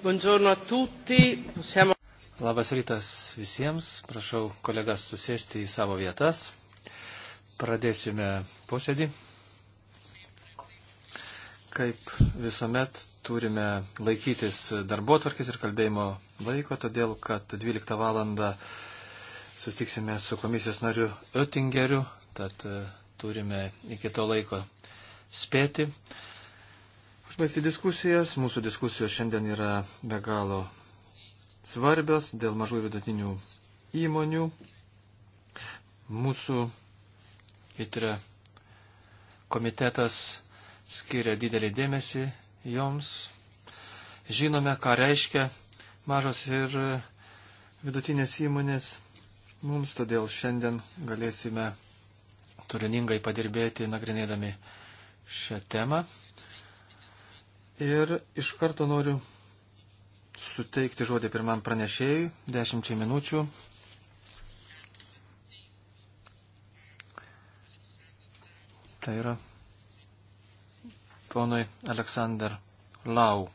Buongiorno a tutti. Possiamo... Labas rytas visiems. Prašau kolegas susėsti į savo vietas. Pradėsime posėdį. Kaip visuomet turime laikytis darbo tvarkės ir kalbėjimo laiko, todėl kad 12 valandą sustiksime su komisijos nariu Oettingeriu, tad e, turime iki to laiko spėti užbaigti diskusijas. Mūsų diskusijos šiandien yra be galo svarbios dėl mažų ir vidutinių įmonių. Mūsų įtrė komitetas skiria didelį dėmesį joms. Žinome, ką reiškia mažos ir vidutinės įmonės mums, todėl šiandien galėsime turiningai padirbėti nagrinėdami šią temą. Ir iš karto noriu suteikti žodį pirmam pranešėjui, dešimčiai minučių. Tai yra ponui Aleksandr Lau,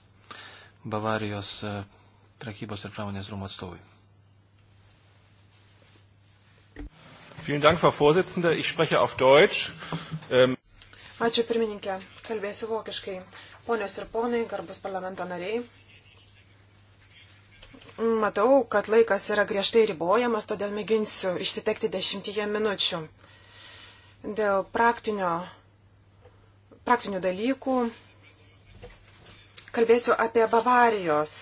Bavarijos e, prekybos ir pramonės rūmų atstovui. Vielen Dank, Frau Vorsitzende. Ich spreche auf Deutsch. Ähm Ačiū pirmininkė, kalbėsiu vokiškai. Ponios ir ponai, garbus parlamento nariai. Matau, kad laikas yra griežtai ribojamas, todėl mėginsiu išsitekti dešimtyje minučių. Dėl praktinio, praktinių dalykų kalbėsiu apie Bavarijos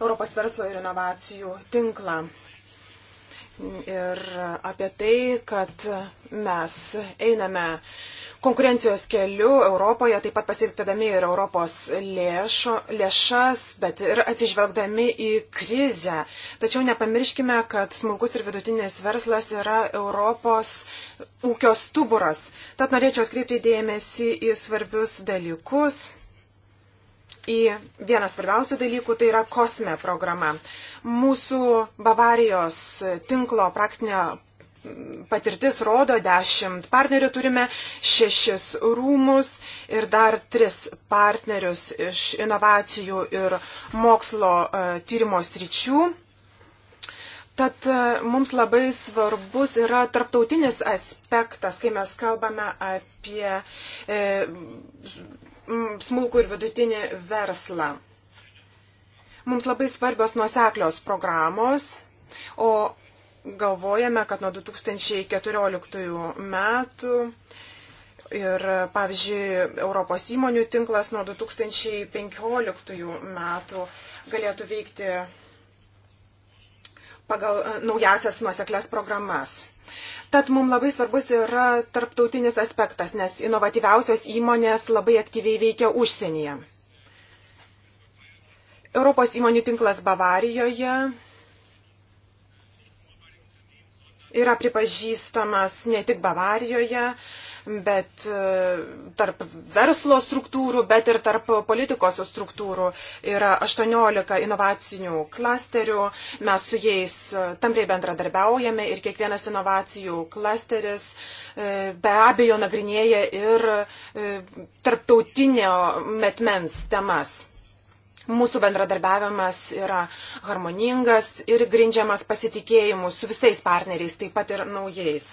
Europos verslo ir inovacijų tinklą. Ir apie tai, kad mes einame konkurencijos keliu Europoje, taip pat pasiriktadami ir Europos lėšo, lėšas, bet ir atsižvelgdami į krizę. Tačiau nepamirškime, kad smulkus ir vidutinis verslas yra Europos ūkio stuburas. Tad norėčiau atkreipti dėmesį į svarbius dalykus. Į vieną svarbiausių dalykų tai yra kosme programa. Mūsų Bavarijos tinklo praktinė patirtis rodo dešimt partnerių, turime šešis rūmus ir dar tris partnerius iš inovacijų ir mokslo e, tyrimo sričių. Tad e, mums labai svarbus yra tarptautinis aspektas, kai mes kalbame apie e, smulkų ir vidutinį verslą. Mums labai svarbios nuoseklios programos, o galvojame, kad nuo 2014 metų ir, pavyzdžiui, Europos įmonių tinklas nuo 2015 metų galėtų veikti pagal e, naujasias nuoseklės programas. Tad mums labai svarbus yra tarptautinis aspektas, nes inovatyviausios įmonės labai aktyviai veikia užsienyje. Europos įmonių tinklas Bavarijoje yra pripažįstamas ne tik Bavarijoje, bet e, tarp verslo struktūrų, bet ir tarp politikos struktūrų yra 18 inovacinių klasterių. Mes su jais e, tampriai bendradarbiaujame ir kiekvienas inovacijų klasteris e, be abejo nagrinėja ir tarptautinio metmens temas. Mūsų bendradarbiavimas yra harmoningas ir grindžiamas pasitikėjimu su visais partneriais, taip pat ir naujais.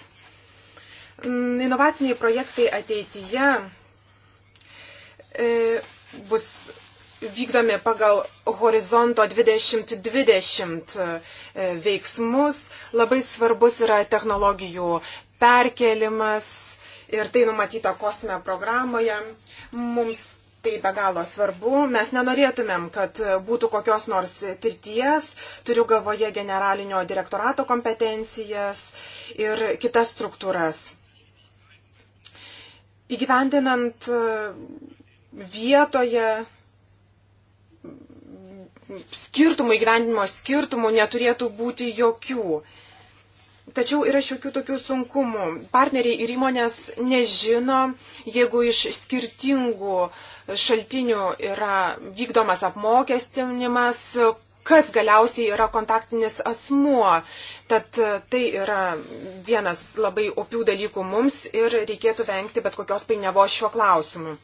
Mm, inovaciniai projektai ateityje e, bus vykdomi pagal horizonto 2020 e, veiksmus. Labai svarbus yra technologijų perkelimas ir tai numatyta kosme programoje. Mums tai be galo svarbu. Mes nenorėtumėm, kad būtų kokios nors tirties, turiu galvoje generalinio direktorato kompetencijas ir kitas struktūras. Įgyvendinant e, vietoje skirtumų, įgyvendinimo skirtumų neturėtų būti jokių. Tačiau yra šiokių tokių sunkumų. Partneriai ir įmonės nežino, jeigu iš skirtingų uh, šaltinių yra vykdomas apmokestinimas, kas galiausiai yra kontaktinis asmuo. Tad e, tai yra vienas labai opių dalykų mums ir reikėtų vengti bet kokios painiavos šiuo klausimu.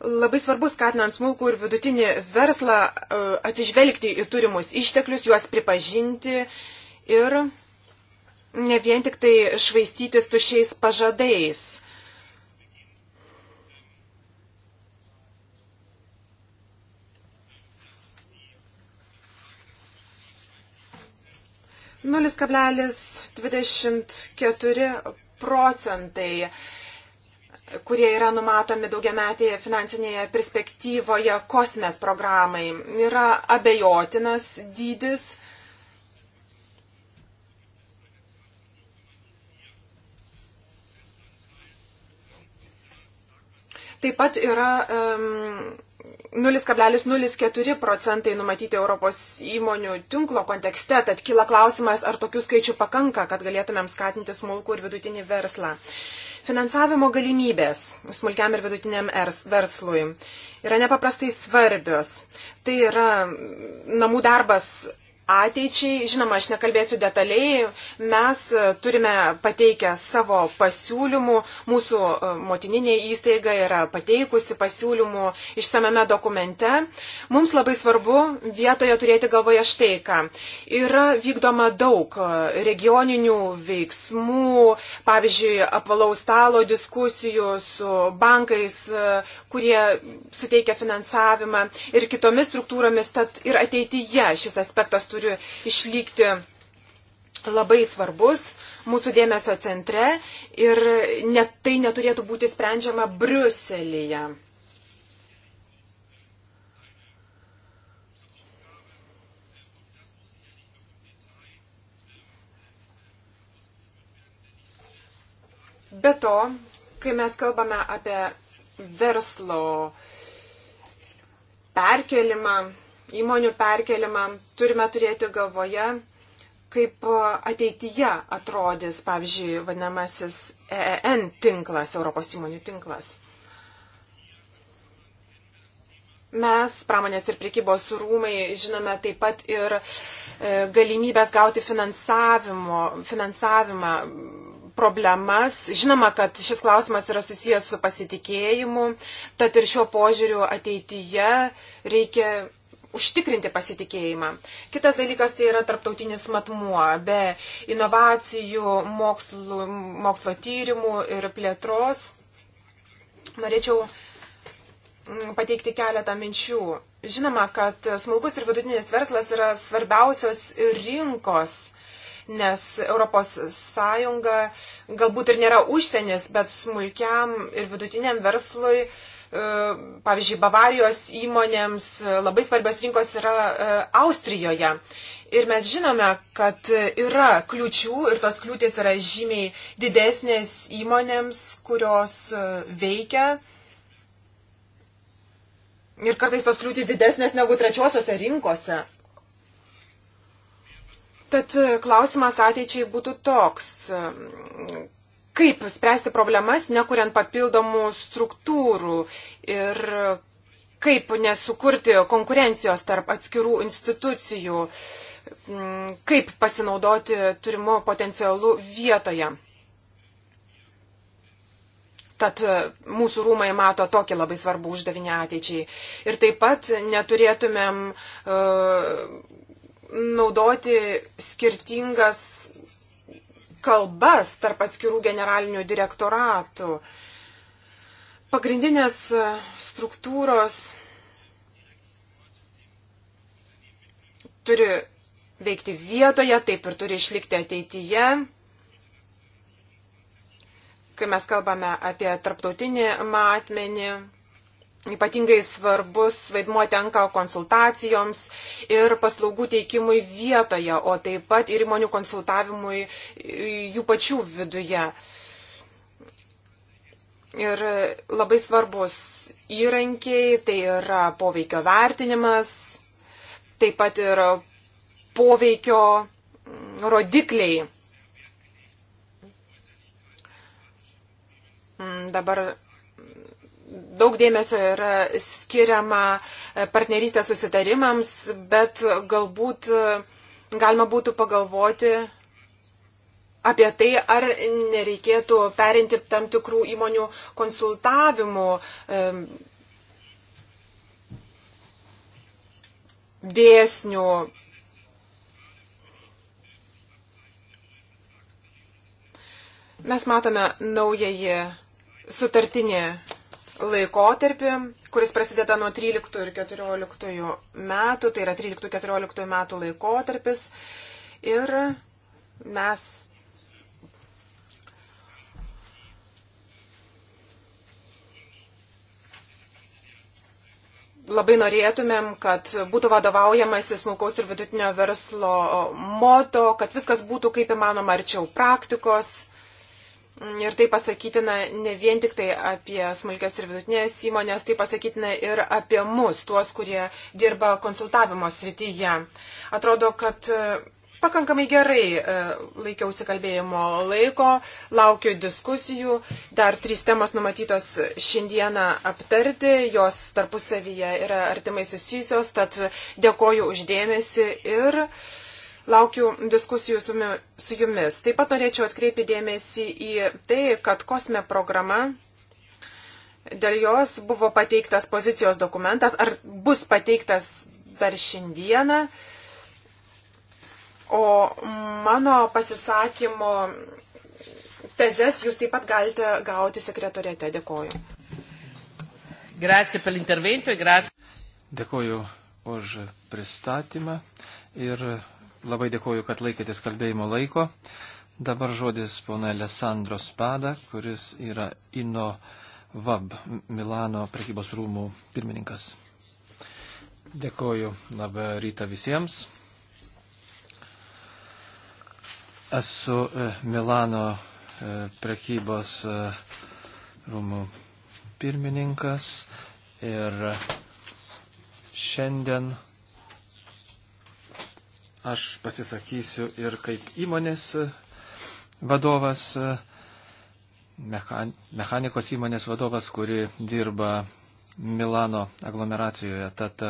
Labai svarbu skatinant smulkų ir vidutinį verslą e, atsižvelgti į turimus išteklius, juos pripažinti ir ne vien tik tai švaistytis tušiais pažadais. Nulis kablelis 24 procentai kurie yra numatomi daugiametėje finansinėje perspektyvoje kosmės programai, yra abejotinas dydis. Taip pat yra um, 0,04 procentai numatyti Europos įmonių tinklo kontekste, tad kyla klausimas, ar tokių skaičių pakanka, kad galėtumėm skatinti smulkų ir vidutinį verslą. Finansavimo galimybės smulkiam ir vidutiniam verslui yra nepaprastai svarbios. Tai yra namų darbas ateičiai, žinoma, aš nekalbėsiu detaliai, mes e, turime pateikę savo pasiūlymų, mūsų e, motininė įstaiga yra pateikusi pasiūlymų išsamame dokumente. Mums labai svarbu vietoje turėti galvoje štai ką. Yra vykdoma daug e, regioninių veiksmų, pavyzdžiui, apvalaus stalo diskusijų su bankais, kurie suteikia finansavimą ir kitomis struktūromis, tad ir ateityje šis aspektas turi turi išlikti labai svarbus mūsų dėmesio centre ir net tai neturėtų būti sprendžiama Briuselėje. Be to, kai mes kalbame apie verslo perkelimą, įmonių perkelimą turime turėti galvoje, kaip ateityje atrodys, pavyzdžiui, vadinamasis EEN tinklas, Europos įmonių tinklas. Mes, pramonės ir prekybos rūmai, žinome taip pat ir e, galimybės gauti finansavimą problemas. Žinoma, kad šis klausimas yra susijęs su pasitikėjimu, tad ir šiuo požiūriu ateityje reikia užtikrinti pasitikėjimą. Kitas dalykas tai yra tarptautinis matmuo. Be inovacijų, mokslo, mokslo tyrimų ir plėtros norėčiau mm, pateikti keletą minčių. Žinoma, kad smulkus ir vidutinis verslas yra svarbiausios rinkos, nes ES galbūt ir nėra užsienis, bet smulkiam ir vidutiniam verslui uh, E, pavyzdžiui, Bavarijos įmonėms labai svarbios rinkos yra e, Austrijoje. Ir mes žinome, kad yra kliučių ir tos kliūtis yra žymiai didesnės įmonėms, kurios e, veikia. Ir kartais tos kliūtis didesnės negu trečiosiose rinkose. Tad klausimas ateičiai būtų toks, kaip spręsti problemas, nekuriant papildomų struktūrų ir kaip nesukurti konkurencijos tarp atskirų institucijų, mm, kaip pasinaudoti turimu potencialu vietoje. Tad mūsų rūmai mato tokį labai svarbų uždavinį ateičiai. Ir taip pat neturėtumėm uh, naudoti skirtingas kalbas tarp atskirų generalinių direktoratų. Pagrindinės e, struktūros turi veikti vietoje, taip ir turi išlikti ateityje. Kai mes kalbame apie tarptautinį matmenį, Ypatingai svarbus vaidmuo tenka konsultacijoms ir paslaugų teikimui vietoje, o taip pat ir įmonių konsultavimui jų pačių viduje. Ir labai svarbus įrankiai tai yra poveikio vertinimas, taip pat ir poveikio rodikliai. Mm, dabar daug dėmesio yra skiriama e, partnerystės susitarimams, bet galbūt e, galima būtų pagalvoti apie tai, ar nereikėtų perinti tam tikrų įmonių konsultavimų e, dėsnių. Mes matome naująjį sutartinį laikotarpį, kuris prasideda nuo 13 ir 14 metų, tai yra 13-14 metų laikotarpis. Ir mes labai norėtumėm, kad būtų vadovaujamasi smulkaus ir vidutinio verslo moto, kad viskas būtų kaip įmanoma arčiau praktikos. Ir tai pasakytina ne vien tik tai apie smulkės ir vidutinės įmonės, tai pasakytina ir apie mus, tuos, kurie dirba konsultavimo srityje. Atrodo, kad e, pakankamai gerai e, laikiausi kalbėjimo laiko, laukiu diskusijų. Dar trys temos numatytos šiandieną aptarti, jos tarpusavyje yra artimai susijusios, tad dėkoju uždėmesi ir. Uh, Laukiu diskusijų su, su jumis. Taip pat norėčiau atkreipti dėmesį į tai, kad kosme programa, dėl jos buvo pateiktas pozicijos dokumentas, ar bus pateiktas dar šiandieną. O mano pasisakymo tezes jūs taip pat galite gauti sekretorėte. Dėkoju. Grazie per l'intervento e grazie. Dėkoju už pristatymą ir Labai dėkoju, kad laikėtės kalbėjimo laiko. Dabar žodis pona Alessandro Spada, kuris yra Ino Vab, Milano prekybos rūmų pirmininkas. Dėkoju. Labą rytą visiems. Esu e, Milano e, prekybos e, rūmų pirmininkas ir šiandien Aš pasisakysiu ir kaip įmonės vadovas, mechan, mechanikos įmonės vadovas, kuri dirba Milano aglomeracijoje. Tad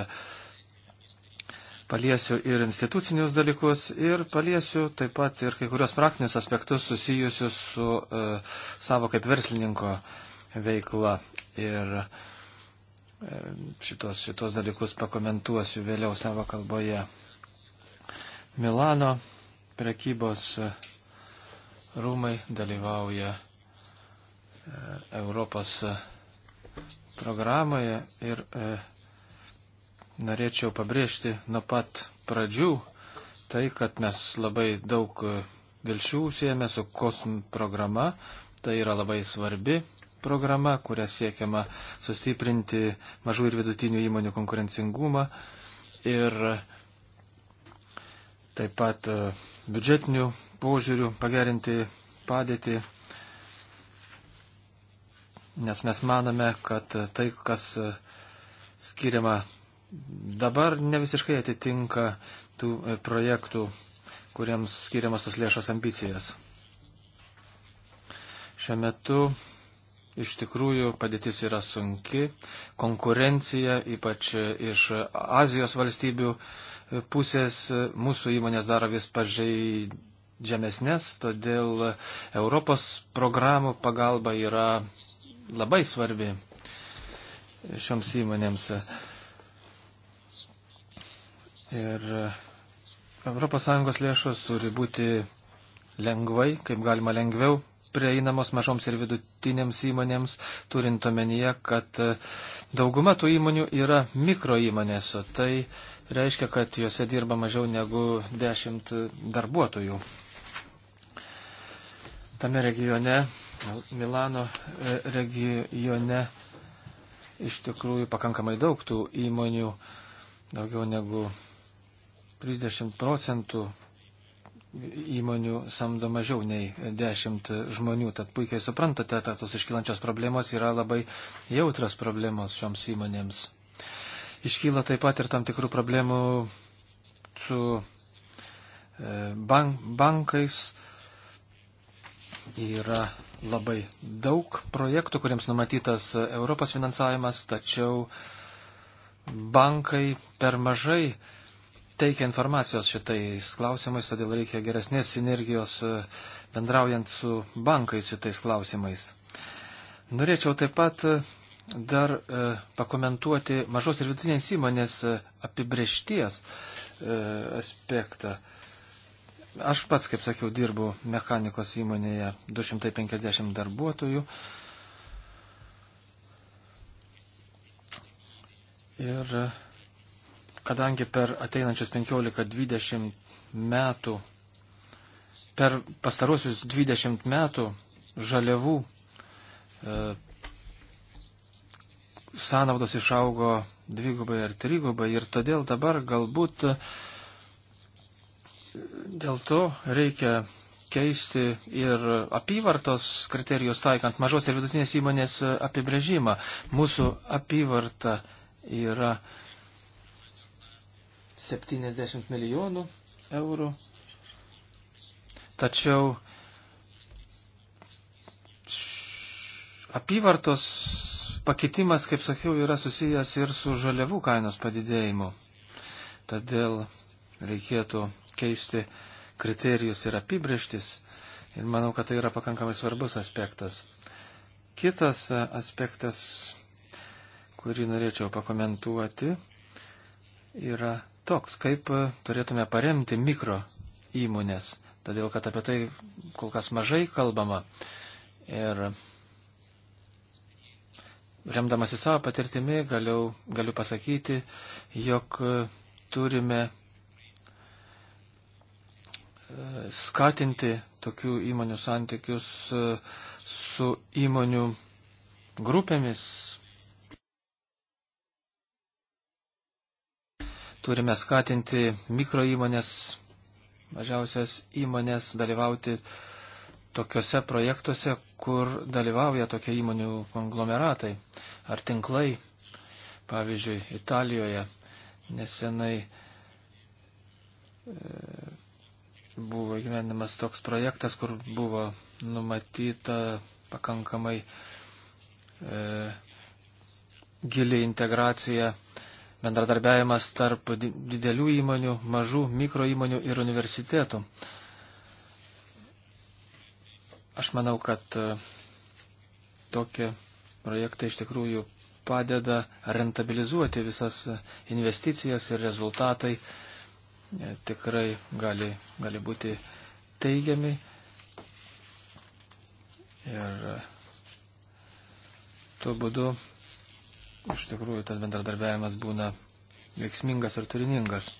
paliesiu ir institucinius dalykus ir paliesiu taip pat ir kai kurios praktinius aspektus susijusius su uh, savo kaip verslininko veikla. Ir uh, šitos, šitos dalykus pakomentuosiu vėliau savo kalboje. Milano prekybos e, rūmai dalyvauja e, Europos e, programoje ir norėčiau pabrėžti nuo pat pradžių tai, kad mes labai daug vilčių siejame su kosm programa. Tai yra labai svarbi programa, kuria siekiama sustiprinti mažų ir vidutinių įmonių konkurencingumą. Ir taip pat e, biudžetinių požiūrių pagerinti padėtį, nes mes manome, kad tai, kas e, skiriama dabar, ne visiškai atitinka tų e, projektų, kuriems skiriamas tos lėšos ambicijas. Šiuo metu Iš tikrųjų, padėtis yra sunki, konkurencija, ypač iš Azijos valstybių pusės, mūsų įmonės daro vis pažeidžiamesnės, todėl Europos programų pagalba yra labai svarbi šioms įmonėms. Ir ES lėšos turi būti lengvai, kaip galima lengviau prieinamos mažoms ir vidutinėms įmonėms, turint omenyje, kad e, dauguma tų įmonių yra mikro įmonės, o tai reiškia, kad juose dirba mažiau negu 10 darbuotojų. Tame regione, Milano e, regione, iš tikrųjų pakankamai daug tų įmonių, daugiau negu 30 procentų įmonių samdo mažiau nei 10 žmonių. Tad puikiai suprantate, kad tos iškylančios problemos yra labai jautras problemos šioms įmonėms. Iškyla taip pat ir tam tikrų problemų su e, bank, bankais. Yra labai daug projektų, kuriems numatytas Europos finansavimas, tačiau bankai per mažai teikia informacijos šitais klausimais, todėl reikia geresnės sinergijos e, bendraujant su bankais šitais klausimais. Norėčiau taip pat e, dar e, pakomentuoti mažos ir vidutinės įmonės e, apibriešties e, aspektą. Aš pats, kaip sakiau, dirbu mechanikos įmonėje 250 darbuotojų. Ir e, kadangi per ateinančius 15-20 metų, per pastarosius 20 metų žaliavų e, sąnaudos išaugo dvigubai ar trigubai ir todėl dabar galbūt e, dėl to reikia keisti ir apyvartos kriterijus taikant mažos ir vidutinės įmonės apibrėžimą. Mūsų apyvarta yra e, 70 milijonų eurų. Tačiau apyvartos pakitimas, kaip sakiau, yra susijęs ir su žaliavų kainos padidėjimu. Todėl reikėtų keisti kriterijus ir apibrieštis. Ir manau, kad tai yra pakankamai svarbus aspektas. Kitas aspektas, kurį norėčiau pakomentuoti, yra toks, kaip e, turėtume paremti mikro įmonės, todėl kad apie tai kol kas mažai kalbama. Ir remdamasi savo patirtimi galiu, galiu pasakyti, jog e, turime e, skatinti tokių įmonių santykius su įmonių grupėmis, Turime skatinti mikro įmonės, mažiausias įmonės dalyvauti tokiuose projektuose, kur dalyvauja tokie įmonių konglomeratai ar tinklai. Pavyzdžiui, Italijoje nesenai e, buvo gyvenimas toks projektas, kur buvo numatyta pakankamai e, gili integracija bendradarbiavimas tarp didelių įmonių, mažų mikro įmonių ir universitetų. Aš manau, kad e, tokie projektai iš tikrųjų padeda rentabilizuoti visas investicijas ir rezultatai e, tikrai gali, gali būti teigiami. Ir e, tuo būdu iš tikrųjų tas bendradarbiavimas būna veiksmingas ir turiningas.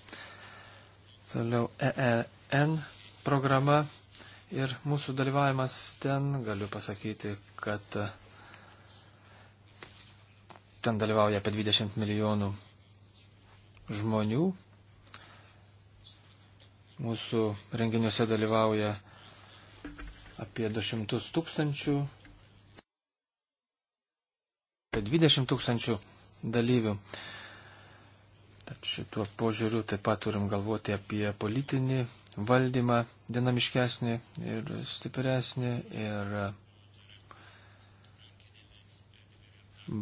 Toliau EEN programa ir mūsų dalyvavimas ten, galiu pasakyti, kad ten dalyvauja apie 20 milijonų žmonių. Mūsų renginiuose dalyvauja apie 200 tūkstančių apie 20 tūkstančių dalyvių. Tad šituo požiūriu taip pat turim galvoti apie politinį valdymą dinamiškesnį ir stipresnį ir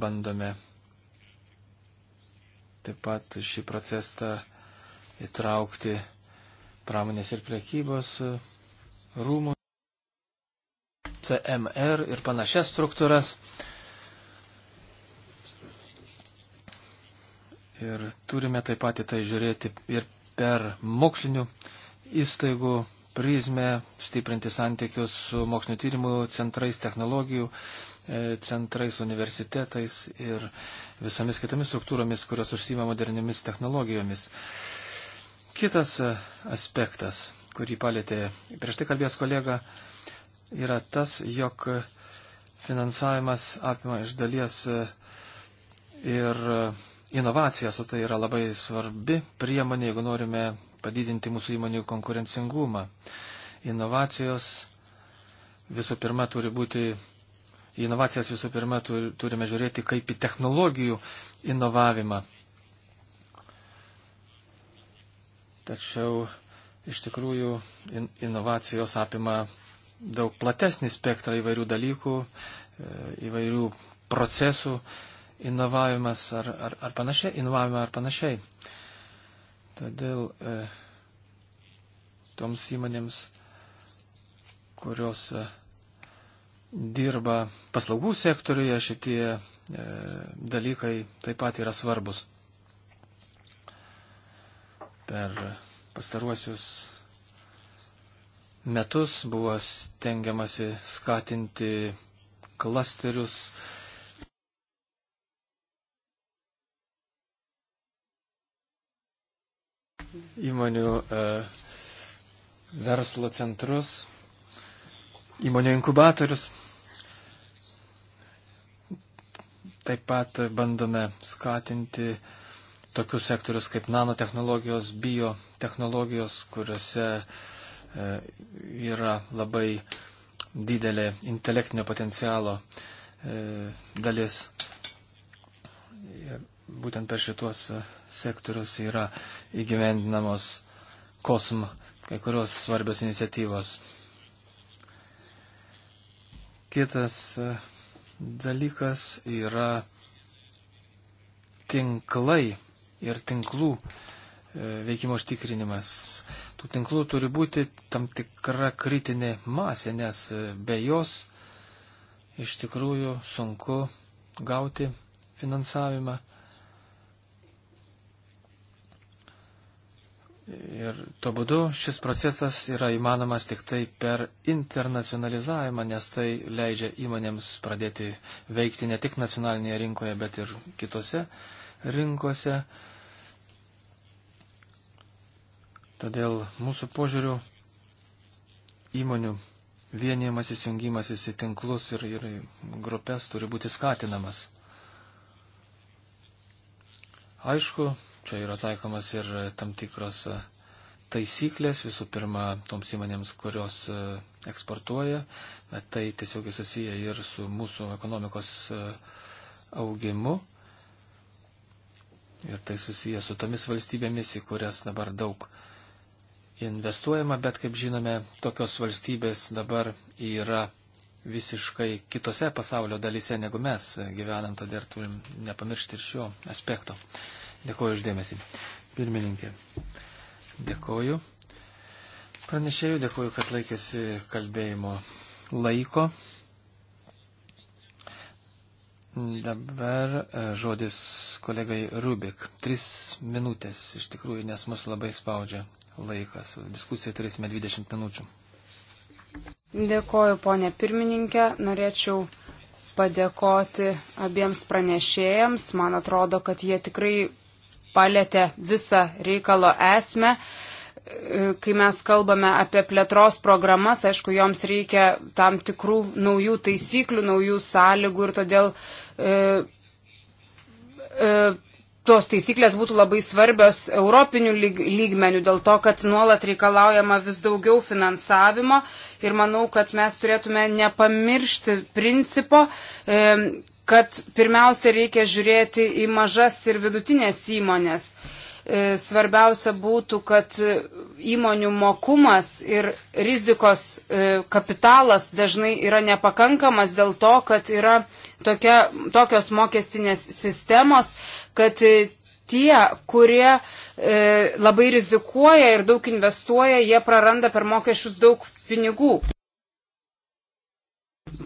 bandome taip pat šį procesą įtraukti pramonės ir priekybos rūmų, CMR ir panašias struktūras. Ir turime taip pat į tai žiūrėti ir per mokslinių įstaigų prizmę, stiprinti santykius su mokslinio tyrimų centrais, technologijų e, centrais, universitetais ir visomis kitomis struktūromis, kurios užsima moderniamis technologijomis. Kitas e, aspektas, kurį palėtė prieš tai kalbės kolega, yra tas, jog finansavimas apima iš dalies e, ir inovacijos, o tai yra labai svarbi priemonė, jeigu norime padidinti mūsų įmonių konkurencingumą. Inovacijos visų pirma turi būti, inovacijas visų pirma turime žiūrėti kaip į technologijų inovavimą. Tačiau iš tikrųjų in, inovacijos apima daug platesnį spektrą įvairių dalykų, e, įvairių procesų, inovavimas ar, ar, ar panašiai, inovavimą ar panašiai. Todėl e, toms įmonėms, kurios e, dirba paslaugų sektoriuje, šitie e, dalykai taip pat yra svarbus. Per pastaruosius metus buvo stengiamasi skatinti klasterius, įmonių e, verslo centrus, įmonių inkubatorius. Taip pat bandome skatinti tokius sektorius kaip nanotehnologijos, biotehnologijos, kuriuose e, yra labai didelė intelektinio potencialo e, dalis būtent per šitos e, sektorius yra įgyvendinamos kosm kai kurios svarbios iniciatyvos. Kitas e, dalykas yra tinklai ir tinklų e, veikimo užtikrinimas. Tų tinklų turi būti tam tikra kritinė masė, nes be jos iš tikrųjų sunku gauti finansavimą. Ir to būdu šis procesas yra įmanomas tik tai per internacionalizavimą, nes tai leidžia įmonėms pradėti veikti ne tik nacionalinėje rinkoje, bet ir kitose rinkose. Todėl mūsų požiūrių įmonių vienimas įsijungimas į tinklus ir, ir grupės turi būti skatinamas. Aišku, Čia yra taikomas ir tam tikros e, taisyklės, visų pirma, toms įmonėms, kurios e, eksportuoja, bet tai tiesiog susiję ir su mūsų ekonomikos e, augimu. Ir tai susiję su tomis valstybėmis, į kurias dabar daug investuojama, bet kaip žinome, tokios valstybės dabar yra visiškai kitose pasaulio dalise negu mes gyvenam, todėl turim nepamiršti ir šio aspekto. Dėkuoju uždėmesį. Pirmininkė, dėkuoju. Pranešėjų dėkuoju, kad laikėsi kalbėjimo laiko. Dabar e, žodis kolegai Rubik. Tris minutės iš tikrųjų, nes mus labai spaudžia laikas. Diskusiją turėsime 20 minučių. Dėkoju, ponė pirmininkė. Norėčiau padėkoti abiems pranešėjams. Man atrodo, kad jie tikrai palėtė visą reikalo esmę. E, kai mes kalbame apie plėtros programas, aišku, joms reikia tam tikrų naujų taisyklių, naujų sąlygų ir todėl e, e, tos taisyklės būtų labai svarbios europinių lyg, lygmenių, dėl to, kad nuolat reikalaujama vis daugiau finansavimo ir manau, kad mes turėtume nepamiršti principo, e, kad pirmiausia reikia žiūrėti į mažas ir vidutinės įmonės. E, svarbiausia būtų, kad įmonių mokumas ir rizikos e, kapitalas dažnai yra nepakankamas dėl to, kad yra tokia, tokios mokestinės sistemos, kad e, tie, kurie labai rizikuoja ir daug investuoja, jie praranda per mokesčius daug pinigų.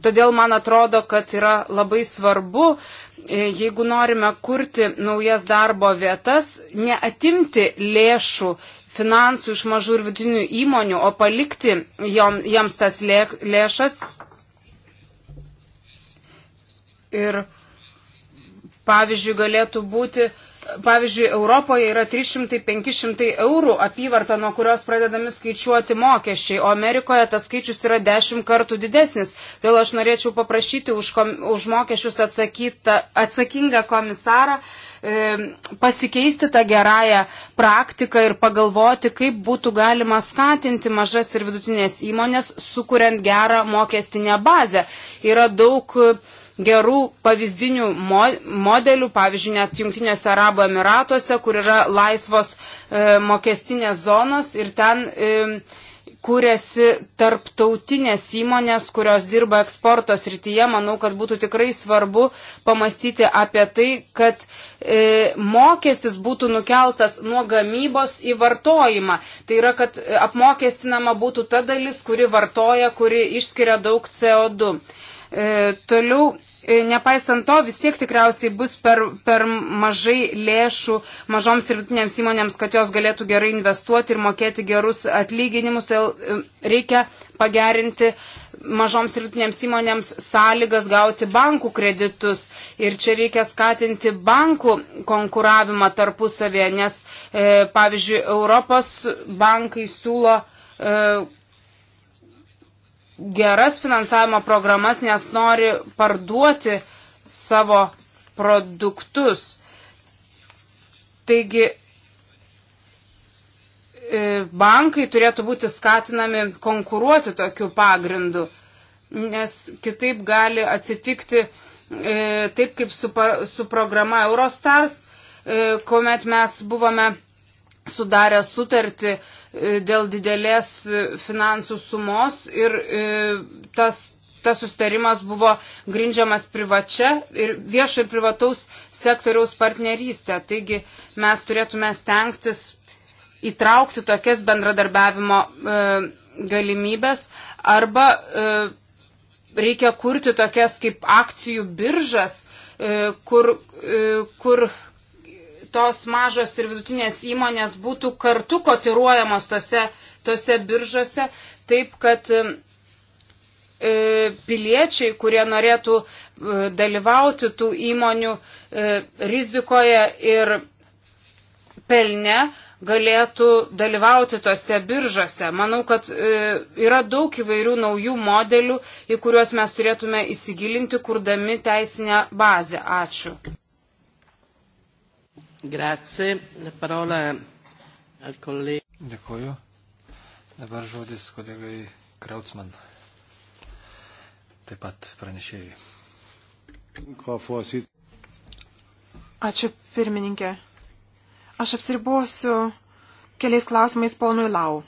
Todėl man atrodo, kad yra labai svarbu, e, jeigu norime kurti naujas darbo vietas, neatimti lėšų finansų iš mažų ir vidutinių įmonių, o palikti jom, jiems tas lė, lėšas. Ir pavyzdžiui, galėtų būti uh, pavyzdžiui, Europoje yra 300-500 eurų apyvarta, nuo kurios pradedami skaičiuoti mokesčiai, o Amerikoje tas skaičius yra 10 kartų didesnis. Todėl aš norėčiau paprašyti už, kom, už mokesčius atsakyta, atsakingą komisarą e, pasikeisti tą gerąją praktiką ir pagalvoti, kaip būtų galima skatinti mažas ir vidutinės įmonės, sukuriant gerą mokestinę bazę. Yra daug e, gerų pavyzdinių modelių, pavyzdžiui, net Junktinėse Arabų Emiratuose, kur yra laisvos e, mokestinės zonos ir ten e, kūrėsi tarptautinės įmonės, kurios dirba eksporto srityje, manau, kad būtų tikrai svarbu pamastyti apie tai, kad e, mokestis būtų nukeltas nuo gamybos į vartojimą. Tai yra, kad apmokestinama būtų ta dalis, kuri vartoja, kuri išskiria daug CO2. E, toliau E, nepaisant to, vis tiek tikriausiai bus per, per mažai lėšų mažoms ir vidutinėms įmonėms, kad jos galėtų gerai investuoti ir mokėti gerus atlyginimus. Todėl e, reikia pagerinti mažoms ir vidutinėms įmonėms sąlygas gauti bankų kreditus. Ir čia reikia skatinti bankų konkuravimą tarpusavėje, nes, e, pavyzdžiui, Europos bankai siūlo e, geras finansavimo programas, nes nori parduoti savo produktus. Taigi e, bankai turėtų būti skatinami konkuruoti tokiu pagrindu, nes kitaip gali atsitikti e, taip kaip su, su programa Eurostars, e, kuomet mes buvome sudarę sutartį E, dėl didelės e, finansų sumos ir e, tas, tas sustarimas buvo grindžiamas privačia ir viešo ir privataus sektoriaus partnerystė. Taigi mes turėtume stengtis įtraukti tokias bendradarbiavimo e, galimybės arba e, reikia kurti tokias kaip akcijų biržas, e, kur, e, kur tos mažos ir vidutinės įmonės būtų kartu kotiruojamos tose, tose biržose, taip kad e, e, piliečiai, kurie norėtų e, dalyvauti tų įmonių rizikoje ir pelne, galėtų dalyvauti tose biržose. Manau, kad yra daug įvairių naujų modelių, į kuriuos mes turėtume įsigilinti, kurdami teisinę bazę. Ačiū. Grazie. La parola al collega. Dėkuoju. Dabar žodis kolegai Krautsman. Taip pat pranešėjai. Ačiū pirmininkė. Aš apsiribosiu keliais klausimais ponui Lau.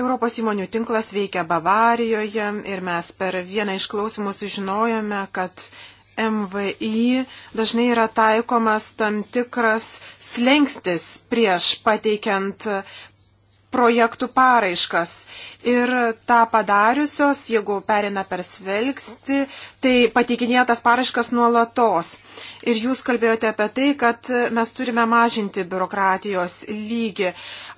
Europos įmonių tinklas veikia Bavarijoje ir mes per vieną iš klausimų sužinojome, kad MVI dažnai yra taikomas tam tikras slengstis prieš pateikiant projektų paraiškas. Ir tą padariusios, jeigu perina per svelgsti, tai pateikinėja tas paraiškas nuolatos. Ir jūs kalbėjote apie tai, kad mes turime mažinti biurokratijos lygį.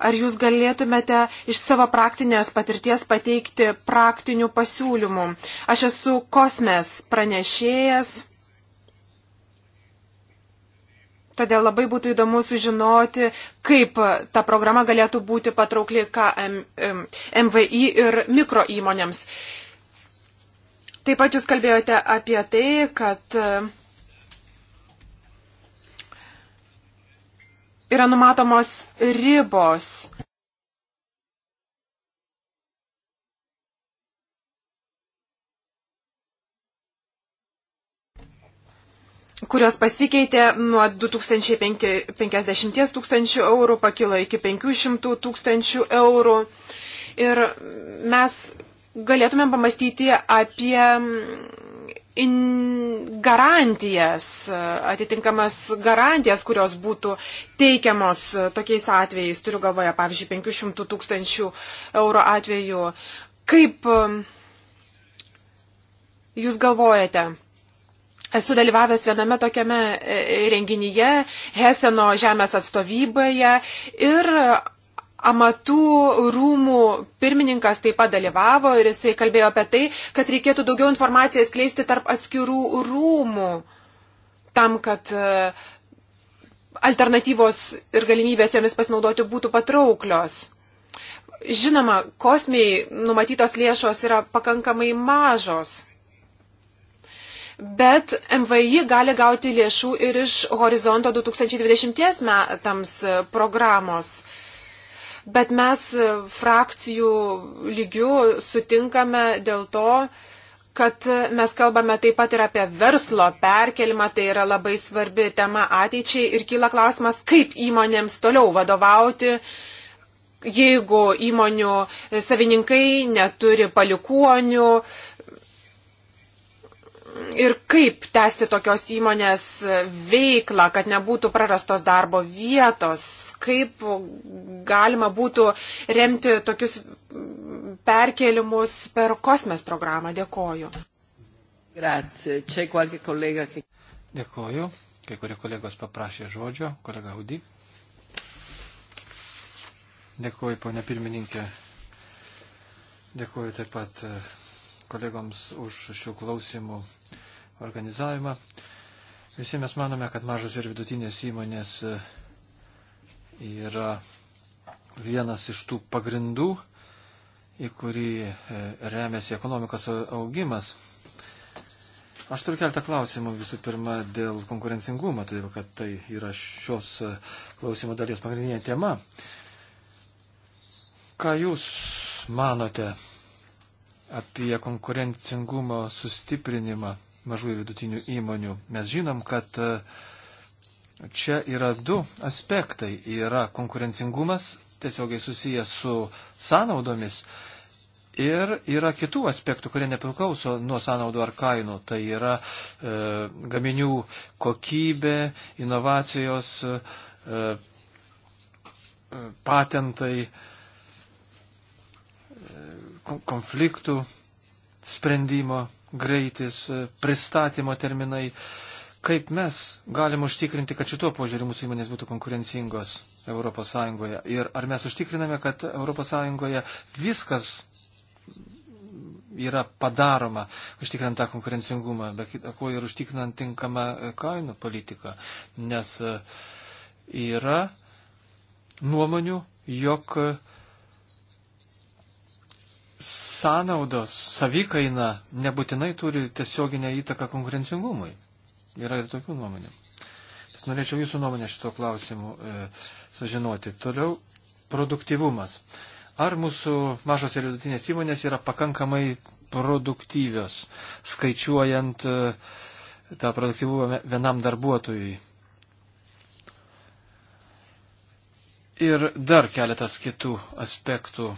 Ar jūs galėtumėte iš savo praktinės patirties pateikti praktinių pasiūlymų? Aš esu kosmės pranešėjas Todėl labai būtų įdomu sužinoti, kaip ta programa galėtų būti patraukli KM, MVI ir mikro įmonėms. Taip pat jūs kalbėjote apie tai, kad e, yra numatomos ribos kurios pasikeitė nuo 2050 tūkstančių eurų, pakilo iki 500 tūkstančių eurų. Ir mes galėtume pamastyti apie mm, garantijas, atitinkamas garantijas, kurios būtų teikiamos tokiais atvejais, turiu galvoje, pavyzdžiui, 500 tūkstančių eurų atveju. Kaip mm, jūs galvojate, Esu dalyvavęs viename tokiame e, renginyje Heseno žemės atstovybėje ir amatų rūmų pirmininkas taip pat dalyvavo ir jisai kalbėjo apie tai, kad reikėtų daugiau informacijos kleisti tarp atskirų rūmų, tam, kad e, alternatyvos ir galimybės jomis pasinaudoti būtų patrauklios. Žinoma, kosmiai numatytos lėšos yra pakankamai mažos bet MVI gali gauti lėšų ir iš horizonto 2020 metams e, programos. Bet mes e, frakcijų lygių sutinkame dėl to, kad e, mes kalbame taip pat ir apie verslo perkelimą, tai yra labai svarbi tema ateičiai ir kyla klausimas, kaip įmonėms toliau vadovauti, jeigu įmonių savininkai neturi palikuonių, ir kaip tęsti tokios įmonės veiklą, kad nebūtų prarastos darbo vietos, kaip galima būtų remti tokius perkelimus per kosmės programą. Dėkoju. Grazie. Čia qualche kolega. Dėkoju. Kai kurie kolegos paprašė žodžio. Kolega Hudi. Dėkoju, ponia pirmininkė. Dėkoju taip pat. Uh, kolegoms už šių klausimų organizavimą. Visi mes manome, kad mažas ir vidutinės įmonės e, yra vienas iš tų pagrindų, į kurį e, remiasi ekonomikos augimas. Aš turiu keltą klausimų visų pirma dėl konkurencingumo, todėl kad tai yra šios e, klausimo dalies pagrindinė tema. Ką Jūs manote apie konkurencingumo sustiprinimą mažų ir vidutinių įmonių. Mes žinom, kad e, čia yra du aspektai. Yra konkurencingumas tiesiogiai susijęs su sąnaudomis ir yra kitų aspektų, kurie nepriklauso nuo sąnaudų ar kainų. Tai yra e, gaminių kokybė, inovacijos, e, e patentai. E, konfliktų sprendimo greitis, e, pristatymo terminai. Kaip mes galim užtikrinti, kad šituo požiūriu mūsų įmonės būtų konkurencingos ES? Ir ar mes užtikriname, kad ES viskas yra padaroma, užtikrinant tą konkurencingumą, be kitako ir užtikrinant tinkamą e, kainų politiką. Nes e, yra nuomonių, jog uh, sąnaudos, savikaina nebūtinai turi tiesioginę įtaką konkurencingumui. Yra ir tokių nuomonių. Bet norėčiau jūsų nuomonę šito klausimu e, sužinoti. Toliau produktyvumas. Ar mūsų mažos ir vidutinės įmonės yra pakankamai produktyvios, skaičiuojant e, tą produktyvumą vienam darbuotojui? Ir dar keletas kitų aspektų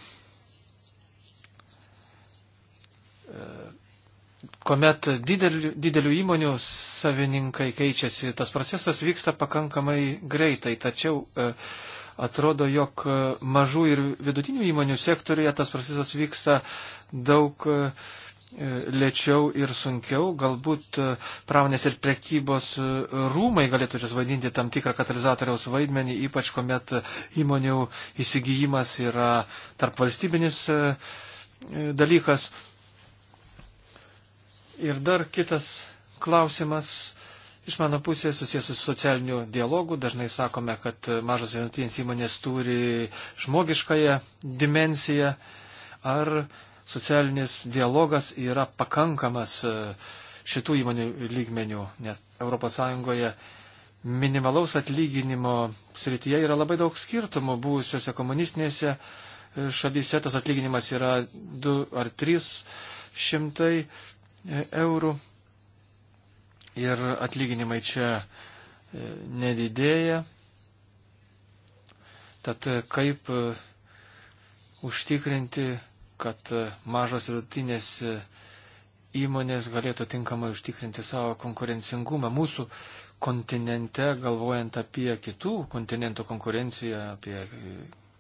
kuomet didelių, didelių įmonių savininkai keičiasi, tas procesas vyksta pakankamai greitai, tačiau e, atrodo, jog e, mažų ir vidutinių įmonių sektoriuje tas procesas vyksta daug e, lėčiau ir sunkiau, galbūt pramonės ir prekybos rūmai galėtų čia vaidinti tam tikrą katalizatoriaus vaidmenį, ypač kuomet įmonių įsigijimas yra tarp valstybinis dalykas. Ir dar kitas klausimas iš mano pusės susijęs su socialiniu dialogu. Dažnai sakome, kad mažos vidutinės įmonės turi žmogiškąją dimenciją. Ar socialinis dialogas yra pakankamas e, šitų įmonių lygmenių, nes ES minimalaus atlyginimo srityje yra labai daug skirtumų buvusiose komunistinėse e, šalyse tas atlyginimas yra 2 ar 3 šimtai E, eurų ir atlyginimai čia e, nedidėja. Tad e, kaip užtikrinti, kad mažos ir rutinės įmonės galėtų tinkamai užtikrinti savo konkurencingumą mūsų kontinente, galvojant apie kitų kontinentų konkurenciją, apie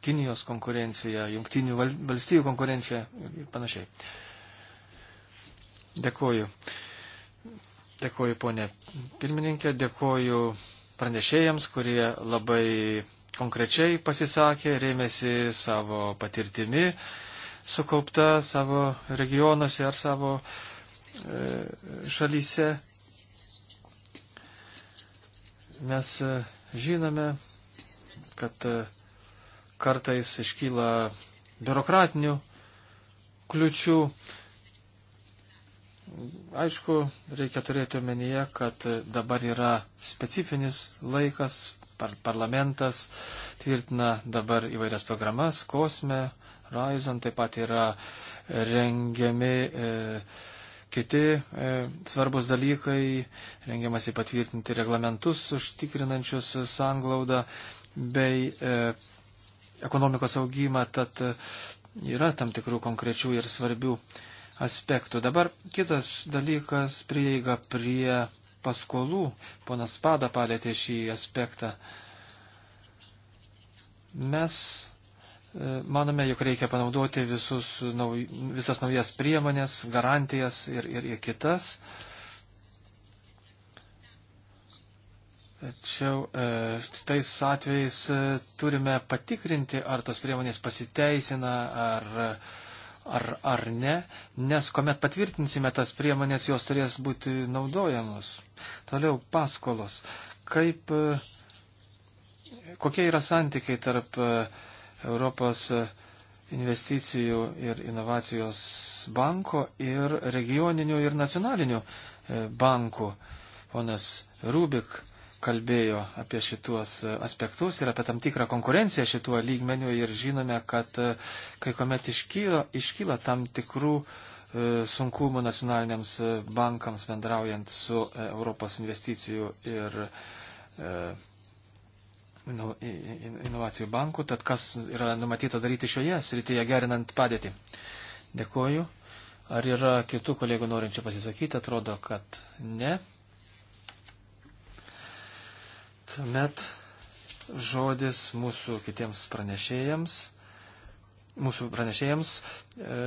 Kinijos konkurenciją, jungtinių valstybių konkurenciją ir panašiai. Dėkuoju. Dėkuoju, ponė pirmininkė, dėkuoju pranešėjams, kurie labai konkrečiai pasisakė, rėmėsi savo patirtimi, sukaupta savo regionuose ar savo e, šalyse. Mes e, žinome, kad e, kartais iškyla biurokratinių kliučių Aišku, reikia turėti omenyje, kad dabar yra specifinis laikas, par parlamentas tvirtina dabar įvairias programas, kosme, Horizon, taip pat yra rengiami e, kiti e, svarbus dalykai, rengiamasi patvirtinti reglamentus užtikrinančius sanglaudą bei e, ekonomikos augimą, tad yra tam tikrų konkrečių ir svarbių aspektų. Dabar kitas dalykas - prieiga prie paskolų. Ponas Pada palėtė šį aspektą. Mes e, manome, jog reikia panaudoti visus, nauj, visas naujas priemonės, garantijas ir, ir, ir kitas. Tačiau e, tais atvejais e, turime patikrinti, ar tos priemonės pasiteisina, ar ar, ar ne, nes kuomet patvirtinsime tas priemonės, jos turės būti naudojamos. Toliau paskolos. Kaip, e, kokie yra santykiai tarp e, Europos e, investicijų ir inovacijos banko ir regioninių ir nacionalinių bankų? Ponas Rubik kalbėjo apie šituos aspektus ir apie tam tikrą konkurenciją šituo lygmeniu ir žinome, kad e, kai kuomet iškyla, iškyla tam tikrų e, sunkumų nacionaliniams e, bankams bendraujant su Europos investicijų ir inovacijų banku, tad kas yra numatyta daryti šioje srityje gerinant padėtį. Dėkuoju. Ar yra kitų kolegų norinčių pasisakyti? Atrodo, kad ne. Tuomet žodis mūsų kitiems pranešėjams, mūsų pranešėjams e,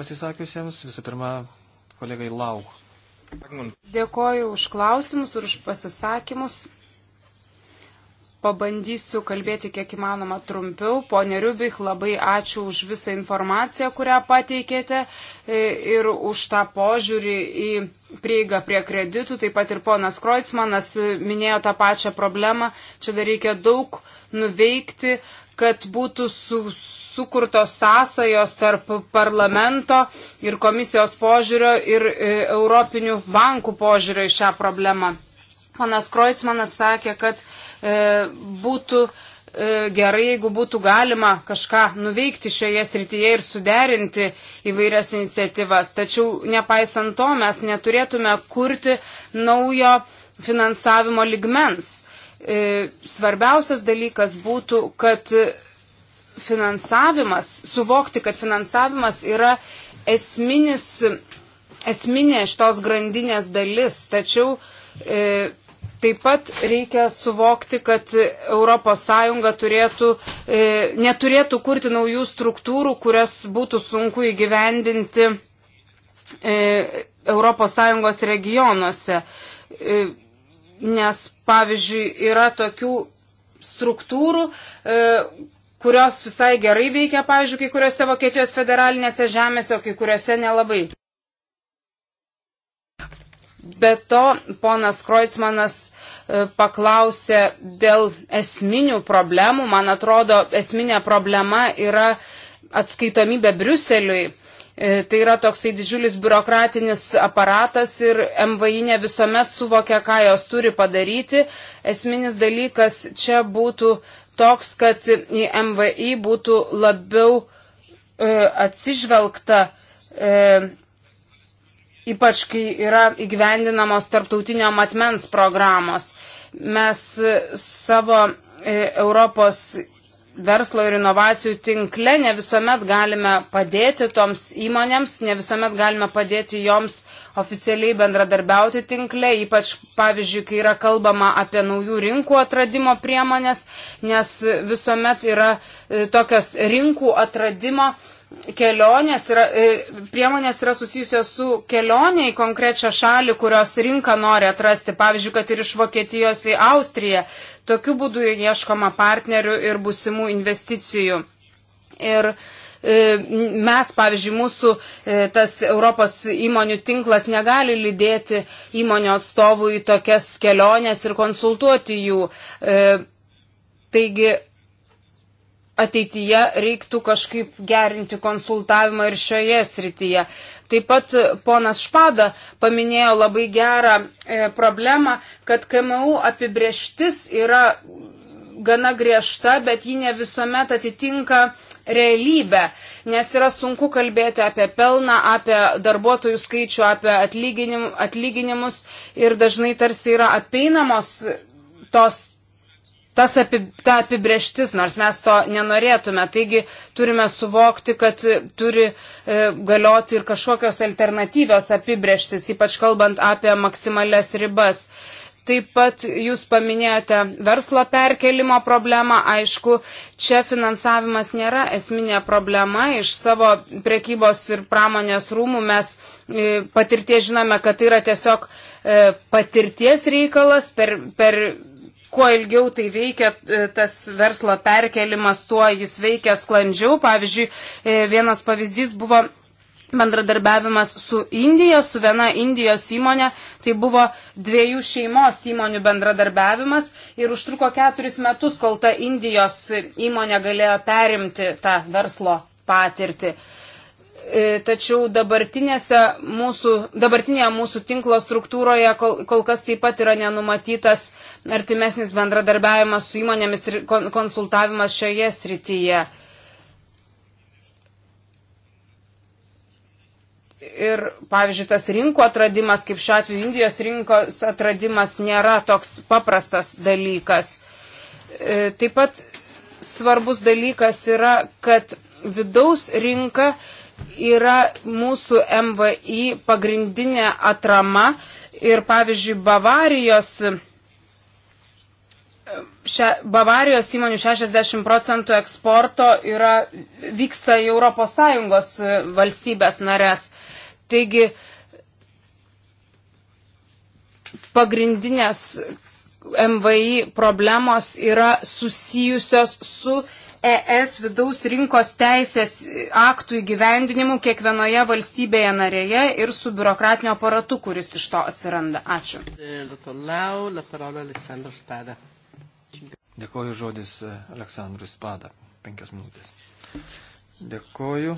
pasisakiusiems, visų pirma, kolegai Lau. Dėkoju už klausimus ir už pasisakymus. Pabandysiu kalbėti kiek įmanoma trumpiau. Pone Riubik, labai ačiū už visą informaciją, kurią pateikėte e, ir už tą požiūrį į prieigą prie kreditų. Taip pat ir ponas Kroitsmanas e, minėjo tą pačią problemą. Čia dar reikia daug nuveikti, kad būtų su, sukurtos sąsajos tarp parlamento ir komisijos požiūrio ir e, Europinių bankų požiūrio į šią problemą. Panas Kroicmanas sakė, kad e, būtų e, gerai, jeigu būtų galima kažką nuveikti šioje srityje ir suderinti įvairias iniciatyvas. Tačiau nepaisant to, mes neturėtume kurti naujo finansavimo ligmens. E, svarbiausias dalykas būtų, kad finansavimas, suvokti, kad finansavimas yra esminis, esminė šitos grandinės dalis. Tačiau e, Taip pat reikia suvokti, kad ES turėtų, e, neturėtų kurti naujų struktūrų, kurias būtų sunku įgyvendinti e, ES regionuose. E, nes, pavyzdžiui, yra tokių struktūrų, e, kurios visai gerai veikia, pavyzdžiui, kai kuriuose Vokietijos federalinėse žemėse, o kai kuriuose nelabai. Be to, ponas Kreutzmanas e, paklausė dėl esminių problemų. Man atrodo, esminė problema yra atskaitomybė Briuseliui. E, tai yra toksai didžiulis biurokratinis aparatas ir MVI ne visuomet suvokia, ką jos turi padaryti. Esminis dalykas čia būtų toks, kad į MVI būtų labiau e, atsižvelgta e, ypač kai yra įgyvendinamos tarptautinio matmens programos. Mes savo e, Europos verslo ir inovacijų tinkle ne visuomet galime padėti toms įmonėms, ne visuomet galime padėti joms oficialiai bendradarbiauti tinkle, ypač pavyzdžiui, kai yra kalbama apie naujų rinkų atradimo priemonės, nes visuomet yra e, tokios rinkų atradimo priemonės kelionės yra, e, priemonės yra susijusios su kelionė į konkrečią šalį, kurios rinką nori atrasti, pavyzdžiui, kad ir iš Vokietijos į Austriją. Tokiu būdu ieškoma partnerių ir busimų investicijų. Ir e, mes, pavyzdžiui, mūsų e, tas Europos įmonių tinklas negali lydėti įmonių atstovų į tokias keliones ir konsultuoti jų. Taigi, ateityje reiktų kažkaip gerinti konsultavimą ir šioje srityje. Taip pat ponas Špada paminėjo labai gerą e, problemą, kad KMU apibrieštis yra gana griežta, bet ji ne visuomet atitinka realybę, nes yra sunku kalbėti apie pelną, apie darbuotojų skaičių, apie atlyginim, atlyginimus ir dažnai tarsi yra apeinamos tos tas api, ta apibrieštis, nors mes to nenorėtume. Taigi turime suvokti, kad turi e, galioti ir kažkokios alternatyvios apibrieštis, ypač kalbant apie maksimales ribas. Taip pat jūs paminėjote verslo perkelimo problemą. Aišku, čia finansavimas nėra esminė problema. Iš savo prekybos ir pramonės rūmų mes e, patirtie žinome, kad tai yra tiesiog e, patirties reikalas per, per kuo ilgiau tai veikia, e, tas verslo perkelimas, tuo jis veikia sklandžiau. Pavyzdžiui, e, vienas pavyzdys buvo bendradarbiavimas su Indija, su viena Indijos įmonė, tai buvo dviejų šeimos įmonių bendradarbiavimas ir užtruko keturis metus, kol ta Indijos įmonė galėjo perimti tą verslo patirtį. Uh, E, tačiau mūsų, dabartinėje mūsų tinklo struktūroje kol, kol kas taip pat yra nenumatytas artimesnis bendradarbiavimas su įmonėmis ir konsultavimas šioje srityje. ir, pavyzdžiui, tas rinko atradimas, kaip šiuo atveju Indijos rinkos atradimas, nėra toks paprastas dalykas. E, taip pat svarbus dalykas yra, kad vidaus rinka yra mūsų MVI pagrindinė atrama ir pavyzdžiui Bavarijos. Še, Bavarijos įmonių 60 procentų eksporto yra, vyksta į ES e, valstybės narės. Taigi pagrindinės MVI problemos yra susijusios su ES vidaus rinkos teisės aktų įgyvendinimu kiekvienoje valstybėje narėje ir su biurokratinio aparatu, kuris iš to atsiranda. Ačiū. Dėkoju žodis e, Aleksandrui Spada. Penkias minutės. Dėkoju.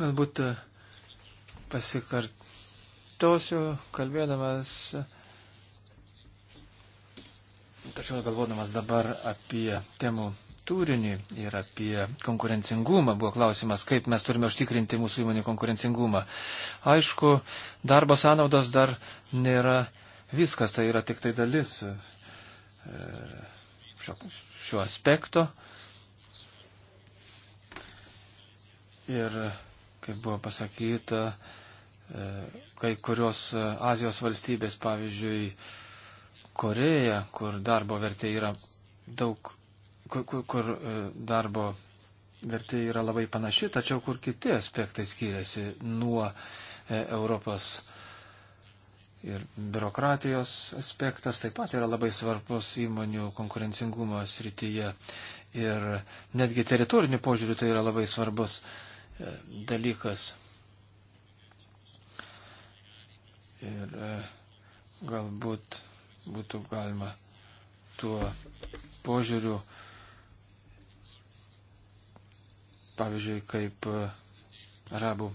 Galbūt e, pasikartosiu, kalbėdamas, e, tačiau galvodamas dabar apie temų turinį ir apie konkurencingumą. Buvo klausimas, kaip mes turime užtikrinti mūsų įmonių konkurencingumą. Aišku, darbo sąnaudos dar nėra viskas, tai yra tik tai dalis e, šio, šio aspekto. Ir, kaip buvo pasakyta, e, kai kurios Azijos valstybės, pavyzdžiui, Koreja, kur darbo vertė yra daug kur, kur, e, kur darbo vertė yra labai panaši, tačiau kur kiti aspektai skiriasi nuo e, Europos ir biurokratijos aspektas taip pat yra labai svarbus įmonių konkurencingumo srityje ir netgi teritorinių požiūrių tai yra labai svarbus e, dalykas. Ir galbūt būtų galima tuo požiūriu pavyzdžiui, kaip e, Arabų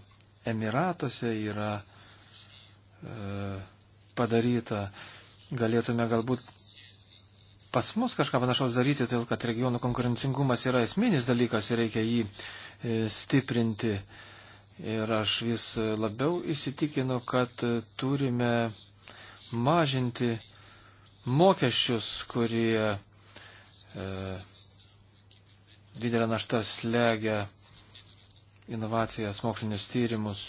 Emiratuose yra e, padaryta, galėtume galbūt pas mus kažką panašaus daryti, todėl kad regionų konkurencingumas yra esminis dalykas ir reikia jį e, stiprinti. Ir aš vis labiau įsitikinu, kad turime mažinti mokesčius, kurie e, didelė našta slegia inovacijas, mokslinius tyrimus,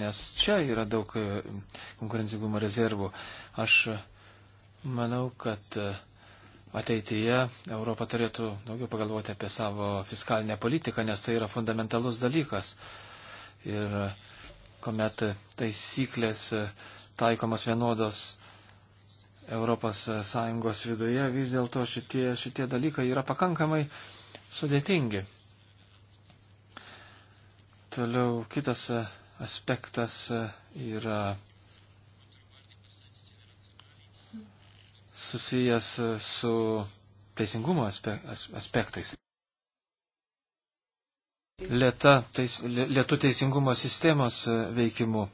nes čia yra daug e, konkurencingumo rezervų. Aš e, manau, kad e, ateityje Europa turėtų daugiau pagalvoti apie savo fiskalinę politiką, nes tai yra fundamentalus dalykas. Ir kuomet taisyklės taikomos vienodos Europos Sąjungos viduje, vis dėlto šitie, šitie dalykai yra pakankamai uh, sudėtingi. Toliau kitas aspektas yra susijęs su teisingumo aspektais. Lieta, teis, lietų teisingumo sistemos veikimu.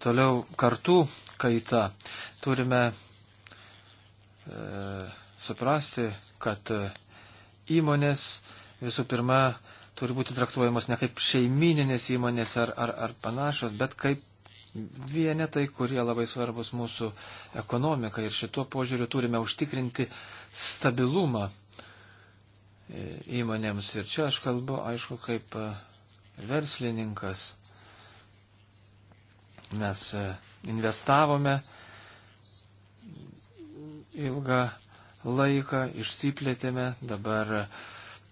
Toliau kartų kaita. Turime e, suprasti, kad e, įmonės e, visų pirma turi būti traktuojamos ne kaip šeimininės įmonės ar, ar, ar panašios, bet kaip vienetai, kurie labai svarbus mūsų ekonomikai. Ir šituo požiūriu turime užtikrinti stabilumą e, įmonėms. Ir čia aš kalbu, aišku, kaip e, verslininkas. Mes e, investavome ilgą laiką, išsiplėtėme, dabar uh,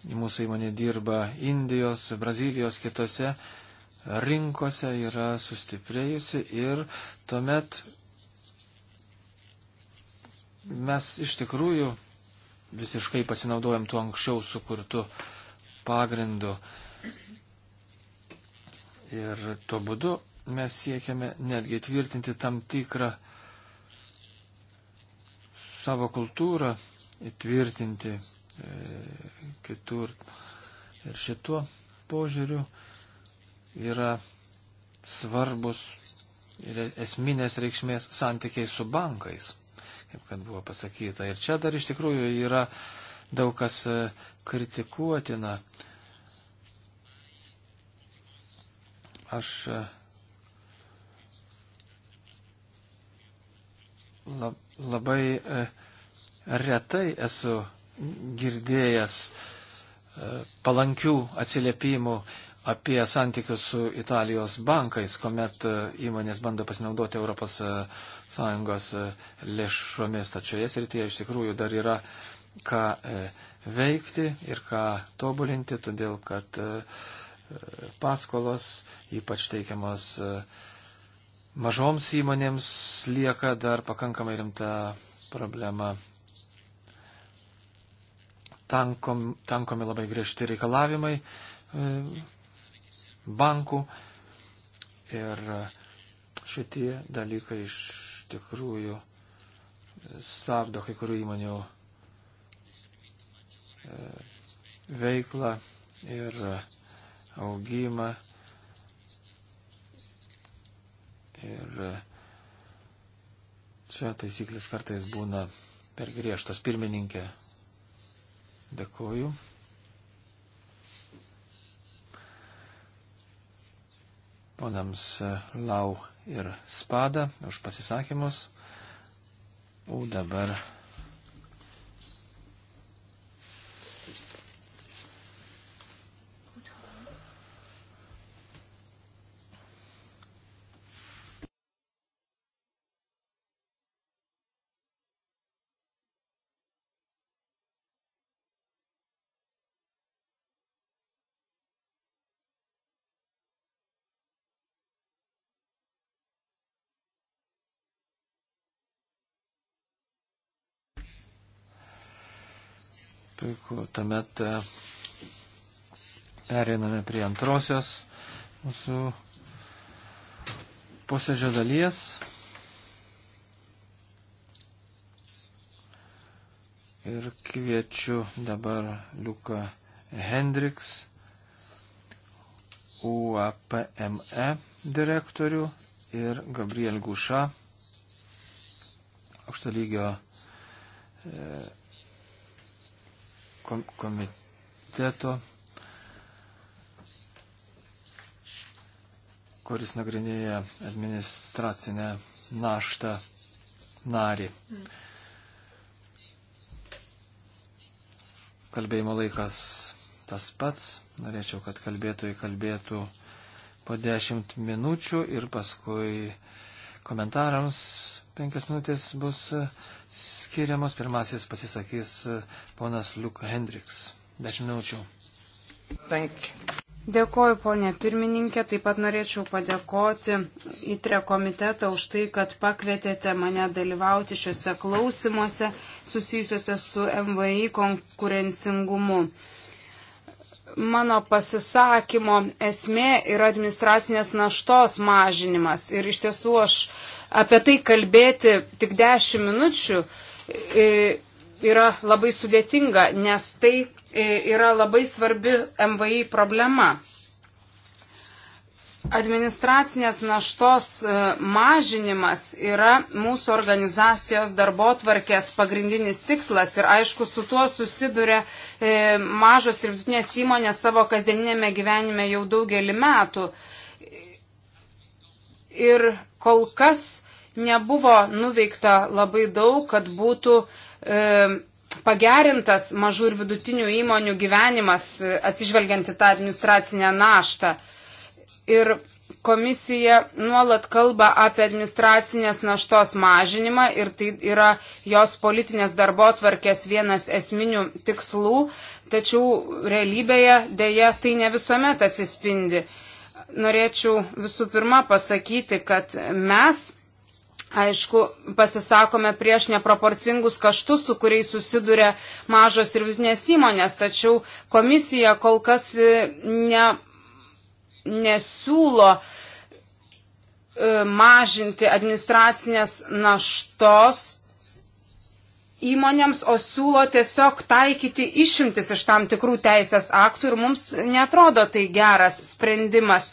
Mūsų įmonė dirba Indijos, Brazilijos, kitose rinkose yra sustiprėjusi ir tuomet mes iš tikrųjų visiškai pasinaudojam tuo anksčiau sukurtu pagrindu. Ir tuo būdu mes siekiame netgi tvirtinti tam tikrą savo kultūrą, įtvirtinti kitur. Ir šituo požiūriu yra svarbus ir esminės reikšmės santykiai su bankais, kaip kad buvo pasakyta. Ir čia dar iš tikrųjų yra daug kas e, kritikuotina. Aš e, labai e, retai esu girdėjęs e, palankių atsiliepimų apie santykius su Italijos bankais, kuomet e, įmonės bando pasinaudoti ES e, lėšomis. Tačiau jas rytyje iš tikrųjų dar yra ką veikti ir ką tobulinti, todėl kad paskolos, ypač teikiamos mažoms įmonėms, lieka dar pakankamai rimta problema tankom, tankomi labai griežti reikalavimai e, bankų ir šitie dalykai iš tikrųjų stabdo kai kurių įmonių e, veiklą ir augimą. Ir čia taisyklės kartais būna per griežtas pirmininkė Dėkuoju. Ponams Lau ir Spada už pasisakymus. O dabar Puiku, tuomet e, periname prie antrosios mūsų posėdžio dalies. Ir kviečiu dabar Liuką Hendriks, UAPME direktorių ir Gabriel Guša, aukšto lygio e, komiteto, kuris nagrinėja administracinę naštą narį. Kalbėjimo laikas tas pats. Norėčiau, kad kalbėtojai kalbėtų po 10 minučių ir paskui komentarams 5 minutės bus skiriamos. Pirmasis pasisakys e, ponas Luke Hendriks. Dešimt minučių. Dėkoju, ponė pirmininkė. Taip pat norėčiau padėkoti įtre komitetą už tai, kad pakvietėte mane dalyvauti šiuose klausimuose susijusiuose su MVI konkurencingumu mano pasisakymo esmė yra administracinės naštos mažinimas. Ir iš tiesų aš apie tai kalbėti tik 10 minučių e, yra labai sudėtinga, nes tai e, yra labai svarbi MVI problema administracinės naštos e, mažinimas yra mūsų organizacijos darbo tvarkės pagrindinis tikslas ir aišku su tuo susiduria e, mažos ir vidutinės įmonės savo kasdieninėme gyvenime jau daugelį metų. Ir kol kas nebuvo nuveikta labai daug, kad būtų e, pagerintas mažų ir vidutinių įmonių gyvenimas e, atsižvelgiant į tą administracinę naštą ir komisija nuolat kalba apie administracinės naštos mažinimą ir tai yra jos politinės darbo tvarkės vienas esminių tikslų, tačiau realybėje dėja tai ne visuomet atsispindi. Norėčiau visų pirma pasakyti, kad mes Aišku, pasisakome prieš neproporcingus kaštus, su kuriais susiduria mažos ir vidutinės įmonės, tačiau komisija kol kas e, ne nesiūlo e, mažinti administracinės naštos įmonėms, o siūlo tiesiog taikyti išimtis iš tam tikrų teisės aktų ir mums netrodo tai geras sprendimas.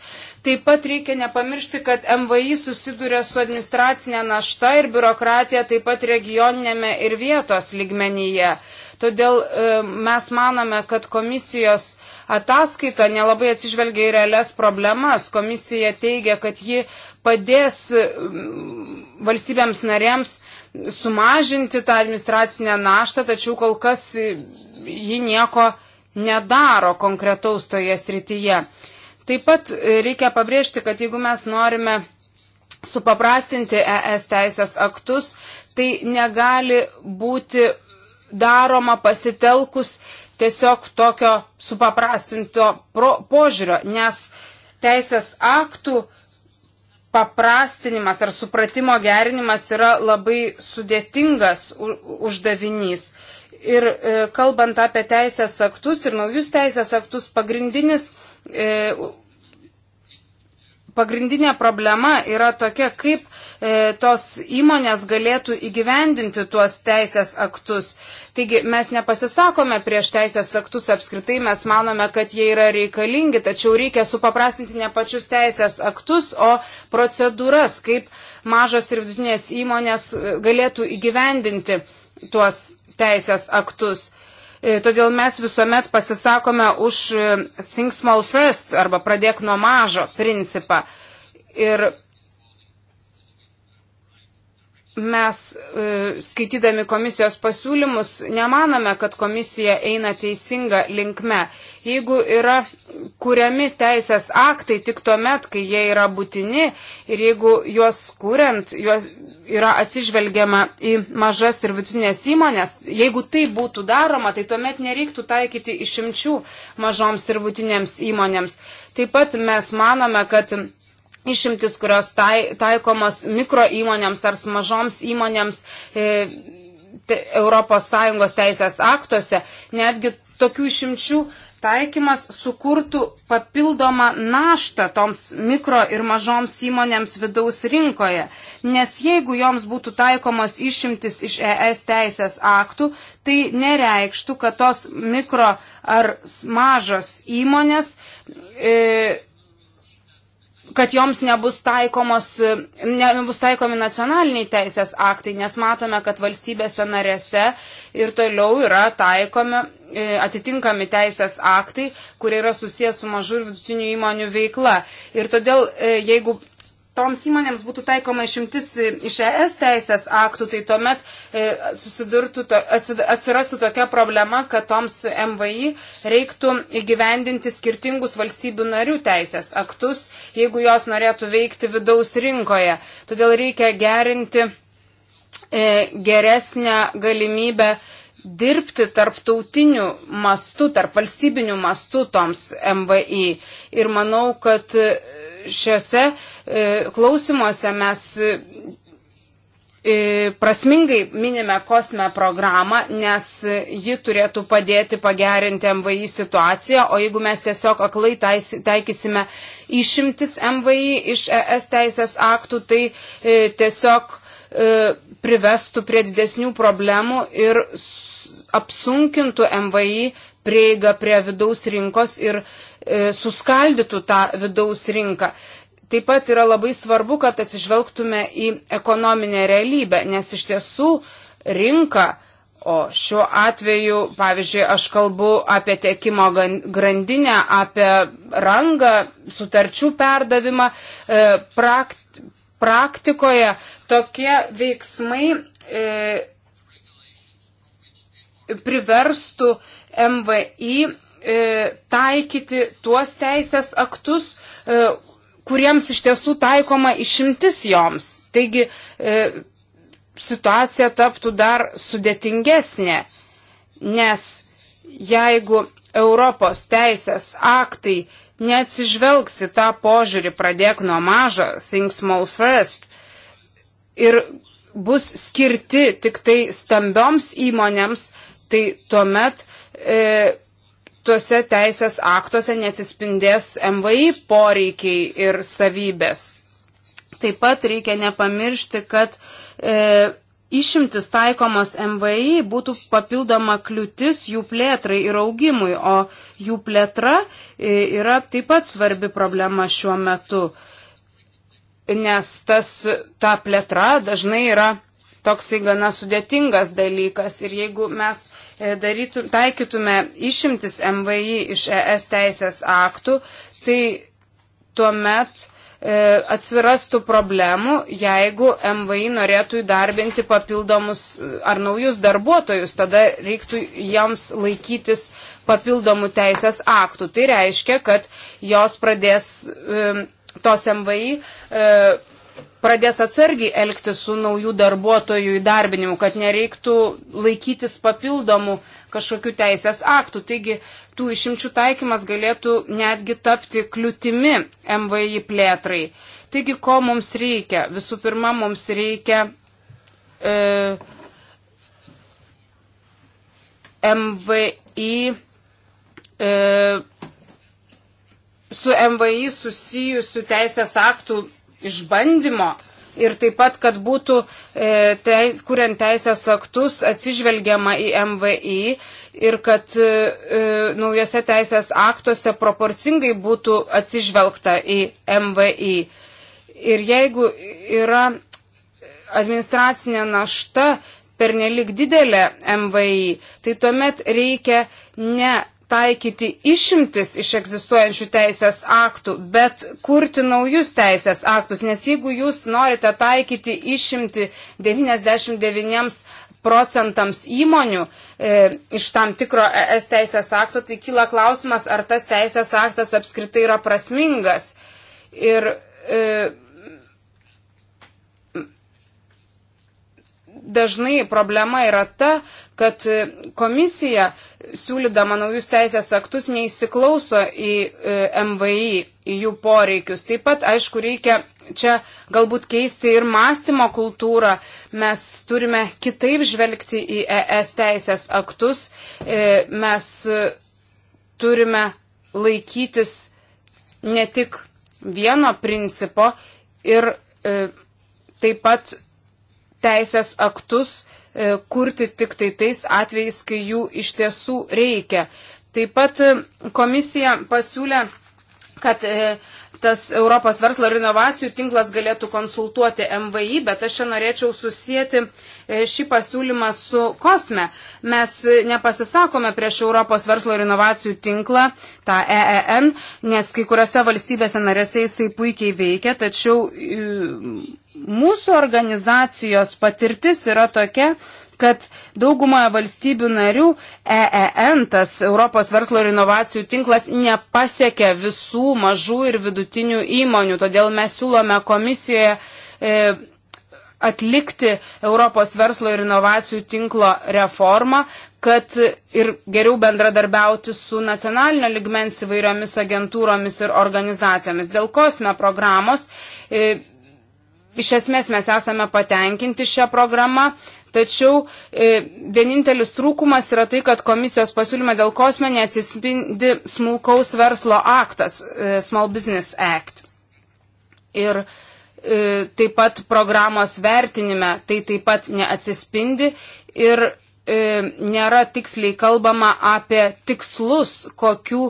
Taip pat reikia nepamiršti, kad MVI susiduria su administracinė našta ir biurokratija taip pat regioninėme ir vietos lygmenyje. Uh, Todėl e, mes manome, kad komisijos ataskaita nelabai atsižvelgia į realias problemas. Komisija teigia, kad ji padės e, valstybėms narėms sumažinti tą administracinę naštą, tačiau kol kas e, ji nieko nedaro konkretaus toje srityje. Taip pat reikia pabrėžti, kad jeigu mes norime supaprastinti ES teisės aktus, tai negali būti daroma pasitelkus tiesiog tokio supaprastinto požiūrio, nes teisės aktų paprastinimas ar supratimo gerinimas yra labai sudėtingas uždavinys. Ir e, kalbant apie teisės aktus ir naujus teisės aktus, pagrindinis e, pagrindinė problema yra tokia, kaip e, tos įmonės galėtų įgyvendinti tuos teisės aktus. Taigi mes nepasisakome prieš teisės aktus apskritai, mes manome, kad jie yra reikalingi, tačiau reikia supaprastinti ne pačius teisės aktus, o procedūras, kaip mažos ir vidutinės įmonės e, galėtų įgyvendinti tuos teisės aktus. E, todėl mes visuomet pasisakome už e, Think Small First arba pradėk nuo mažo principą. Ir mes e, skaitydami komisijos pasiūlymus nemanome, kad komisija eina teisinga linkme. Jeigu yra kuriami teisės aktai tik tuo met, kai jie yra būtini ir jeigu juos kuriant, juos yra atsižvelgiama į mažas ir vidutinės įmonės, jeigu tai būtų daroma, tai tuomet nereiktų taikyti išimčių mažoms ir vidutinėms įmonėms. Taip pat mes manome, kad išimtis, kurios tai, taikomos mikro įmonėms ar mažoms įmonėms e, te, ES teisės aktuose, netgi tokių išimčių taikymas sukurtų papildomą naštą toms mikro ir mažoms įmonėms vidaus rinkoje, nes jeigu joms būtų taikomos išimtis iš ES teisės aktų, tai nereikštų, kad tos mikro ar mažos įmonės e, kad joms nebus, taikomos, nebus taikomi nacionaliniai teisės aktai, nes matome, kad valstybėse narėse ir toliau yra taikomi e, atitinkami teisės aktai, kurie yra susijęs su mažų ir vidutinių įmonių veikla. Ir todėl, e, jeigu toms įmonėms būtų taikoma išimtis iš ES teisės aktų, tai tuomet e, to, atsirastų tokia problema, kad toms MVI reiktų įgyvendinti skirtingus valstybių narių teisės aktus, jeigu jos norėtų veikti vidaus rinkoje. Todėl reikia gerinti e, geresnę galimybę dirbti tarptautiniu mastu, tarp valstybiniu mastu toms MVI. Ir manau, kad e, šiuose e, klausimuose mes e, prasmingai minime kosme programą, nes ji turėtų padėti pagerinti MVI situaciją, o jeigu mes tiesiog aklai taikysime išimtis MVI iš ES teisės aktų, tai tiesiog privestų prie didesnių problemų ir su apsunkintų MVI prieigą prie vidaus rinkos ir e, suskaldytų tą vidaus rinką. Taip pat yra labai svarbu, kad atsižvelgtume į ekonominę realybę, nes iš tiesų rinka, o šiuo atveju, pavyzdžiui, aš kalbu apie tiekimo grandinę, apie rangą, sutarčių perdavimą, e, prakti praktikoje tokie veiksmai e, priverstų MVI e, taikyti tuos teisės aktus, e, kuriems iš tiesų taikoma išimtis joms. Taigi e, situacija taptų dar sudėtingesnė, nes jeigu Europos teisės aktai neatsižvelgs į tą požiūrį, pradėk nuo mažo, think small first, ir bus skirti tik tai stambioms įmonėms, tai tuomet e, tuose teisės aktuose neatsispindės MVI poreikiai ir savybės. Taip pat reikia nepamiršti, kad e, išimtis taikomos MVI būtų papildoma kliūtis jų plėtrai ir augimui, o jų plėtra e, yra taip pat svarbi problema šiuo metu, nes tas, ta plėtra dažnai yra toksai gana sudėtingas dalykas ir jeigu mes e, darytum, taikytume išimtis MVI iš ES teisės aktų, tai tuomet e, atsirastų problemų, jeigu MVI norėtų įdarbinti papildomus ar naujus darbuotojus, tada reiktų joms laikytis papildomų teisės aktų. Tai reiškia, kad jos pradės e, tos MVI pradės atsargiai elgtis su naujų darbuotojų įdarbinimu, kad nereiktų laikytis papildomų kažkokių teisės aktų. Taigi tų išimčių taikymas galėtų netgi tapti kliūtimi MVI plėtrai. Taigi ko mums reikia? Visų pirma, mums reikia e, MVI. E, su MVI susijusių teisės aktų išbandymo ir taip pat, kad būtų, e, teis, kuriant teisės aktus, atsižvelgiama į MVI ir kad e, e, naujose teisės aktuose proporcingai būtų atsižvelgta į MVI. Ir jeigu yra administracinė našta pernelik didelė MVI, tai tuomet reikia ne taikyti išimtis iš egzistuojančių teisės aktų, bet kurti naujus teisės aktus, nes jeigu jūs norite taikyti išimti 99 procentams įmonių e, iš tam tikro ES teisės akto, tai kyla klausimas, ar tas teisės aktas apskritai yra prasmingas. Ir e, dažnai problema yra ta, kad komisija e, siūlydama naujus teisės aktus, neįsiklauso į e, MVI, į jų poreikius. Taip pat, aišku, reikia čia galbūt keisti ir mąstymo kultūrą. Mes turime kitaip žvelgti į ES teisės aktus. E, mes e, turime laikytis ne tik vieno principo ir taip pat teisės aktus, E, kurti tik tai tais atvejais, kai jų iš tiesų reikia. Taip pat e, komisija pasiūlė, kad e, tas Europos verslo ir inovacijų tinklas galėtų konsultuoti MVI, bet aš čia norėčiau susijęti E, šį pasiūlymą su kosme. Mes e, nepasisakome prieš Europos verslo ir inovacijų tinklą, tą EEN, nes kai kuriuose valstybėse narėse jisai puikiai veikia, tačiau e, mūsų organizacijos patirtis yra tokia, kad daugumoje valstybių narių EEN, tas Europos verslo ir inovacijų tinklas, nepasiekia visų mažų ir vidutinių įmonių. Todėl mes siūlome komisijoje e, atlikti Europos verslo ir inovacijų tinklo reformą, kad ir geriau bendradarbiauti su nacionalinio ligmens įvairiomis agentūromis ir organizacijomis. Dėl kosme programos e, iš esmės mes esame patenkinti šią programą, tačiau e, vienintelis trūkumas yra tai, kad komisijos pasiūlyme dėl kosmenė atsispindi smulkaus verslo aktas, e, Small Business Act. Ir e, E, taip pat programos vertinime tai taip pat neatsispindi ir E, nėra tiksliai kalbama apie tikslus, kokių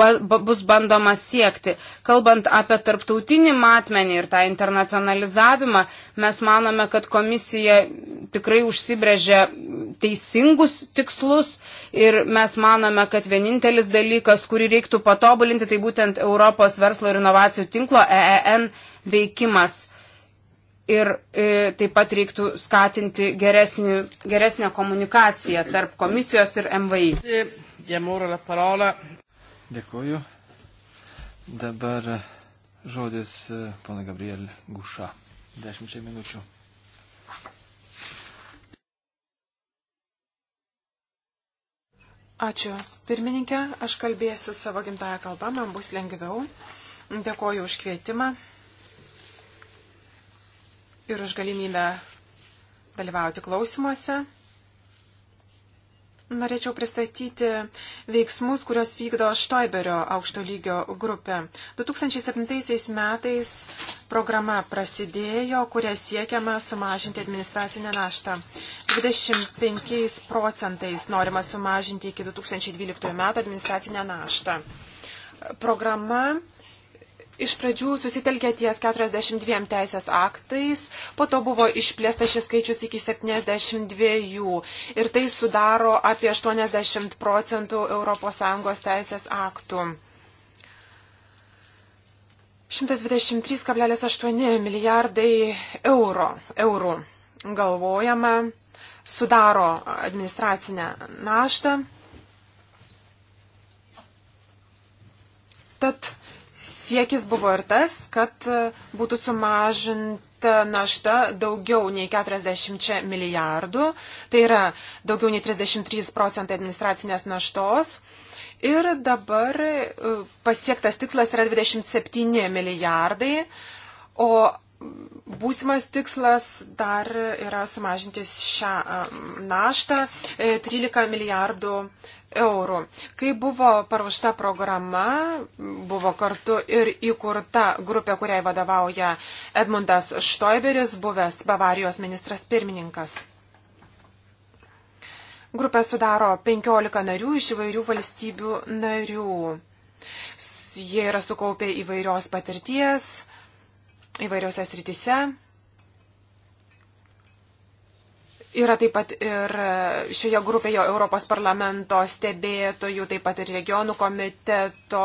ba, ba, bus bandoma siekti. Kalbant apie tarptautinį matmenį ir tą internacionalizavimą, mes manome, kad komisija tikrai užsibrėžė teisingus tikslus ir mes manome, kad vienintelis dalykas, kurį reiktų patobulinti, tai būtent Europos verslo ir inovacijų tinklo EEN veikimas Ir e, taip pat reiktų skatinti geresnį, geresnę komunikaciją tarp komisijos ir MVI. Dėkuoju. Dabar žodis e, pana Gabriel Guša. Dešimčiai minučių. Ačiū. Pirmininkė, aš kalbėsiu savo gimtają kalbą, man bus lengviau. Dėkoju už kvietimą ir už galimybę dalyvauti klausimuose. Norėčiau pristatyti veiksmus, kuriuos vykdo Štoiberio aukšto lygio grupė. 2007 metais programa prasidėjo, kuria siekiama sumažinti administracinę naštą. 25 procentais norima sumažinti iki 2012 metų administracinę naštą. Programa iš pradžių susitelkė ties 42 teisės aktais, po to buvo išplėsta šis skaičius iki 72 ir tai sudaro apie 80 procentų ES teisės aktų. 123,8 milijardai euro, eurų galvojama sudaro administracinę naštą. Tad siekis buvo ir tas, kad e, būtų sumažinta našta daugiau nei 40 milijardų, tai yra daugiau nei 33 procentai administracinės naštos. Ir dabar e, pasiektas tikslas yra 27 milijardai, o būsimas tikslas dar yra sumažinti šią e, naštą 13 milijardų eurų. Kai buvo paruošta programa, buvo kartu ir įkurta grupė, kuriai vadovauja Edmundas Štoiberis, buvęs Bavarijos ministras pirmininkas. Grupę sudaro 15 narių iš įvairių valstybių narių. Jie yra sukaupę įvairios patirties įvairiose srityse. Yra taip pat ir šioje grupėje Europos parlamento stebėtojų, taip pat ir regionų komiteto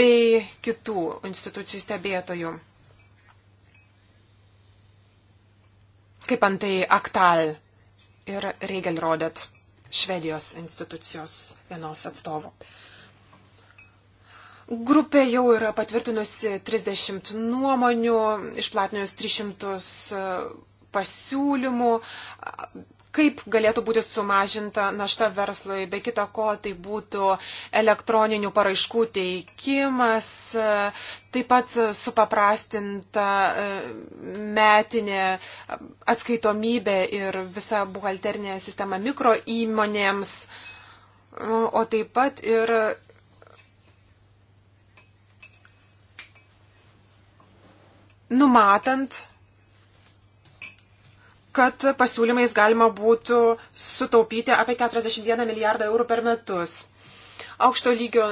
bei kitų institucijų stebėtojų. Kaip antai Aktal ir Regelrodet, Švedijos institucijos vienos atstovų. Grupė jau yra patvirtinusi 30 nuomonių, išplatinus 300 pasiūlymų, kaip galėtų būti sumažinta našta verslui, be kita ko tai būtų elektroninių paraiškų teikimas, taip pat supaprastinta e, metinė atskaitomybė ir visa buhalterinė sistema mikro įmonėms, o taip pat ir numatant kad pasiūlymais galima būtų sutaupyti apie 41 milijardą eurų per metus. Aukšto lygio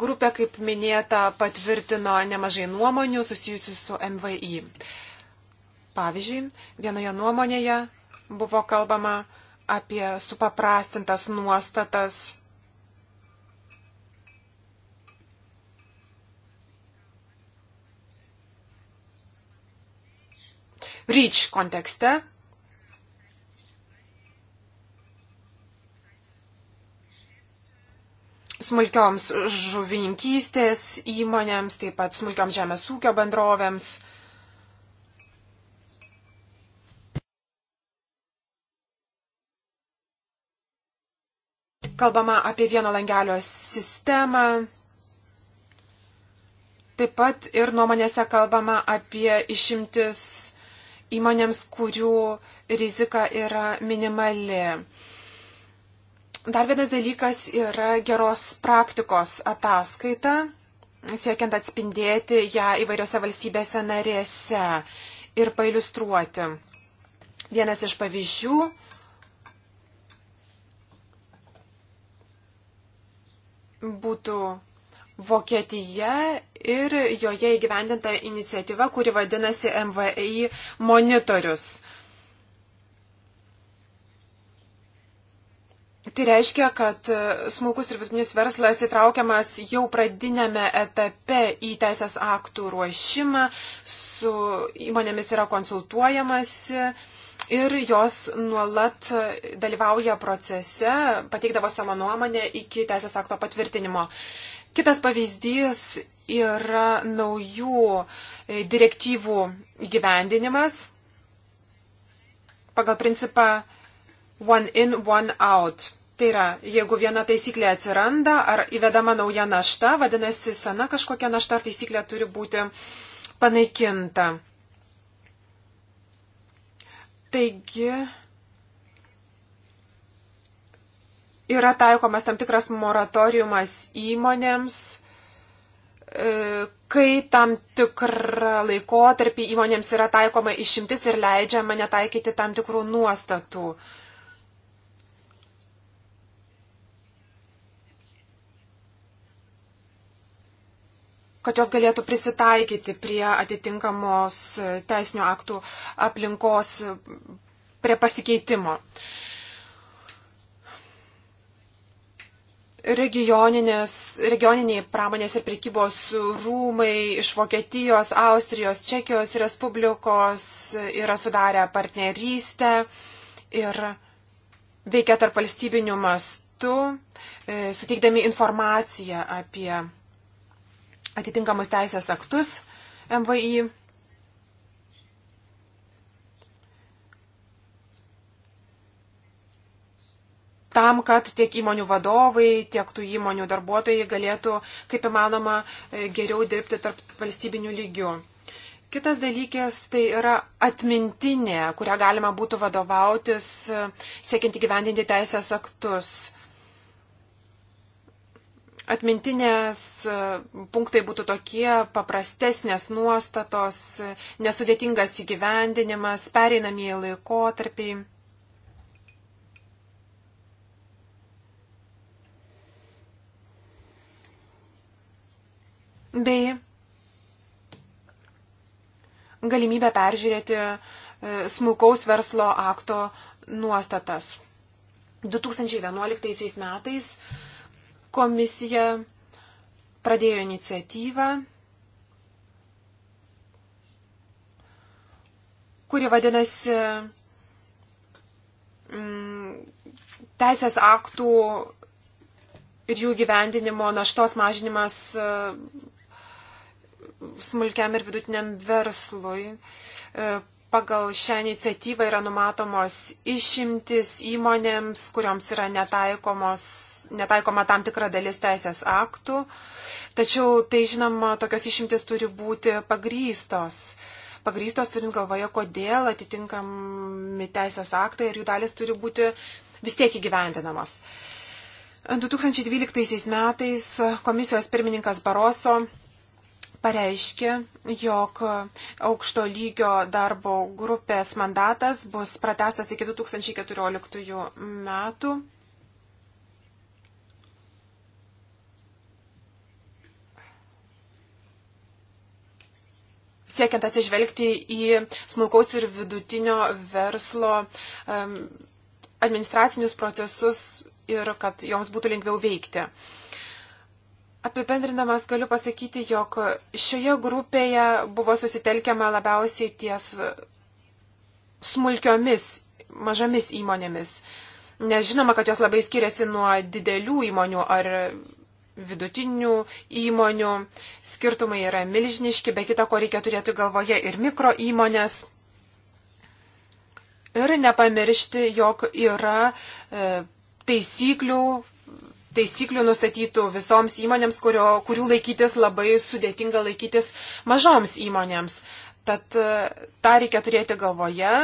grupė, kaip minėta, patvirtino nemažai nuomonių susijusių su MVI. Pavyzdžiui, vienoje nuomonėje buvo kalbama apie supaprastintas nuostatas REACH kontekste smulkioms žuvininkystės įmonėms, taip pat smulkioms žemės ūkio bendrovėms. Kalbama apie vieno langelio sistemą. Taip pat ir nuomonėse kalbama apie išimtis įmonėms, kurių rizika yra minimali. Dar vienas dalykas yra geros praktikos ataskaita, siekiant atspindėti ją įvairiose valstybėse narėse ir pailustruoti. Vienas iš pavyzdžių būtų Vokietija ir joje įgyvendinta iniciatyva, kuri vadinasi MVI monitorius. Tai reiškia, kad e, smulkus ir vidutinis verslas įtraukiamas jau pradinėme etape į teisės aktų ruošimą, su įmonėmis yra konsultuojamasi ir jos nuolat dalyvauja procese, pateikdavo savo nuomonę iki teisės akto patvirtinimo. Kitas pavyzdys yra naujų e, direktyvų gyvendinimas pagal principą one in, one out. Tai yra, jeigu viena taisyklė atsiranda ar įvedama nauja našta, vadinasi, sena kažkokia našta ar taisyklė turi būti panaikinta. Taigi yra taikomas tam tikras moratoriumas įmonėms, e, kai tam tikrą laikotarpį įmonėms yra taikoma išimtis ir leidžiama netaikyti tam tikrų nuostatų. Uh, kad jos galėtų prisitaikyti prie atitinkamos teisinio aktų aplinkos, prie pasikeitimo. regioniniai pramonės ir prekybos rūmai iš Vokietijos, Austrijos, Čekijos Respublikos yra sudarę partnerystę ir veikia tarp valstybinių mastų, e, suteikdami informaciją apie atitinkamus teisės aktus MVI. tam, kad tiek įmonių vadovai, tiek tų įmonių darbuotojai galėtų, kaip įmanoma, e, geriau dirbti tarp valstybinių lygių. Kitas dalykės tai yra atmintinė, kurią galima būtų vadovautis, e, siekiant įgyvendinti teisės aktus atmintinės e, punktai būtų tokie paprastesnės nuostatos, nesudėtingas įgyvendinimas, pereinamieji laikotarpiai. Bei galimybę peržiūrėti e, smulkaus verslo akto nuostatas. 2011 metais Komisija pradėjo iniciatyvą, kuri vadinasi mm, teisės aktų ir jų gyvendinimo naštos mažinimas e, smulkiam ir vidutiniam verslui. E, pagal šią iniciatyvą yra numatomos išimtis įmonėms, kurioms yra netaikomos netaikoma tam tikra dalis teisės aktų, tačiau tai žinoma, tokios išimtis turi būti pagrystos. Pagrystos turint galvoje, kodėl atitinkami teisės aktai ir jų dalis turi būti vis tiek įgyvendinamos. 2012 metais komisijos pirmininkas Baroso pareiškė, jog aukšto lygio darbo grupės mandatas bus pratestas iki 2014 metų. siekiant atsižvelgti į smulkaus ir vidutinio verslo um, administracinius procesus ir kad joms būtų lengviau veikti. Apibendrinamas galiu pasakyti, jog šioje grupėje buvo susitelkiama labiausiai ties smulkiomis, mažomis įmonėmis. Nes žinoma, kad jos labai skiriasi nuo didelių įmonių ar vidutinių įmonių. Skirtumai yra milžiniški, be kita ko reikia turėti galvoje ir mikro įmonės. Ir nepamiršti, jog yra e, taisyklių, taisyklių nustatytų visoms įmonėms, kurio, kurių laikytis labai sudėtinga laikytis mažoms įmonėms. Tad e, tą reikia turėti galvoje.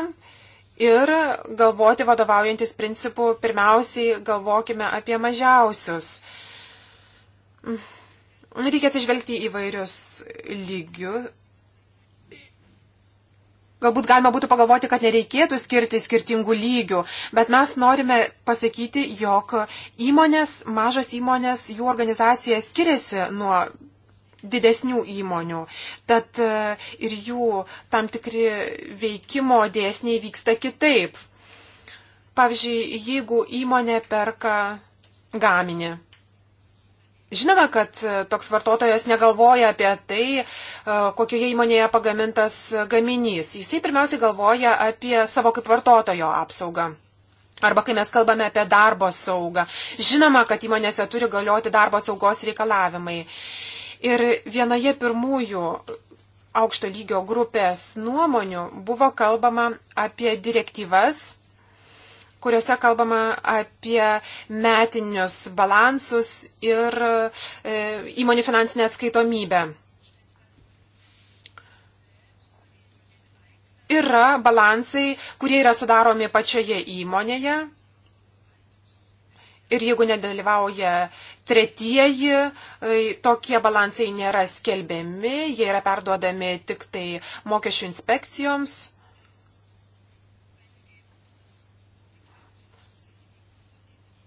Ir galvoti vadovaujantis principų, pirmiausiai galvokime apie mažiausius. E, Mm. Reikia atsižvelgti įvairius lygius. Galbūt galima būtų pagalvoti, kad nereikėtų skirti skirtingų lygių, bet mes norime pasakyti, jog įmonės, mažas įmonės, jų organizacija skiriasi nuo didesnių įmonių. Tad e, ir jų tam tikri veikimo dėsniai vyksta kitaip. Pavyzdžiui, jeigu įmonė perka gaminį Žinoma, kad e, toks vartotojas negalvoja apie tai, e, kokioje įmonėje pagamintas gaminys. Jisai pirmiausiai galvoja apie savo kaip vartotojo apsaugą. Arba kai mes kalbame apie darbo saugą. Žinoma, kad įmonėse turi galioti darbo saugos reikalavimai. Ir vienoje pirmųjų aukšto lygio grupės nuomonių buvo kalbama apie direktyvas kuriuose kalbama apie metinius balansus ir e, įmonių finansinę atskaitomybę. Yra balansai, kurie yra sudaromi pačioje įmonėje. Ir jeigu nedalyvauja tretieji, e, tokie balansai nėra skelbiami, jie yra perduodami tik tai mokesčių inspekcijoms.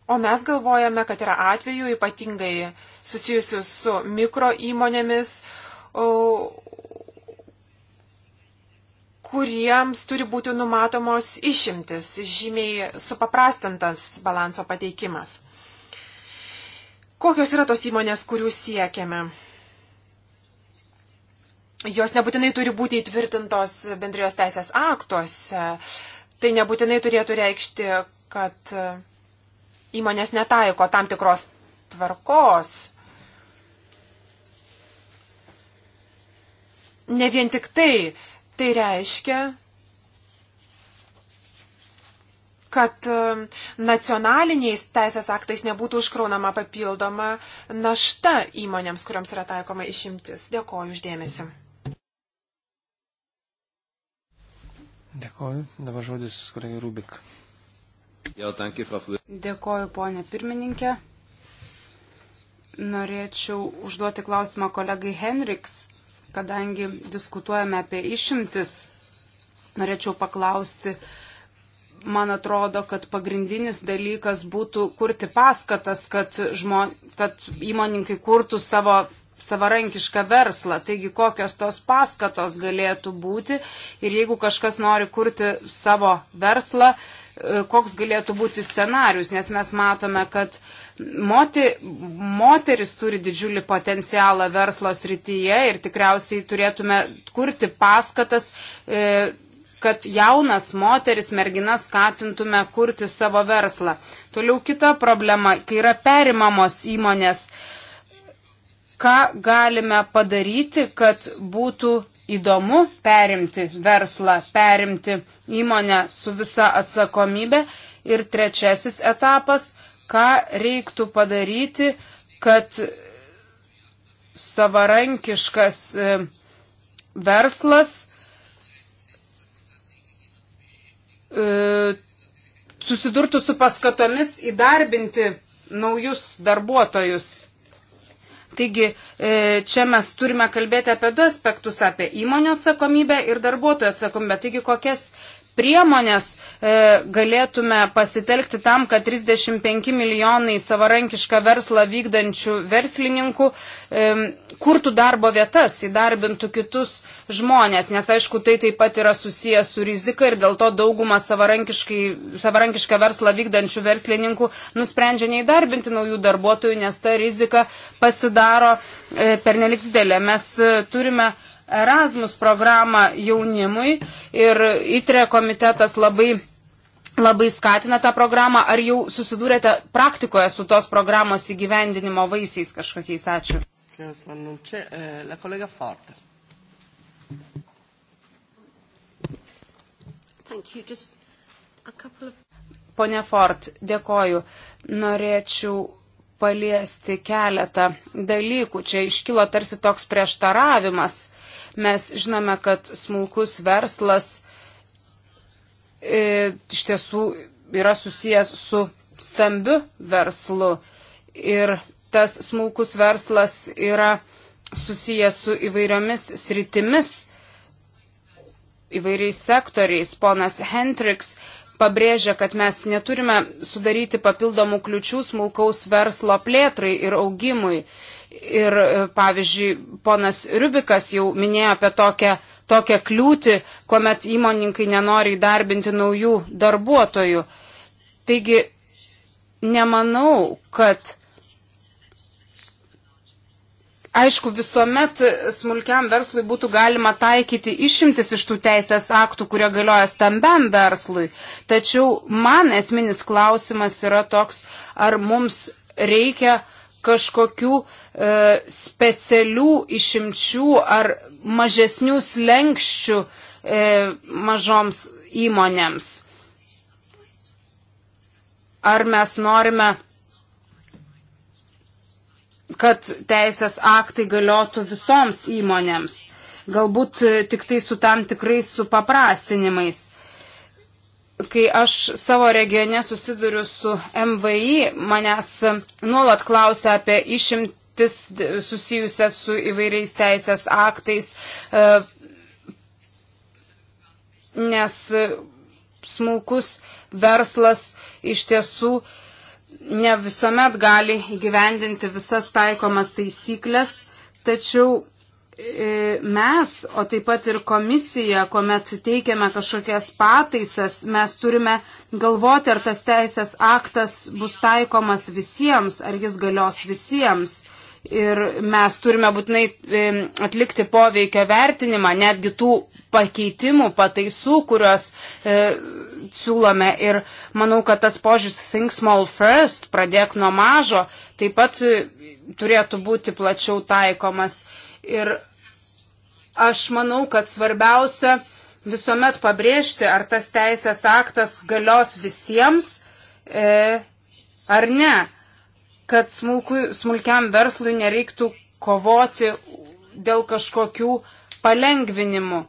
O mes galvojame, kad yra atvejų ypatingai susijusių su mikro įmonėmis, kuriems turi būti numatomos išimtis, žymiai supaprastintas balanso pateikimas. Kokios yra tos įmonės, kurių siekiame? Jos nebūtinai turi būti įtvirtintos bendrijos teisės aktuose. Tai nebūtinai turėtų reikšti, kad įmonės netaiko tam tikros tvarkos. Ne vien tik tai, tai reiškia, kad um, nacionaliniais teisės aktais nebūtų užkraunama papildoma našta įmonėms, kuriams yra taikoma išimtis. Dėkoju uždėmesi. Dėkoju. Dabar žodis kolegai Rubik. Dėkoju, ponė pirmininkė. Norėčiau užduoti klausimą kolegai Henriks, kadangi diskutuojame apie išimtis. Norėčiau paklausti, man atrodo, kad pagrindinis dalykas būtų kurti paskatas, kad, žmo, kad įmoninkai kurtų savo savarankišką verslą. Taigi, kokios tos paskatos galėtų būti ir jeigu kažkas nori kurti savo verslą, koks galėtų būti scenarius, nes mes matome, kad moti, moteris turi didžiulį potencialą verslo srityje ir tikriausiai turėtume kurti paskatas, e, kad jaunas moteris, merginas skatintume kurti savo verslą. Toliau kita problema, kai yra perimamos įmonės, ką galime padaryti, kad būtų įdomu perimti verslą, perimti įmonę su visa atsakomybė. Ir trečiasis etapas, ką reiktų padaryti, kad savarankiškas e, verslas e, susidurtų su paskatomis įdarbinti naujus darbuotojus Taigi e, čia mes turime kalbėti apie du aspektus - apie įmonių atsakomybę ir darbuotojų atsakomybę. Taigi kokias priemonės e, galėtume pasitelkti tam, kad 35 milijonai savarankišką verslą vykdančių verslininkų e, kurtų darbo vietas, įdarbintų kitus žmonės, nes aišku, tai taip pat yra susijęs su rizika ir dėl to dauguma savarankišką verslą vykdančių verslininkų nusprendžia neįdarbinti naujų darbuotojų, nes ta rizika pasidaro e, pernelik didelė. Mes e, turime e, Erasmus programą jaunimui ir ITRE komitetas labai, labai skatina tą programą. Ar jau susidūrėte praktikoje su tos programos įgyvendinimo vaisiais kažkokiais? Ačiū. Pone Fort, dėkoju. Norėčiau paliesti keletą dalykų. Čia iškilo tarsi toks prieštaravimas Mes žinome, kad smulkus verslas e, iš tiesų yra susijęs su stambiu verslu ir tas smulkus verslas yra susijęs su įvairiomis sritimis, įvairiais sektoriais. Ponas Hendriks pabrėžia, kad mes neturime sudaryti papildomų kliučių smulkaus verslo plėtrai ir augimui. Ir, e, pavyzdžiui, ponas Rubikas jau minėjo apie tokią, tokią kliūtį, kuomet įmoninkai nenori įdarbinti naujų darbuotojų. Taigi, nemanau, kad. Aišku, visuomet smulkiam verslui būtų galima taikyti išimtis iš tų teisės aktų, kurie galioja stambiam verslui. Tačiau man esminis klausimas yra toks, ar mums reikia uh, kažkokių e, specialių išimčių ar mažesnių slengščių e, mažoms įmonėms. Ar mes norime, kad teisės aktai galiotų visoms įmonėms, galbūt e, tik tai su tam tikrais supaprastinimais kai aš savo regione susiduriu su MVI, manęs nuolat klausia apie išimtis susijusias su įvairiais teisės aktais, e, nes smulkus verslas iš tiesų ne visuomet gali įgyvendinti visas taikomas taisyklės, tačiau E, mes, o taip pat ir komisija, kuomet teikiame kažkokias pataisas, mes turime galvoti, ar tas teisės aktas bus taikomas visiems, ar jis galios visiems. Ir mes turime būtinai e, atlikti poveikio vertinimą, netgi tų pakeitimų, pataisų, kuriuos e, siūlome. Ir manau, kad tas požiūris Think Small First, pradėk nuo mažo, taip pat e, turėtų būti plačiau taikomas Ir aš manau, kad svarbiausia visuomet pabrėžti, ar tas teisės aktas galios visiems e, ar ne, kad smulkui, smulkiam verslui nereiktų kovoti dėl kažkokių palengvinimų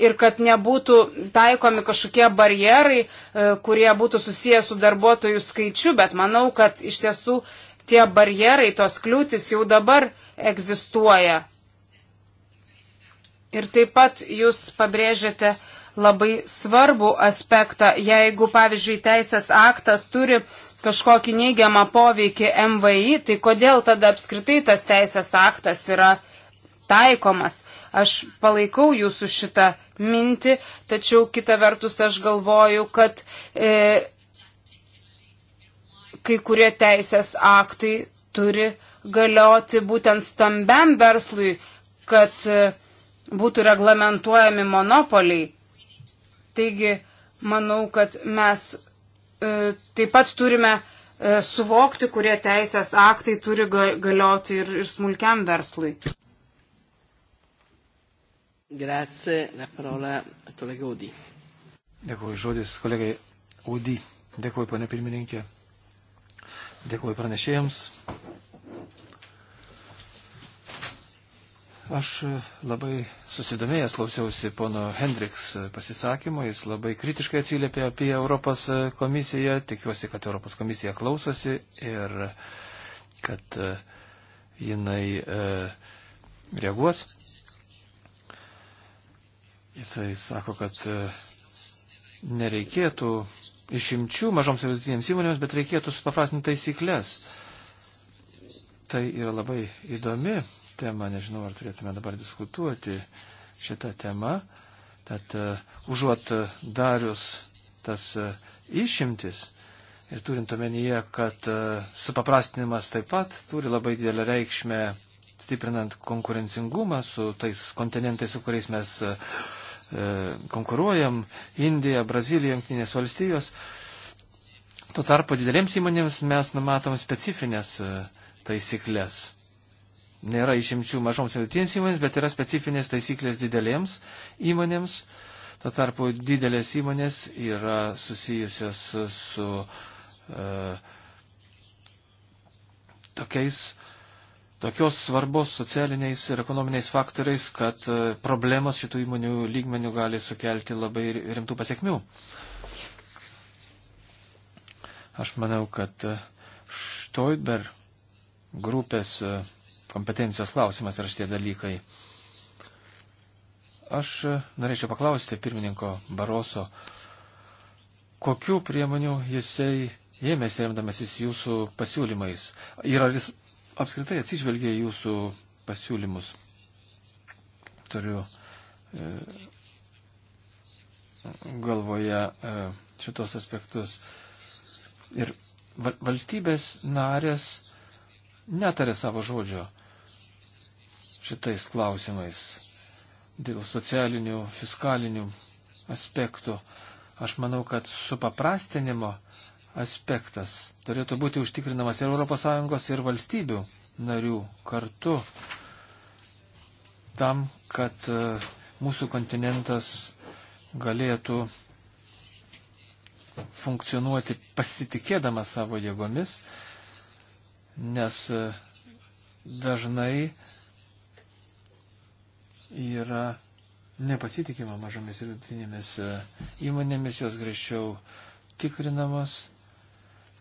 ir kad nebūtų taikomi kažkokie barjerai, e, kurie būtų susijęs su darbuotojų skaičiu, bet manau, kad iš tiesų tie barjerai, tos kliūtis jau dabar egzistuoja. Ir taip pat jūs pabrėžiate labai svarbų aspektą, jeigu, pavyzdžiui, teisės aktas turi kažkokį neigiamą poveikį MVI, tai kodėl tada apskritai tas teisės aktas yra taikomas. Aš palaikau jūsų šitą mintį, tačiau kita vertus aš galvoju, kad e, kai kurie teisės aktai turi galioti būtent stambiam verslui, kad e, būtų reglamentuojami monopoliai. Taigi, manau, kad mes e, taip pat turime e, suvokti, kurie teisės aktai turi galioti ir, ir smulkiam verslui. Grazie, la parola kolega Udi. Dėkuoju, žodis kolegai Udi. Dėkuoju, pane pirmininkė. Dėkuoju pranešėjams, Aš labai susidomėjęs klausiausi pono Hendriks pasisakymo, jis labai kritiškai atsiliepė apie Europos komisiją, tikiuosi, kad Europos komisija klausosi ir kad e, jinai e, reaguos. Jisai sako, kad e, nereikėtų išimčių mažoms ir vidutinėms įmonėms, bet reikėtų supaprastinti taisyklės. Tai yra labai įdomi temą, nežinau, ar turėtume dabar diskutuoti šitą temą. Tad e, užuot e, darius tas e, išimtis ir turint omenyje, kad supaprastinimas taip pat turi labai didelę reikšmę stiprinant konkurencingumą su tais kontinentais, su kuriais mes konkuruojam - Indija, Brazilija, Junktinės valstijos. Tuo tarpu didelėms įmonėms mes numatom specifines taisyklės. Nėra išimčių mažoms ir vidutinėms įmonėms, bet yra specifinės taisyklės didelėms įmonėms. Tuo tarpu didelės įmonės yra susijusios su, su e, tokiais, tokios svarbos socialiniais ir ekonominiais faktoriais, kad e, problemas šitų įmonių lygmenių gali sukelti labai rimtų pasiekmių. Aš manau, kad e, Štoiber grupės e, kompetencijos klausimas yra šitie dalykai. Aš e, norėčiau paklausti pirmininko Baroso, kokiu priemoniu jisai ėmėsi remdamasis jūsų pasiūlymais ir ar jis apskritai atsižvelgė jūsų pasiūlymus. Turiu e, galvoje e, šitos aspektus. Ir valstybės narės netarė savo žodžio šitais klausimais. Dėl socialinių, fiskalinių aspektų. Aš manau, kad supaprastinimo aspektas turėtų būti užtikrinamas ir ES, ir valstybių narių kartu tam, kad e, mūsų kontinentas galėtų funkcionuoti pasitikėdamas savo jėgomis, nes e, dažnai yra nepasitikima mažomis ir vidutinėmis e, įmonėmis, jos greičiau tikrinamos.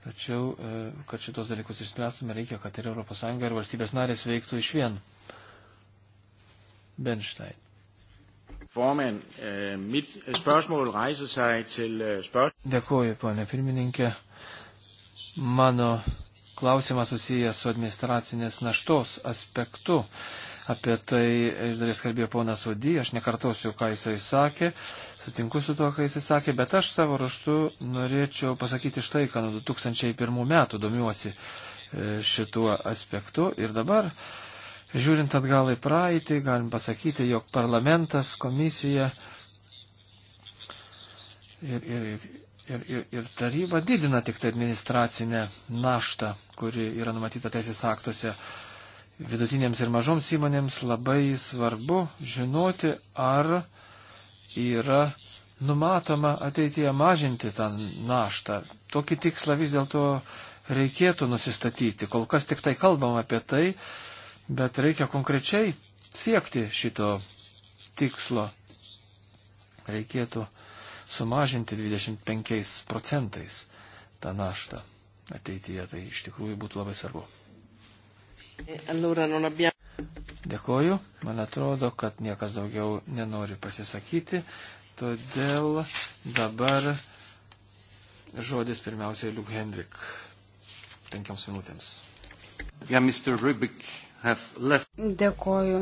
Tačiau, e, kad šitos dalykus išspręstume, reikia, kad ir ES ir valstybės narės veiktų iš vien. Benstein. Formand, e, mit spørgsmål rejser sig til spørgsmål. Dėkuoju, ponė pirmininkė. Mano klausimas susijęs su administracinės naštos aspektu. Apie tai iš dalies kalbėjo ponas Udy, aš nekartosiu, ką jisai sakė, sutinku su tuo, ką jisai sakė, bet aš savo raštu norėčiau pasakyti štai, ką nuo 2001 metų domiuosi e, šituo aspektu ir dabar. Žiūrint atgal į praeitį, galim pasakyti, jog parlamentas, komisija ir, ir, ir, ir, ir taryba didina tik tai administracinę naštą, kuri yra numatyta teisės aktuose. Uh, vidutinėms ir mažoms įmonėms labai svarbu žinoti, ar yra numatoma ateityje mažinti tą naštą. Tokį tikslą vis dėlto reikėtų nusistatyti. Kol kas tik tai kalbam apie tai, bet reikia konkrečiai siekti šito tikslo. Reikėtų sumažinti 25 procentais tą naštą ateityje. Tai iš tikrųjų būtų labai svarbu. E, Dėkoju. Man atrodo, kad niekas daugiau nenori pasisakyti. Todėl dabar žodis pirmiausiai Liuk Hendrik. Penkioms minutėms. Yeah, Dėkoju.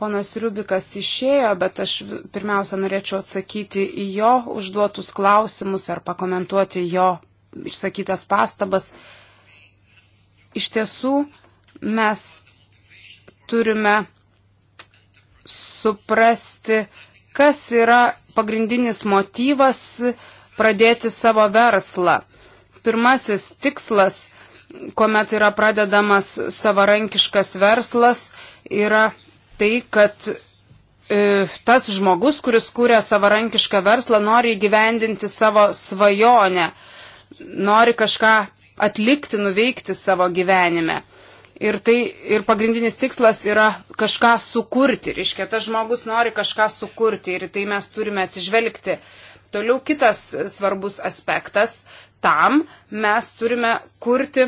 Ponas Rubikas išėjo, bet aš pirmiausia norėčiau atsakyti į jo užduotus klausimus ar pakomentuoti jo išsakytas pastabas. Iš tiesų, mes turime suprasti, kas yra pagrindinis motyvas pradėti savo verslą. Pirmasis tikslas, kuomet yra pradedamas savarankiškas verslas, yra tai, kad e, tas žmogus, kuris kūrė savarankišką verslą, nori įgyvendinti savo svajonę, nori kažką atlikti, nuveikti savo gyvenime. Ir, tai, ir pagrindinis tikslas yra kažką sukurti. Reiškia, tas žmogus nori kažką sukurti ir tai mes turime atsižvelgti. Toliau kitas svarbus aspektas. Tam mes turime kurti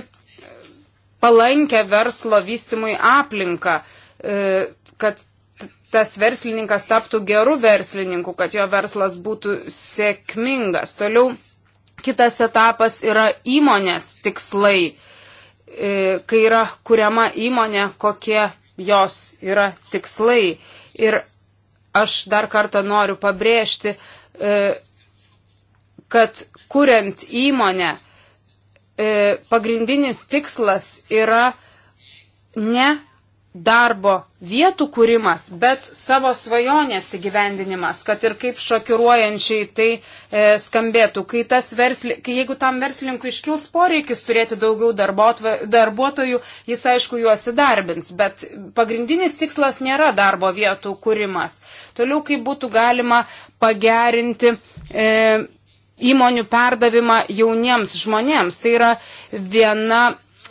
palankę verslo vystimui aplinką, e, kad tas verslininkas taptų geru verslininku, kad jo verslas būtų sėkmingas. Toliau kitas etapas yra įmonės tikslai E, kai yra kuriama įmonė, kokie jos yra tikslai. Ir aš dar kartą noriu pabrėžti, e, kad kuriant įmonę, e, pagrindinis tikslas yra ne darbo vietų kūrimas, bet savo svajonės įgyvendinimas, kad ir kaip šokiruojančiai tai e, skambėtų, kai, versli, kai jeigu tam verslininkui iškils poreikis turėti daugiau darbotva, darbuotojų, jis aišku juos įdarbins, bet pagrindinis tikslas nėra darbo vietų kūrimas. Toliau, kaip būtų galima pagerinti. E, Įmonių perdavimą jauniems žmonėms. Tai yra viena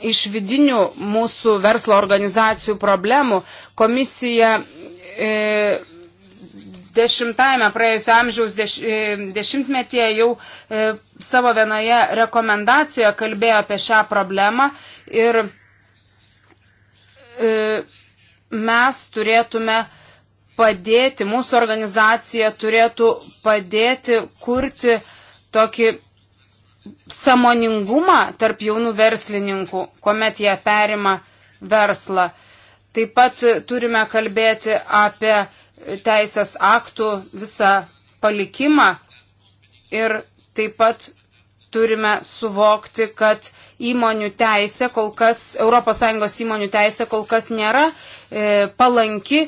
iš vidinių mūsų verslo organizacijų problemų. Komisija e, dešimtajame praėjusio amžiaus deš, e, dešimtmetyje jau e, savo vienoje rekomendacijoje kalbėjo apie šią problemą ir e, mes turėtume padėti, mūsų organizacija turėtų padėti kurti tokį samoningumą tarp jaunų verslininkų, kuomet jie perima verslą. Taip pat turime kalbėti apie teisės aktų visą palikimą ir taip pat turime suvokti, kad įmonių teisė kol kas, ES įmonių teisė kol kas nėra e, palanki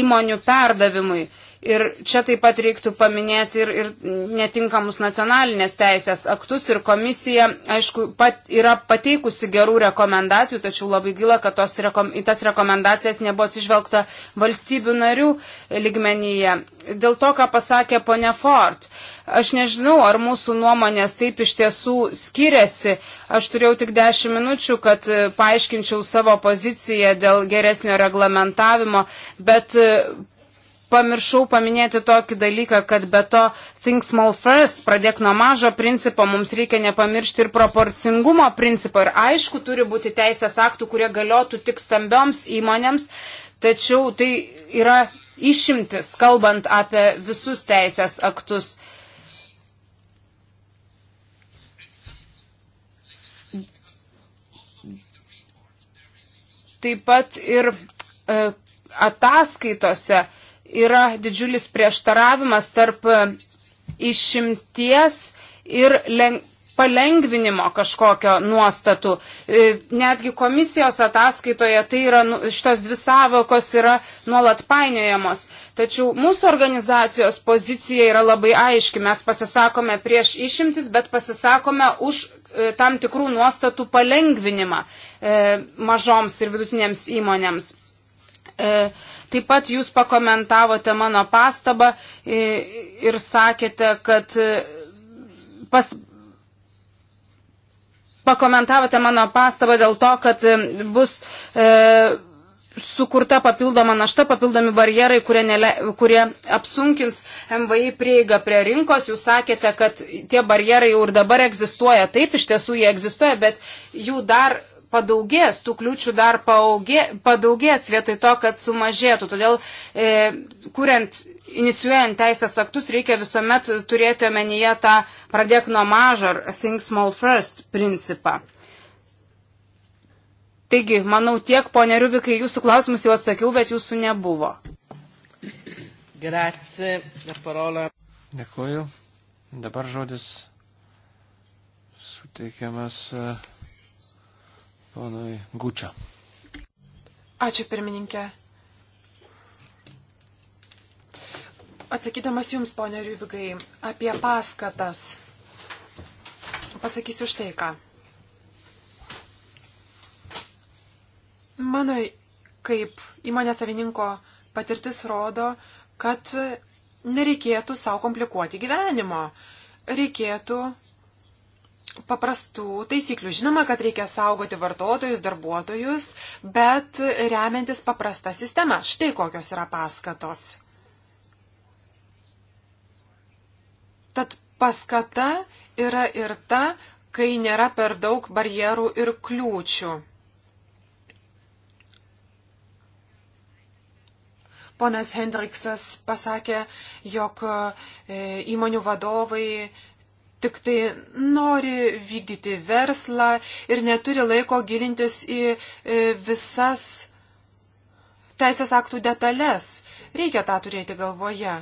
įmonių perdavimui. E, Ir čia taip pat reiktų paminėti ir, ir netinkamus nacionalinės teisės aktus ir komisija, aišku, pat, yra pateikusi gerų rekomendacijų, tačiau labai gila, kad tos rekom, į tas rekomendacijas nebuvo atsižvelgta valstybių narių ligmenyje. Dėl to, ką pasakė ponia Ford, aš nežinau, ar mūsų nuomonės taip iš tiesų skiriasi. Aš turėjau tik 10 minučių, kad e, paaiškinčiau savo poziciją dėl geresnio reglamentavimo, bet e, pamiršau paminėti tokį dalyką, kad be to think small first, pradėk nuo mažo principo, mums reikia nepamiršti ir proporcingumo principo. Ir aišku, turi būti teisės aktų, kurie galiotų tik stambioms įmonėms, tačiau tai yra išimtis, kalbant apie visus teisės aktus. Taip pat ir e, ataskaitose yra didžiulis prieštaravimas tarp e, išimties ir leng palengvinimo kažkokio nuostatų. E, netgi komisijos ataskaitoje tai yra, nu, šitos dvi savokos yra nuolat painiojamos. Tačiau mūsų organizacijos pozicija yra labai aiški. Mes pasisakome prieš išimtis, bet pasisakome už e, tam tikrų nuostatų palengvinimą mažoms ir vidutinėms įmonėms. E, taip pat jūs pakomentavote mano pastabą e, ir sakėte, kad e, pas, pakomentavote mano pastabą dėl to, kad bus e, sukurta papildoma našta, papildomi barjerai, kurie, nele, kurie apsunkins MVI prieigą prie rinkos. Jūs sakėte, kad tie barjerai jau ir dabar egzistuoja. Taip, iš tiesų jie egzistuoja, bet jų dar padaugės, tų kliūčių dar paaugė, padaugės vietoj to, kad sumažėtų. Todėl, e, kuriant, inicijuojant teisės aktus, reikia visuomet turėti omenyje tą pradėk nuo mažo ar think small first principą. Taigi, manau, tiek, ponė Rubikai, jūsų klausimus jau atsakiau, bet jūsų nebuvo. Grazie, la parola. Dėkuoju. Dabar žodis suteikiamas. Uh ponui Gučio. Ačiū pirmininkė. Atsakydamas Jums, ponė Rybigai, apie paskatas, pasakysiu štai ką. Mano kaip įmonės savininko patirtis rodo, kad nereikėtų savo komplikuoti gyvenimo. Reikėtų paprastų taisyklių. Žinoma, kad reikia saugoti vartotojus, darbuotojus, bet remiantis paprastą sistemą. Štai kokios yra paskatos. Tad paskata yra ir ta, kai nėra per daug barjerų ir kliūčių. Ponas Hendriksas pasakė, jog e, įmonių vadovai tik tai nori vykdyti verslą ir neturi laiko gilintis į e, visas teisės aktų detalės. Reikia tą turėti galvoje.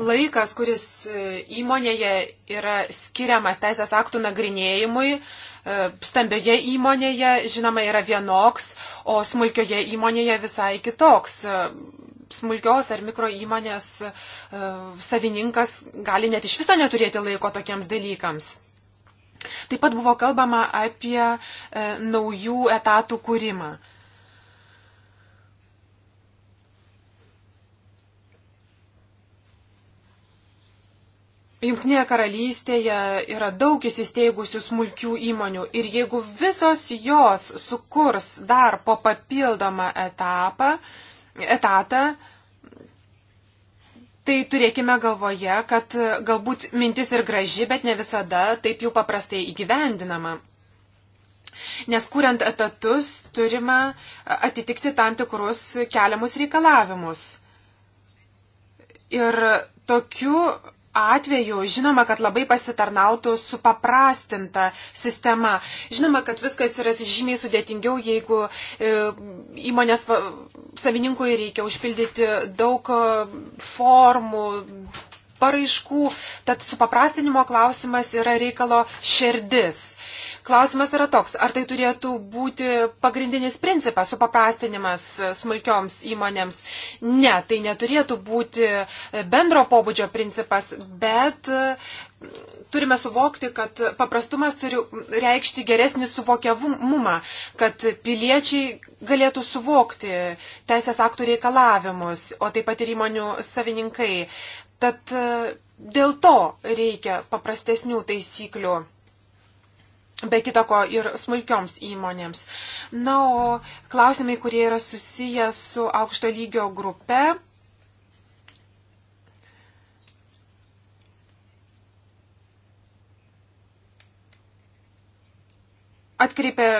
Laikas, kuris e, įmonėje yra skiriamas teisės aktų nagrinėjimui, e, stambioje įmonėje, žinoma, yra vienoks, o smulkioje įmonėje visai kitoks smulkios ar mikro įmonės e, savininkas gali net iš viso neturėti laiko tokiems dalykams. Taip pat buvo kalbama apie e, naujų etatų kūrimą. Junktinėje karalystėje yra daug įsisteigusių smulkių įmonių ir jeigu visos jos sukurs dar po papildomą etapą, uh, etatą, tai turėkime galvoje, kad galbūt mintis ir graži, bet ne visada taip jau paprastai įgyvendinama. Nes kuriant etatus turime atitikti tam tikrus keliamus reikalavimus. Ir tokiu atveju žinoma, kad labai pasitarnautų supaprastinta sistema. Žinoma, kad viskas yra žymiai sudėtingiau, jeigu e, įmonės savininkui reikia užpildyti daug e, formų, paraiškų, tad supaprastinimo klausimas yra reikalo šerdis. Klausimas yra toks, ar tai turėtų būti pagrindinis principas, supaprastinimas smulkioms įmonėms? Ne, tai neturėtų būti bendro pobūdžio principas, bet mm, turime suvokti, kad paprastumas turi reikšti geresnį suvokiavumą, kad piliečiai galėtų suvokti teisės aktų reikalavimus, o taip pat ir įmonių savininkai. Tad e, dėl to reikia paprastesnių taisyklių be kitako ir smulkioms įmonėms. Na, o klausimai, kurie yra susiję su aukšto lygio grupe. Atkreipia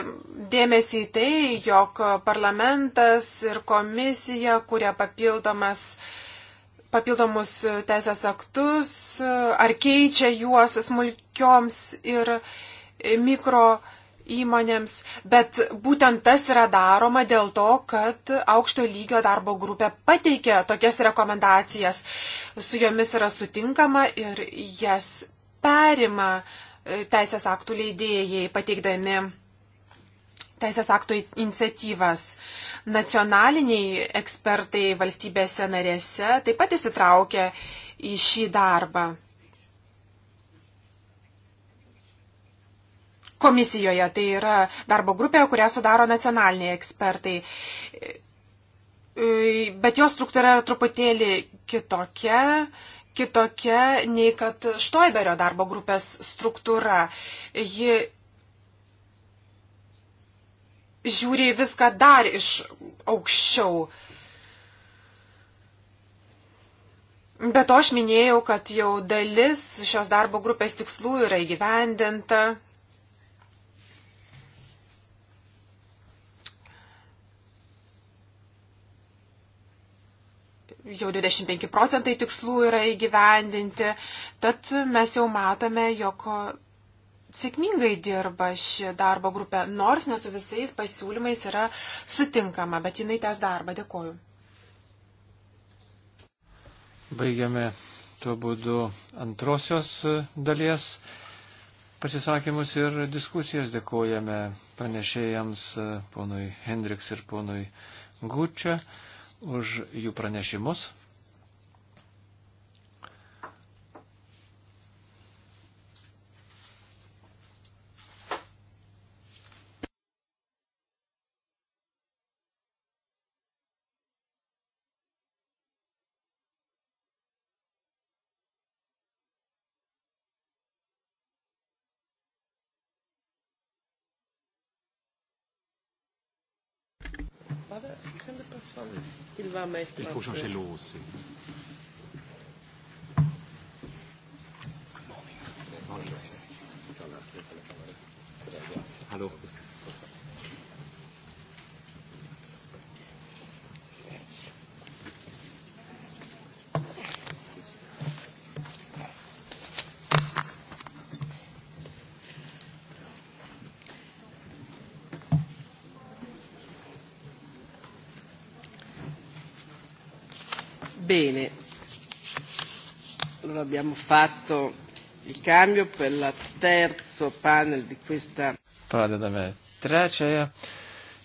dėmesį į tai, jog parlamentas ir komisija kuria papildomas uh, papildomus e, teisės aktus, e, ar keičia juos smulkioms ir e, mikro įmonėms, bet būtent tas yra daroma dėl to, kad aukšto lygio darbo grupė pateikia tokias rekomendacijas, su jomis yra sutinkama ir jas perima teisės aktų leidėjai pateikdami teisės aktų iniciatyvas. Nacionaliniai ekspertai valstybėse narėse taip pat įsitraukia į šį darbą. Komisijoje tai yra darbo grupė, kurią sudaro nacionaliniai ekspertai. Bet jos struktūra yra truputėlį kitokia kitokia nei kad Štoiberio darbo grupės struktūra. Ji žiūri viską dar iš aukščiau. Bet aš minėjau, kad jau dalis šios darbo grupės tikslų yra įgyvendinta. Jau 25 procentai tikslų yra įgyvendinti, tad mes jau matome, jog sėkmingai dirba ši darbo grupė, nors ne su visais pasiūlymais yra sutinkama, bet jinai tęs darbą. Dėkoju. Baigiame tuo būdu antrosios dalies pasisakymus ir diskusijas. Dėkojame pranešėjams e, ponui Hendriks ir ponui Gučia už jų pranešimus. va mettre. Il faut changer l'eau aussi. Alors, Bene, allora abbiamo fatto il cambio per il terzo panel di questa. Pradedame trečiąją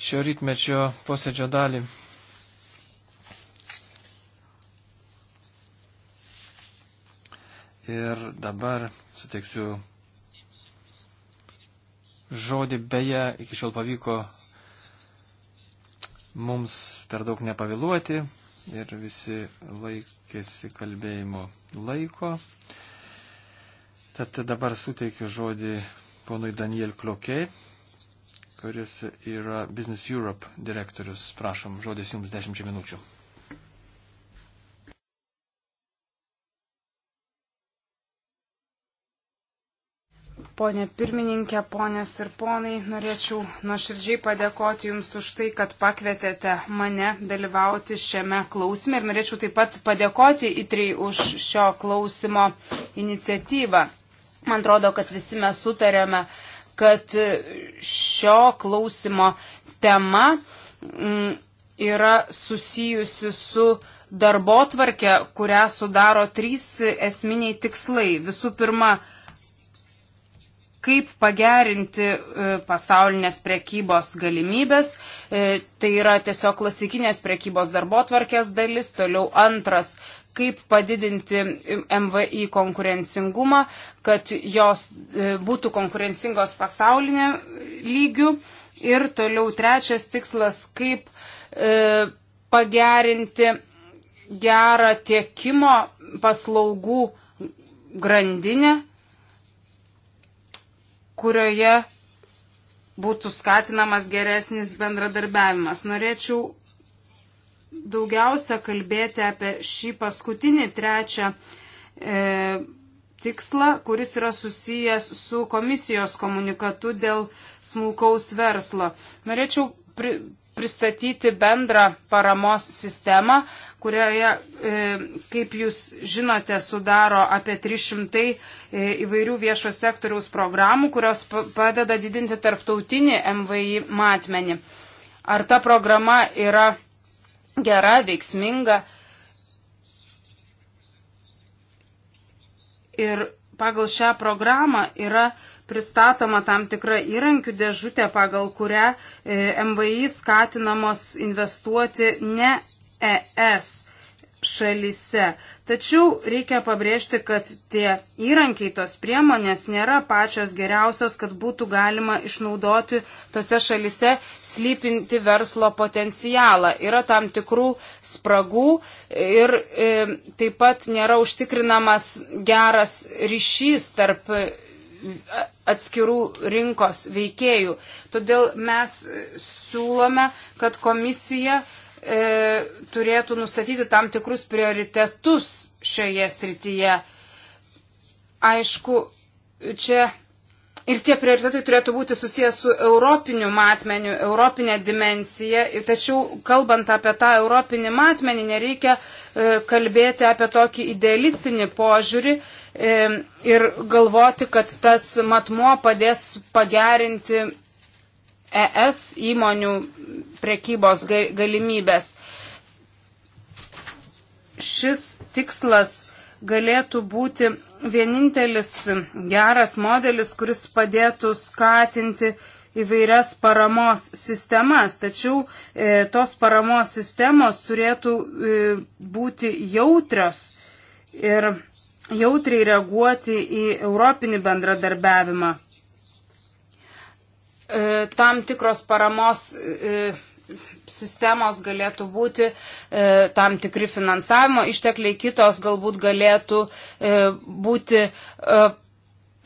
šio rytmečio posėdžio dalį. Ir dabar suteiksiu žodį, beje, iki šiol pavyko mums per daug nepavėluoti, ir visi laikėsi kalbėjimo laiko. Tad dabar suteikiu žodį ponui Daniel Klokiai, kuris yra Business Europe direktorius. Prašom, žodis jums 10 minučių. Pone pirmininkė, ponės ir ponai, norėčiau nuoširdžiai padėkoti Jums už tai, kad pakvietėte mane dalyvauti šiame klausime ir norėčiau taip pat padėkoti įtrei už šio klausimo iniciatyvą. Man atrodo, kad visi mes sutarėme, kad šio klausimo tema mm, yra susijusi su darbo tvarkė, kurią sudaro trys esminiai tikslai. Visų pirma, kaip pagerinti e, pasaulinės prekybos galimybės. E, tai yra tiesiog klasikinės prekybos darbo tvarkės dalis. Toliau antras kaip padidinti MVI konkurencingumą, kad jos e, būtų konkurencingos pasaulinė lygių. Ir toliau trečias tikslas, kaip e, pagerinti gerą tiekimo paslaugų grandinę kurioje būtų skatinamas geresnis bendradarbiavimas. Norėčiau daugiausia kalbėti apie šį paskutinį trečią e, tikslą, kuris yra susijęs su komisijos komunikatu dėl smulkaus verslo. Norėčiau pri, pristatyti bendrą paramos sistemą, kurioje, e, kaip jūs žinote, sudaro apie 300 e, įvairių viešo sektoriaus programų, kurios padeda didinti tarptautinį MVI matmenį. Ar ta programa yra gera, veiksminga? Ir pagal šią programą yra pristatoma tam tikra įrankių dėžutė, pagal kurią e, MVI skatinamos investuoti ne ES šalyse. Tačiau reikia pabrėžti, kad tie įrankiai, tos priemonės nėra pačios geriausios, kad būtų galima išnaudoti tose šalise slypinti verslo potencialą. Yra tam tikrų spragų ir e, taip pat nėra užtikrinamas geras ryšys tarp atskirų rinkos veikėjų. Todėl mes siūlome, kad komisija e, turėtų nustatyti tam tikrus prioritetus šioje srityje. Aišku, čia Ir tie prioritetai turėtų būti susijęs su europiniu matmeniu, europinė dimencija. Tačiau kalbant apie tą europinį matmenį, nereikia e, kalbėti apie tokį idealistinį požiūrį e, ir galvoti, kad tas matmo padės pagerinti ES įmonių prekybos galimybės. Šis tikslas galėtų būti vienintelis geras modelis, kuris padėtų skatinti įvairias paramos sistemas. Tačiau e, tos paramos sistemos turėtų e, būti jautrios ir jautriai reaguoti į europinį bendradarbiavimą. E, tam tikros paramos. E, sistemos galėtų būti e, tam tikri finansavimo ištekliai, kitos galbūt galėtų e, būti e,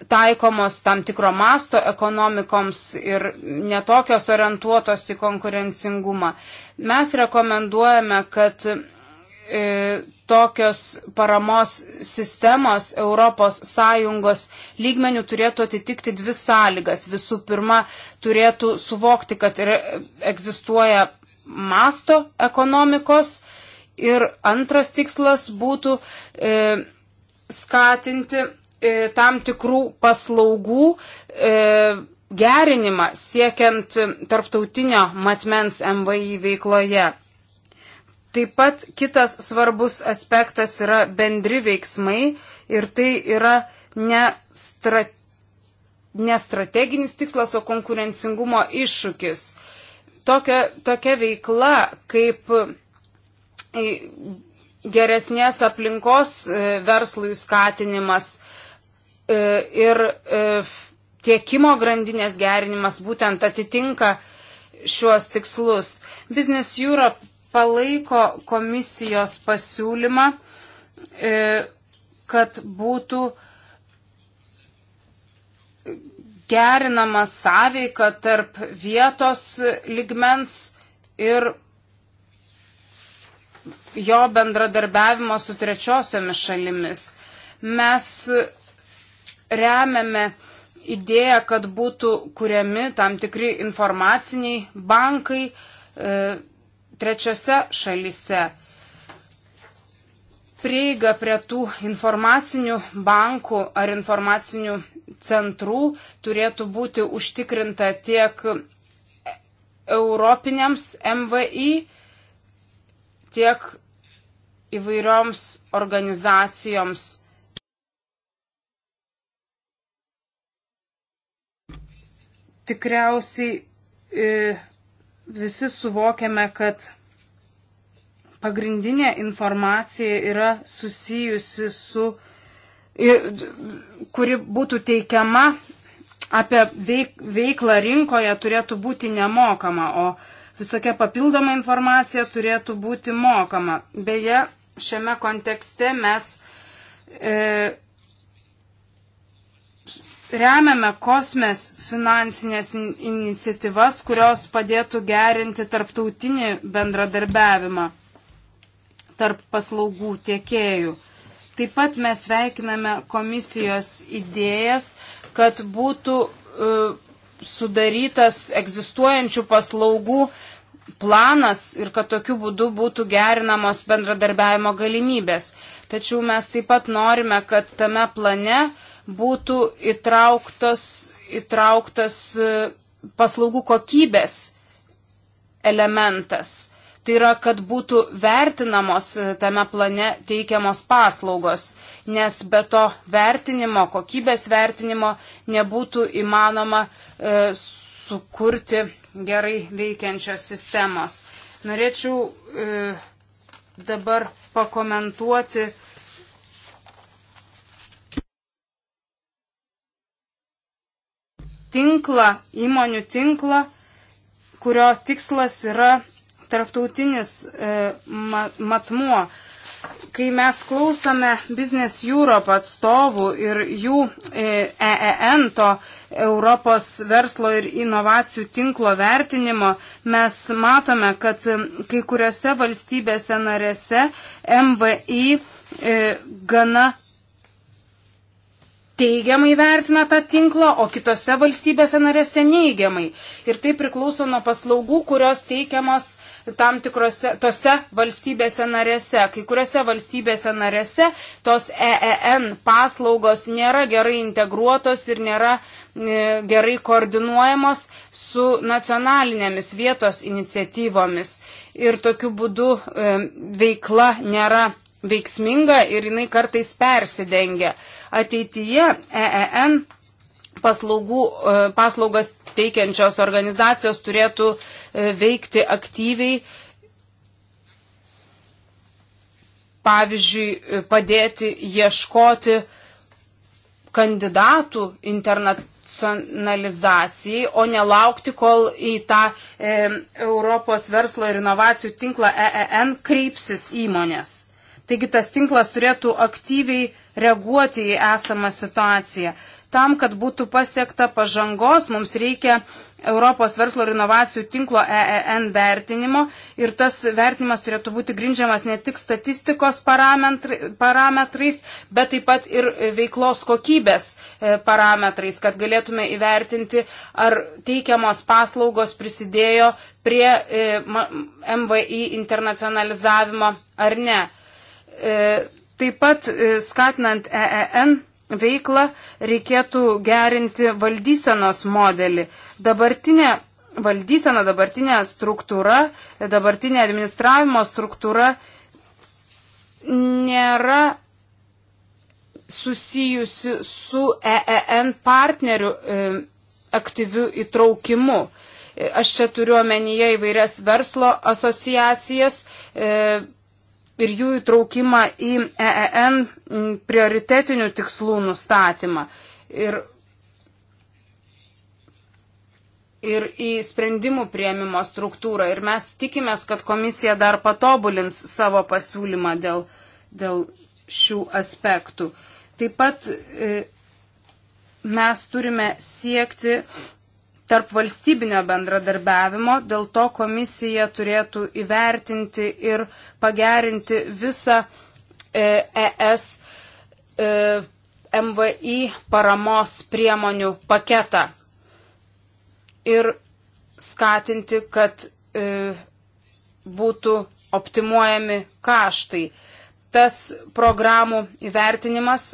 taikomos tam tikro masto ekonomikoms ir netokios orientuotos į konkurencingumą. Mes rekomenduojame, kad e, tokios paramos sistemos ES lygmenių turėtų atitikti dvi sąlygas. Visų pirma, turėtų suvokti, kad egzistuoja masto ekonomikos. Ir antras tikslas būtų e, skatinti e, tam tikrų paslaugų e, gerinimą siekiant tarptautinio matmens MVI veikloje. Taip pat kitas svarbus aspektas yra bendri veiksmai ir tai yra ne, stra, ne strateginis tikslas, o konkurencingumo iššūkis tokia, tokia veikla kaip e, geresnės aplinkos e, verslui skatinimas e, ir tiekimo grandinės gerinimas būtent atitinka šiuos tikslus. Business Europe palaiko komisijos pasiūlymą, kad būtų gerinama sąveika tarp vietos ligmens ir jo bendradarbiavimo su trečiosiomis šalimis. Mes remiame idėją, kad būtų kuriami tam tikri informaciniai bankai e, trečiose šalise prieiga prie tų informacinių bankų ar informacinių centrų turėtų būti užtikrinta tiek europinėms MVI, tiek įvairioms organizacijoms. Tikriausiai e, visi suvokiame, kad pagrindinė informacija yra susijusi su, kuri būtų teikiama apie veiklą rinkoje, turėtų būti nemokama, o visokia papildoma informacija turėtų būti mokama. Beje, šiame kontekste mes e, remiame kosmės finansinės iniciatyvas, kurios padėtų gerinti tarptautinį bendradarbiavimą tarp paslaugų tiekėjų. Taip pat mes veikiname komisijos idėjas, kad būtų uh, sudarytas egzistuojančių paslaugų planas ir kad tokiu būdu būtų gerinamos bendradarbiavimo galimybės. Tačiau mes taip pat norime, kad tame plane būtų įtrauktos, įtrauktas e, paslaugų kokybės elementas. Tai yra, kad būtų vertinamos e, tame plane teikiamos paslaugos, nes be to vertinimo, kokybės vertinimo nebūtų įmanoma e, sukurti gerai veikiančios sistemos. Norėčiau e, dabar pakomentuoti tinklą, įmonių tinklą, kurio tikslas yra tarptautinis e, matmuo. Kai mes klausome Business Europe atstovų ir jų EEN, e to Europos verslo ir inovacijų tinklo vertinimo, mes matome, kad e, kai kuriuose valstybėse narėse MVI gana teigiamai vertina tą tinklą, o kitose valstybėse narėse neigiamai. Ir tai priklauso nuo paslaugų, kurios teikiamos tam tikrose tose valstybėse narėse. Kai kuriuose valstybėse narėse tos EEN paslaugos nėra gerai integruotos ir nėra e, gerai koordinuojamos su nacionalinėmis vietos iniciatyvomis. Ir tokiu būdu e, veikla nėra veiksminga ir jinai kartais persidengia ateityje EEN paslaugų, e, paslaugas teikiančios organizacijos turėtų e, veikti aktyviai, pavyzdžiui, e, padėti ieškoti kandidatų internacionalizacijai, o nelaukti, kol į tą e, Europos verslo ir inovacijų tinklą EEN kreipsis įmonės. Taigi tas tinklas turėtų aktyviai reaguoti į esamą situaciją. Tam, kad būtų pasiekta pažangos, mums reikia Europos verslo ir inovacijų tinklo EEN vertinimo ir tas vertinimas turėtų būti grindžiamas ne tik statistikos parametrais, bet taip pat ir veiklos kokybės e, parametrais, kad galėtume įvertinti, ar teikiamos paslaugos prisidėjo prie e, MVI internacionalizavimo ar ne. E, Taip pat e, skatinant EEN veiklą reikėtų gerinti valdysenos modelį. Dabartinė valdysena, dabartinė struktūra, dabartinė administravimo struktūra nėra susijusi su EEN partnerių e, aktyviu įtraukimu. E, aš čia turiu omenyje įvairias verslo asociacijas, ir jų įtraukimą į EEN prioritetinių tikslų nustatymą. Ir ir į sprendimų prieimimo struktūrą. Ir mes tikimės, kad komisija dar patobulins savo pasiūlymą dėl, dėl šių aspektų. Taip pat e, mes turime siekti, tarp valstybinio bendradarbiavimo, dėl to komisija turėtų įvertinti ir pagerinti visą ES e e, MVI paramos priemonių paketą ir skatinti, kad e, būtų optimuojami kaštai. Tas programų įvertinimas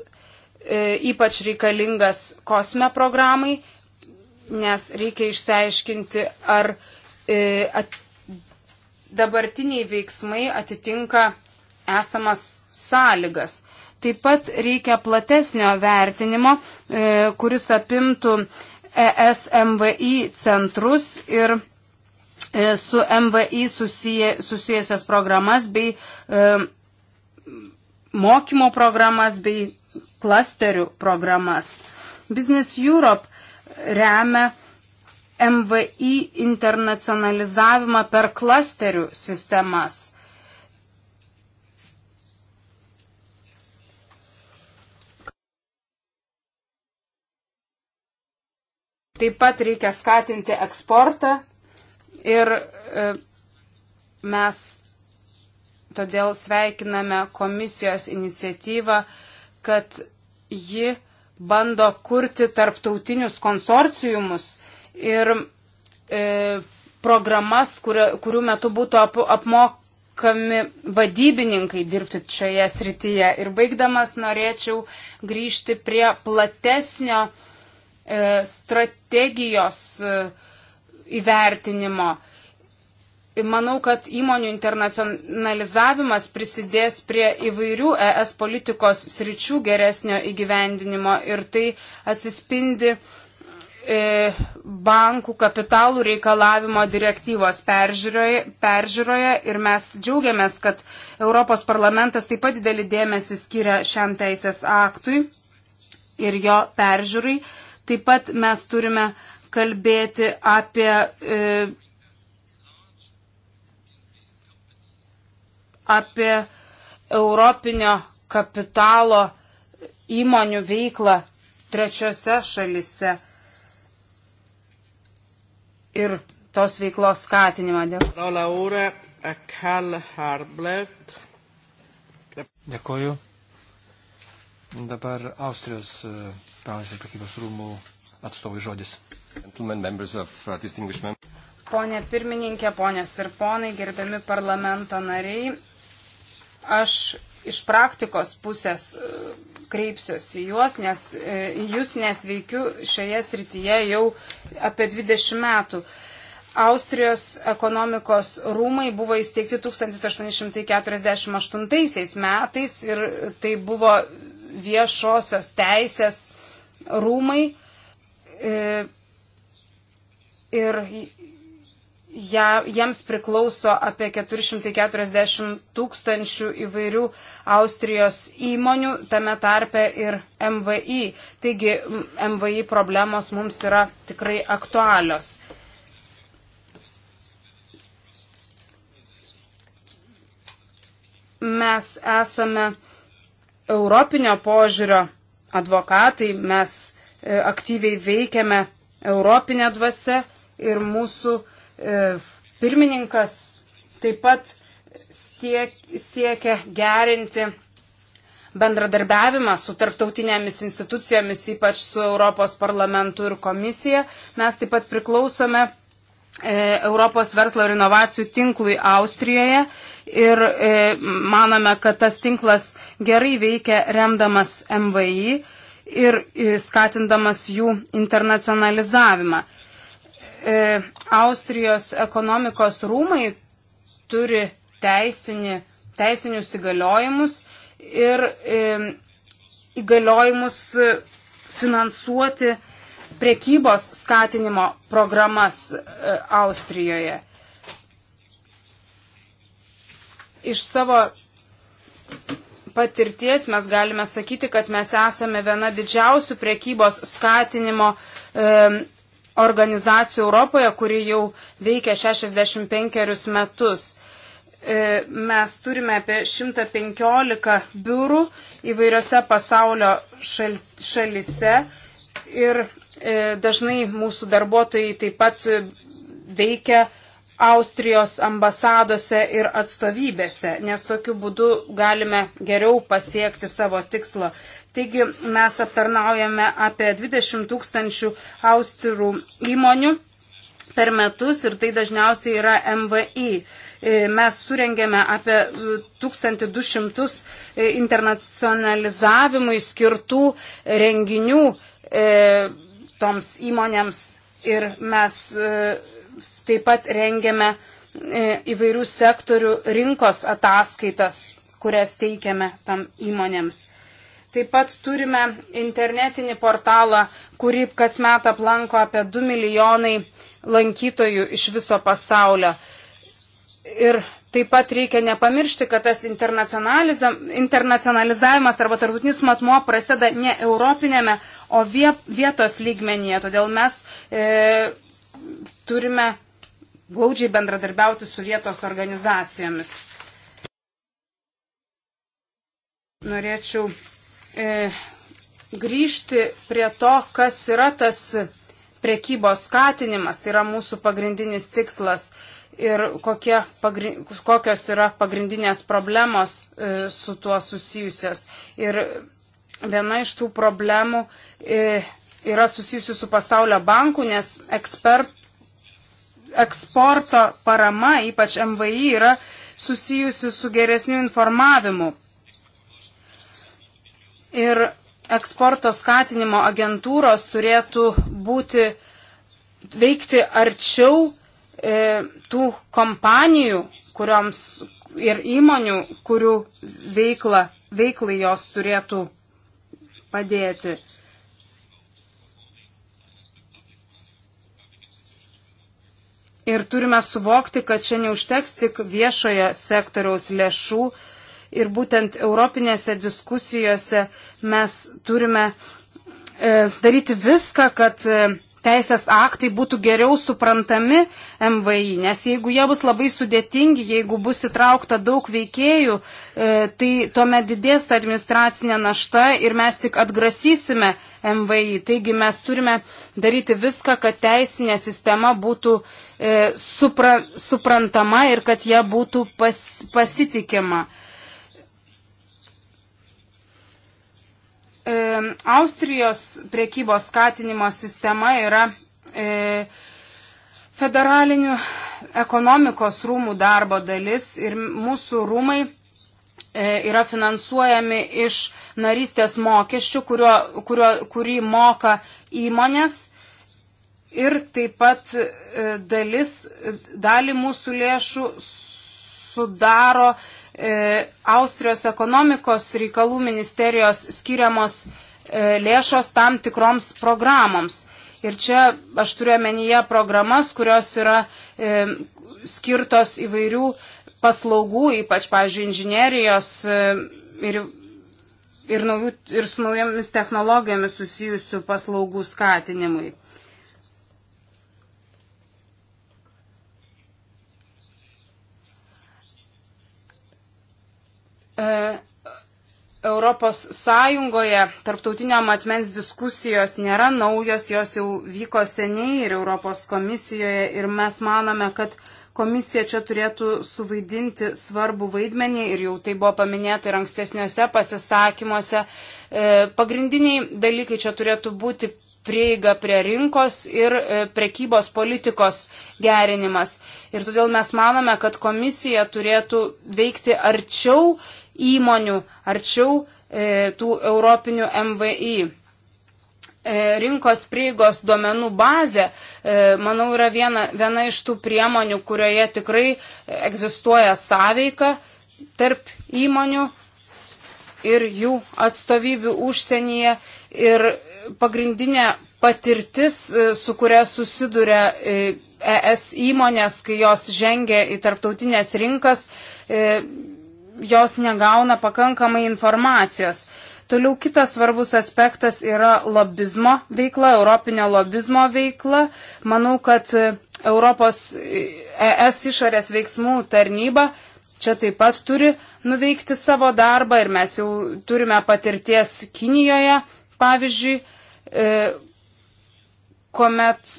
ypač reikalingas kosme programai, nes reikia išsiaiškinti, ar e, at, dabartiniai veiksmai atitinka esamas sąlygas. Taip pat reikia platesnio vertinimo, e, kuris apimtų ESMVI centrus ir e, su MVI susiję, susijusias programas bei e, mokymo programas bei klasterių programas. Business Europe remia MVI internacionalizavimą per klasterių sistemas. Taip pat reikia skatinti eksportą ir e, mes todėl sveikiname komisijos iniciatyvą, kad ji bando kurti tarptautinius konsorciumus ir e, programas, kurio, kurių metu būtų ap, apmokami vadybininkai dirbti šioje srityje. Ir baigdamas norėčiau grįžti prie platesnio e, strategijos e, įvertinimo. E, manau, kad įmonių internacionalizavimas prisidės prie įvairių ES politikos sričių geresnio įgyvendinimo ir tai atsispindi e, bankų kapitalų reikalavimo direktyvos peržiūroje, peržiūroje ir mes džiaugiamės, kad Europos parlamentas taip pat didelį dėmesį skiria šiam teisės aktui ir jo peržiūrai. Taip pat mes turime kalbėti apie e, apie europinio kapitalo įmonių veiklą trečiose šalise ir tos veiklos skatinimą. Dėkuoju. Dabar Austrijos e, pramonės ir prekybos rūmų atstovai žodis. Uh, Pone pirmininkė, ponios ir ponai, gerbiami parlamento nariai, aš iš praktikos pusės e, kreipsiuosi juos, nes e, jūs nesveikiu šioje srityje jau apie 20 metų. Austrijos ekonomikos rūmai buvo įsteigti 1848 metais ir tai buvo viešosios teisės rūmai. E, ir ja, jiems priklauso apie 440 tūkstančių įvairių Austrijos įmonių, tame tarpe ir MVI. Taigi MVI problemos mums yra tikrai aktualios. Mes esame europinio požiūrio advokatai, mes e, aktyviai veikiame europinę dvasę ir mūsų uh, E, pirmininkas taip pat siekia gerinti bendradarbiavimą su tarptautinėmis institucijomis, ypač su Europos parlamentu ir komisija. Mes taip pat priklausome e, Europos verslo ir inovacijų tinklui Austrijoje ir e, manome, kad tas tinklas gerai veikia remdamas MVI ir skatindamas jų internacionalizavimą e, Austrijos ekonomikos rūmai turi teisinį, teisinius įgaliojimus ir e, įgaliojimus finansuoti priekybos skatinimo programas e, Austrijoje. Iš savo patirties mes galime sakyti, kad mes esame viena didžiausių priekybos skatinimo e, organizacijų Europoje, kuri jau veikia 65 metus. E, mes turime apie 115 biurų įvairiose pasaulio šal, šalise ir e, dažnai mūsų darbuotojai taip pat veikia Austrijos ambasadose ir atstovybėse, nes tokiu būdu galime geriau pasiekti savo tikslo. Taigi mes aptarnaujame apie 20 tūkstančių austrų įmonių per metus ir tai dažniausiai yra MVI. E, mes surengėme apie 1200 e, e, internacionalizavimui skirtų renginių toms įmonėms ir mes taip pat rengėme įvairių sektorių rinkos ataskaitas, kurias teikiame tam įmonėms. Taip pat turime internetinį portalą, kurį kasmet aplanko apie 2 milijonai lankytojų iš viso pasaulio. Ir taip pat reikia nepamiršti, kad tas internacionalizavimas arba tarptautinis matmuo prasideda ne europinėme, o vietos lygmenyje. Todėl mes e, turime glaudžiai bendradarbiauti su vietos organizacijomis. Norėčiau e, grįžti prie to, kas yra tas prekybos skatinimas, tai yra mūsų pagrindinis tikslas ir kokie, pagri, kokios yra pagrindinės problemos e, su tuo susijusios. Ir viena iš tų problemų e, yra susijusi su pasaulio banku, nes ekspert, eksporto parama, ypač MVI, yra susijusi su geresniu informavimu ir eksporto skatinimo agentūros turėtų būti veikti arčiau e, tų kompanijų, kurioms ir įmonių, kurių veikla, veiklai jos turėtų padėti. Ir turime suvokti, kad čia neužteks tik viešojo sektoriaus lėšų, ir būtent europinėse diskusijose mes turime e, daryti viską, kad e, teisės aktai būtų geriau suprantami MVI, nes jeigu jie bus labai sudėtingi, jeigu bus įtraukta daug veikėjų, e, tai tuomet didės ta administracinė našta ir mes tik atgrasysime MVI. Taigi mes turime daryti viską, kad teisinė sistema būtų e, supra, suprantama ir kad jie būtų pas, pasitikima. E, e, Austrijos priekybos skatinimo sistema yra e, federalinių ekonomikos rūmų darbo dalis ir mūsų rūmai e, yra finansuojami iš narystės mokesčių, kurio, kurio, kurį moka įmonės. Ir taip pat e, dalis, dalį mūsų lėšų sudaro e, E, Austrijos ekonomikos reikalų ministerijos skiriamos e, lėšos tam tikroms programoms. Ir čia aš turiu menyje programas, kurios yra e, skirtos įvairių paslaugų, ypač, pavyzdžiui, inžinierijos e, ir, ir, naujų, ir su naujomis technologijomis susijusių paslaugų skatinimui. E, E, Europos Sąjungoje tarptautinio matmens diskusijos nėra naujos, jos jau vyko seniai ir Europos komisijoje ir mes manome, kad komisija čia turėtų suvaidinti svarbų vaidmenį ir jau tai buvo paminėta ir ankstesniuose pasisakymuose. E, pagrindiniai dalykai čia turėtų būti prieiga prie rinkos ir e, prekybos politikos gerinimas. Ir todėl mes manome, kad komisija turėtų veikti arčiau įmonių arčiau e, tų europinių MVI. E, rinkos prieigos duomenų bazė, e, manau, yra viena, viena iš tų priemonių, kurioje tikrai egzistuoja sąveika tarp įmonių ir jų atstovybių užsienyje. Ir pagrindinė patirtis, e, su kuria susiduria ES e įmonės, kai jos žengia į tarptautinės rinkas, e, jos negauna pakankamai informacijos. Toliau kitas svarbus aspektas yra lobizmo veikla, europinio lobizmo veikla. Manau, kad Europos ES išorės veiksmų tarnyba čia taip pat turi nuveikti savo darbą ir mes jau turime patirties Kinijoje, pavyzdžiui, e, kuomet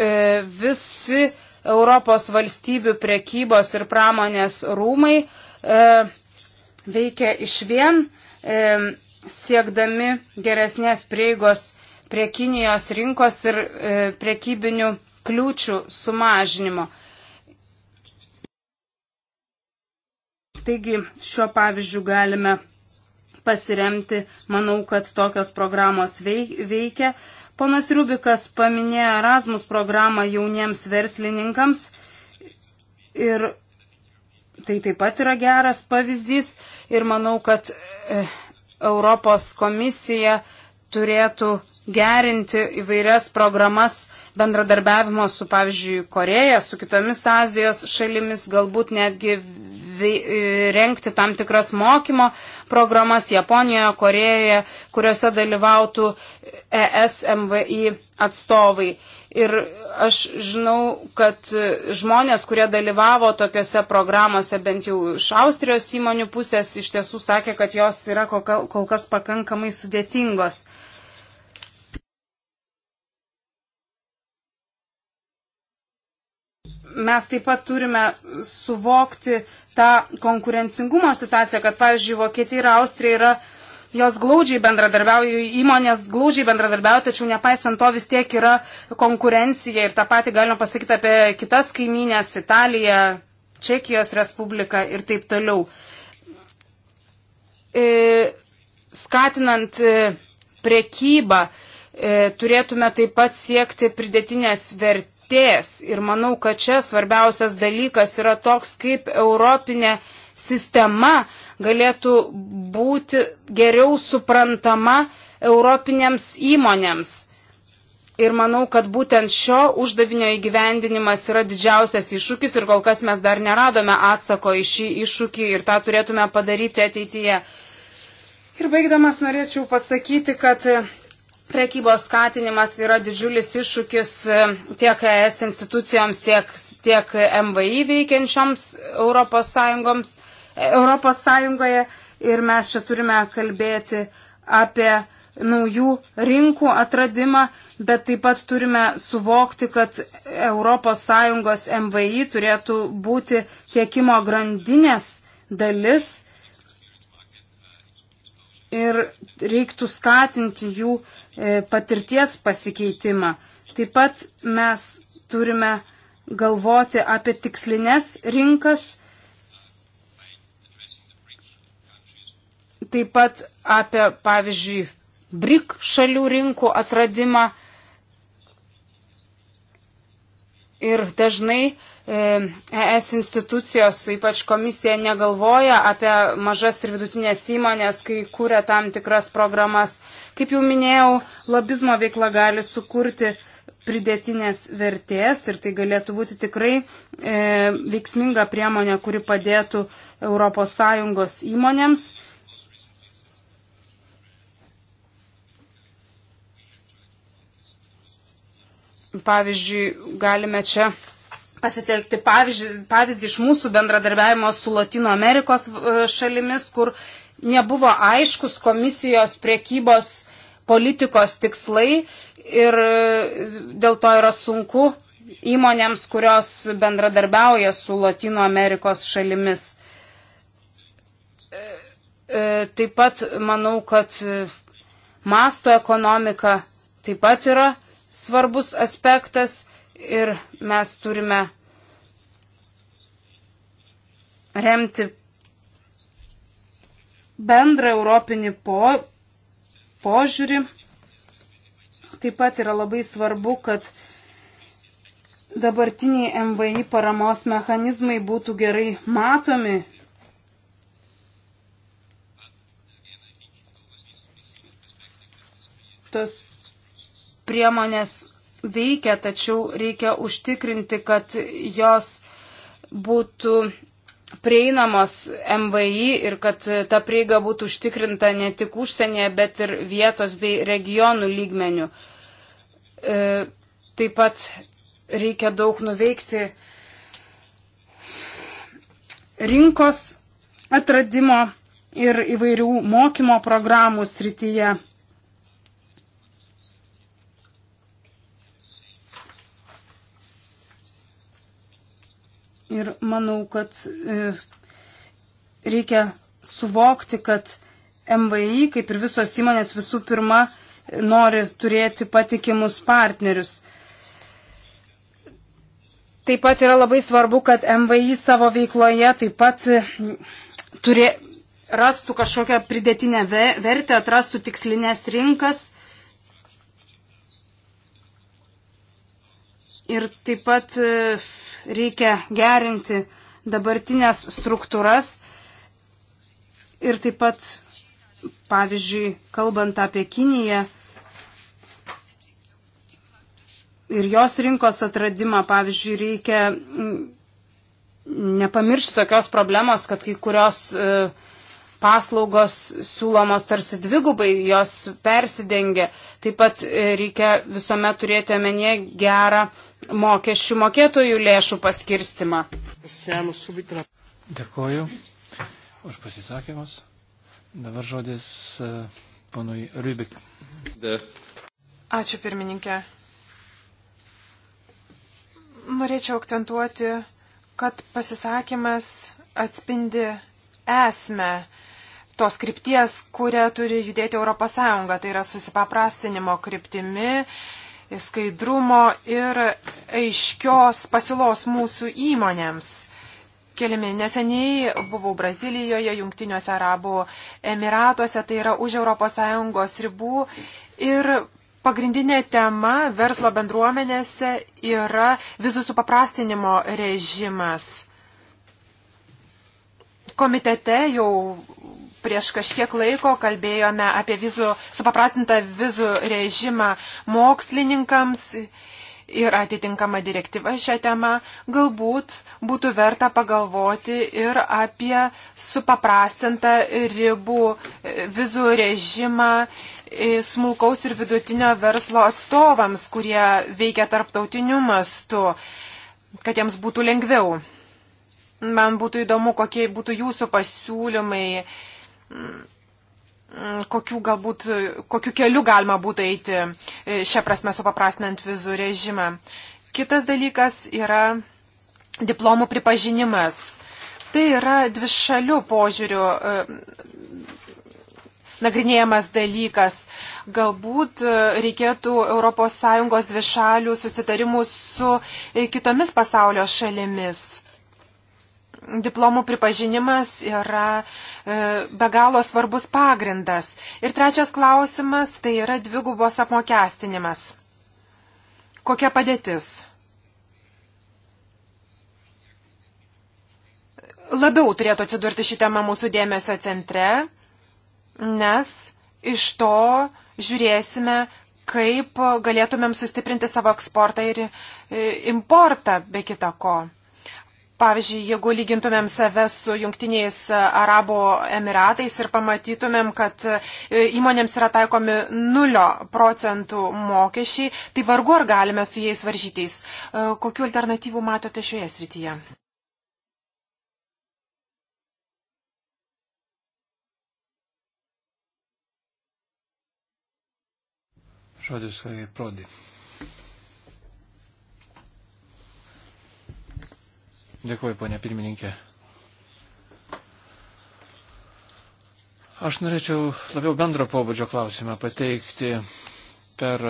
e, visi Europos valstybių prekybos ir pramonės rūmai e, veikia iš vien, e, siekdami geresnės prieigos prie Kinijos rinkos ir e, prekybinių kliūčių sumažinimo. Taigi šiuo pavyzdžiu galime pasiremti, manau, kad tokios programos veikia. Ponas Rubikas paminėjo Erasmus programą jauniems verslininkams ir tai taip pat yra geras pavyzdys ir manau, kad e, Europos komisija turėtų gerinti įvairias programas bendradarbiavimo su, pavyzdžiui, Koreja, su kitomis Azijos šalimis, galbūt netgi E, renkti tam tikras mokymo programas Japonijoje, Korejoje, kuriuose dalyvautų ESMVI atstovai. Ir aš žinau, kad žmonės, kurie dalyvavo tokiuose programuose, bent jau iš Austrijos įmonių pusės, iš tiesų sakė, kad jos yra kol kas pakankamai sudėtingos. mes taip pat turime suvokti tą konkurencingumo situaciją, kad, pavyzdžiui, Vokietija ir Austrija yra, jos glaudžiai bendradarbiauja, įmonės glaudžiai bendradarbiauja, tačiau nepaisant to vis tiek yra konkurencija ir tą patį galima pasakyti apie kitas kaimynės, Italiją, Čekijos Respubliką ir taip toliau. E, skatinant e, prekybą, e, turėtume taip pat siekti pridėtinės vertės vertės. Ir manau, kad čia svarbiausias dalykas yra toks, kaip europinė sistema galėtų būti geriau suprantama europinėms įmonėms. Ir manau, kad būtent šio uždavinio įgyvendinimas yra didžiausias iššūkis ir kol kas mes dar neradome atsako į šį iššūkį ir tą turėtume padaryti ateityje. Ir baigdamas norėčiau pasakyti, kad Prekybos skatinimas yra didžiulis iššūkis e, tiek ES institucijoms, tiek, tiek MVI veikiančioms Europos, e, Europos Sąjungoje. Ir mes čia turime kalbėti apie naujų rinkų atradimą, bet taip pat turime suvokti, kad ES MVI turėtų būti tiekimo grandinės dalis ir reiktų skatinti jų E, patirties pasikeitimą. Taip pat mes turime galvoti apie tikslinės rinkas, taip pat apie, pavyzdžiui, BRIC šalių rinkų atradimą. Ir dažnai ES e institucijos, ypač komisija, negalvoja apie mažas ir vidutinės įmonės, kai kūrė tam tikras programas. Kaip jau minėjau, lobizmo veikla gali sukurti pridėtinės vertės ir tai galėtų būti tikrai e, veiksminga priemonė, kuri padėtų ES įmonėms. Pavyzdžiui, galime čia pasitelkti pavyzdį, pavyzdį iš mūsų bendradarbiavimo su Latino Amerikos šalimis, kur nebuvo aiškus komisijos priekybos politikos tikslai ir e, dėl to yra sunku įmonėms, kurios bendradarbiauja su Latino Amerikos šalimis. E, e, taip pat manau, kad masto ekonomika taip pat yra svarbus aspektas ir mes turime remti bendrą europinį po, požiūrį. Taip pat yra labai svarbu, kad dabartiniai MVI paramos mechanizmai būtų gerai matomi. Tos priemonės veikia, tačiau reikia užtikrinti, kad jos būtų prieinamos MVI ir kad ta prieiga būtų užtikrinta ne tik užsienyje, bet ir vietos bei regionų lygmenių. E, taip pat reikia daug nuveikti rinkos atradimo ir įvairių mokymo programų srityje. Ir manau, kad e, reikia suvokti, kad MVI, kaip ir visos įmonės, visų pirma nori turėti patikimus partnerius. Taip pat yra labai svarbu, kad MVI savo veikloje taip pat turė, rastų kažkokią pridėtinę vertę, atrastų tikslinės rinkas Ir taip pat e, reikia gerinti dabartinės struktūras. Ir taip pat, pavyzdžiui, kalbant apie Kiniją ir jos rinkos atradimą, pavyzdžiui, reikia nepamiršti tokios problemos, kad kai kurios e, paslaugos siūlomos tarsi dvigubai, jos persidengia. Taip pat e, reikia visuomet turėti omenyje gerą mokesčių mokėtojų lėšų paskirstimą. Dėkoju už pasisakymus. Dabar žodis e, ponui Rybik. Ačiū pirmininkė. Norėčiau akcentuoti, kad pasisakymas atspindi esmę tos krypties, kurią turi judėti ES, tai yra susipaprastinimo kryptimi, skaidrumo ir aiškios pasiūlos mūsų įmonėms. Kelimi neseniai buvau Brazilijoje, Junktiniuose Arabų Emiratuose, tai yra už ES ribų. Ir pagrindinė tema verslo bendruomenėse yra vizų supaprastinimo režimas komitete jau prieš kažkiek laiko kalbėjome apie vizų, supaprastintą vizų režimą mokslininkams ir atitinkama direktyva šią temą, galbūt būtų verta pagalvoti ir apie supaprastintą ribų e, vizų režimą e, smulkaus ir vidutinio verslo atstovams, kurie veikia tarptautiniu mastu, kad jiems būtų lengviau. Man būtų įdomu, kokie būtų jūsų pasiūlymai kokiu galbūt, kokiu keliu galima būtų eiti e, šią prasme supaprastinant vizų režimą. Kitas dalykas yra diplomų pripažinimas. Tai yra dvišalių požiūrių e, nagrinėjamas dalykas. Galbūt e, reikėtų ES dvišalių susitarimų su kitomis pasaulio šalimis diplomų pripažinimas yra e, be galo svarbus pagrindas. Ir trečias klausimas tai yra dvigubos apmokestinimas. Kokia padėtis? Labiau turėtų atsidurti šį temą mūsų dėmesio centre, nes iš to žiūrėsime, kaip galėtumėm sustiprinti savo eksportą ir e, importą be kita ko. Pavyzdžiui, jeigu lygintumėm save su Junktiniais Arabo Emiratais ir pamatytumėm, kad e, įmonėms yra taikomi 0 procentų mokesčiai, tai vargu ar galime su jais varžytis. E, Kokiu alternatyvų matote šioje srityje? Žodis e, Prodi. Dėkuoju, ponė pirmininkė. Aš norėčiau labiau bendro pobūdžio klausimą pateikti per.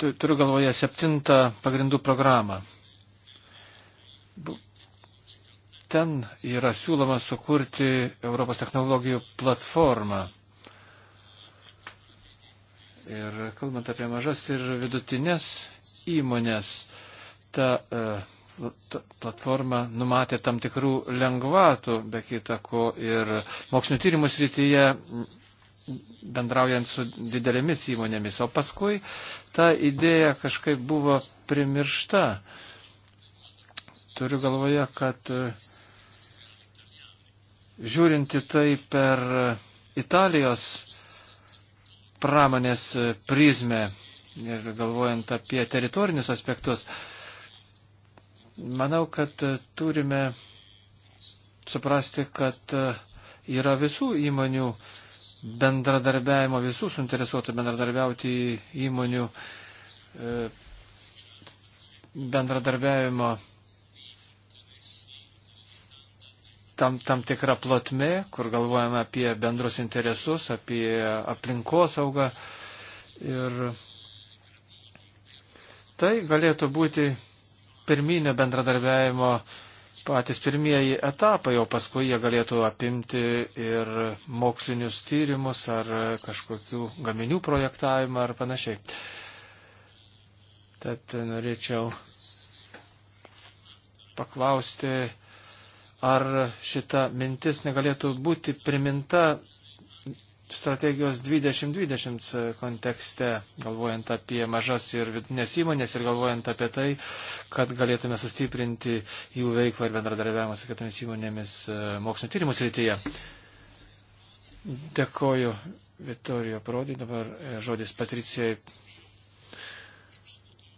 Turiu galvoje septintą pagrindų programą. Ten yra siūloma sukurti Europos technologijų platformą. Ir kalbant apie mažas ir vidutinės įmonės, E, ta platforma numatė tam tikrų lengvatų, be kita ko, ir mokslinio tyrimų srityje bendraujant su didelėmis įmonėmis. O paskui ta idėja kažkaip buvo primiršta. Turiu galvoje, kad e, žiūrinti tai per Italijos pramonės e, prizmę ir galvojant apie teritorinius aspektus, Manau, kad e, turime suprasti, kad e, yra visų įmonių bendradarbiavimo, visų suinteresuotų bendradarbiauti įmonių e, bendradarbiavimo tam, tam tikra plotmė, kur galvojame apie bendrus interesus, apie aplinkosaugą. Ir tai galėtų būti pirminio bendradarbiavimo patys pirmieji etapai, o paskui jie galėtų apimti ir mokslinius tyrimus ar kažkokių gaminių projektavimą ar panašiai. Tad norėčiau paklausti, ar šita mintis negalėtų būti priminta strategijos 2020 kontekste, galvojant apie mažas ir vidutinės įmonės ir galvojant apie tai, kad galėtume sustiprinti jų veiklą ir bendradarbiavimą su kitomis įmonėmis e, mokslinio tyrimų srityje. Dėkoju Vitorijo Prodi, dabar e, žodis Patricijai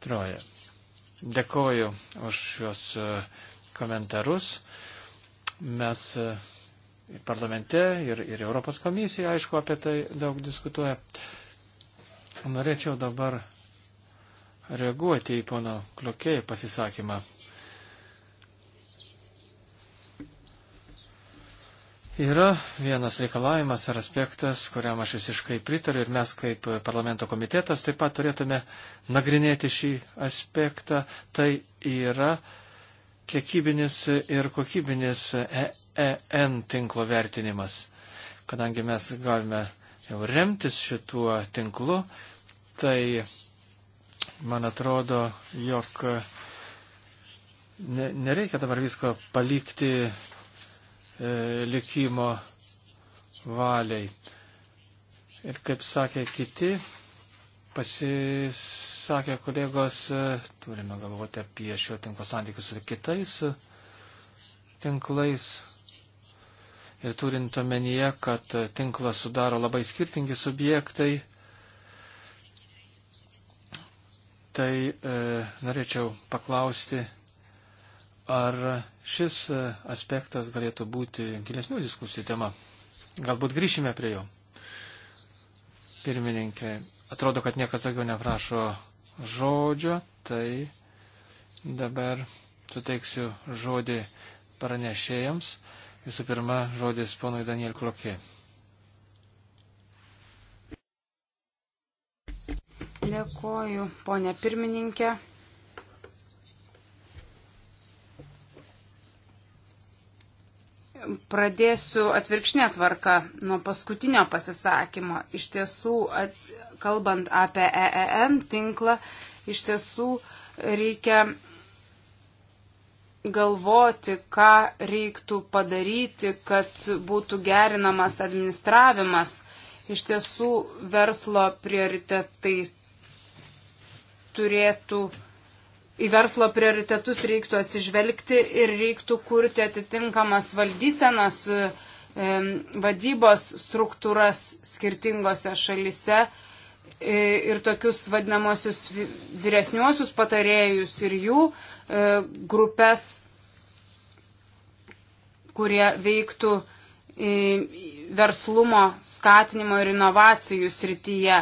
Troje. Dėkoju už šios e, komentarus. Mes uh, parlamente ir, ir Europos komisija, aišku, apie tai daug diskutuoja. Norėčiau dabar reaguoti į pono Kliokėjų pasisakymą. Yra vienas reikalavimas ar aspektas, kuriam aš visiškai pritariu ir mes kaip parlamento komitetas taip pat turėtume nagrinėti šį aspektą. Tai yra kiekybinis ir kokybinis EN tinklo vertinimas. Kadangi mes galime jau remtis šituo tinklu, tai man atrodo, jog ne, nereikia dabar visko palikti e, likimo valiai. Ir kaip sakė kiti, pasisakė kolegos, e, turime galvoti apie šio tinklo santykius su kitais e, tinklais. Ir turint omenyje, kad tinklą sudaro labai skirtingi subjektai, tai e, norėčiau paklausti, ar šis e, aspektas galėtų būti gilesnių diskusijų tema. Galbūt grįšime prie jo. Pirmininkė, atrodo, kad niekas daugiau neprašo žodžio, tai dabar suteiksiu žodį pranešėjams. Visų pirma, žodis ponui Daniel Krokė. Dėkoju, ponė pirmininkė. Pradėsiu atvirkšnė tvarka nuo paskutinio pasisakymo. Iš tiesų, at, kalbant apie EEN tinklą, iš tiesų reikia galvoti, ką reiktų padaryti, kad būtų gerinamas administravimas. Iš tiesų verslo prioritetai turėtų, į verslo prioritetus reiktų atsižvelgti ir reiktų kurti atitinkamas valdysenas, vadybos struktūras skirtingose šalise E, ir tokius vadinamosius vyresniuosius patarėjus ir jų e, grupės, kurie veiktų e, verslumo skatinimo ir inovacijų srityje.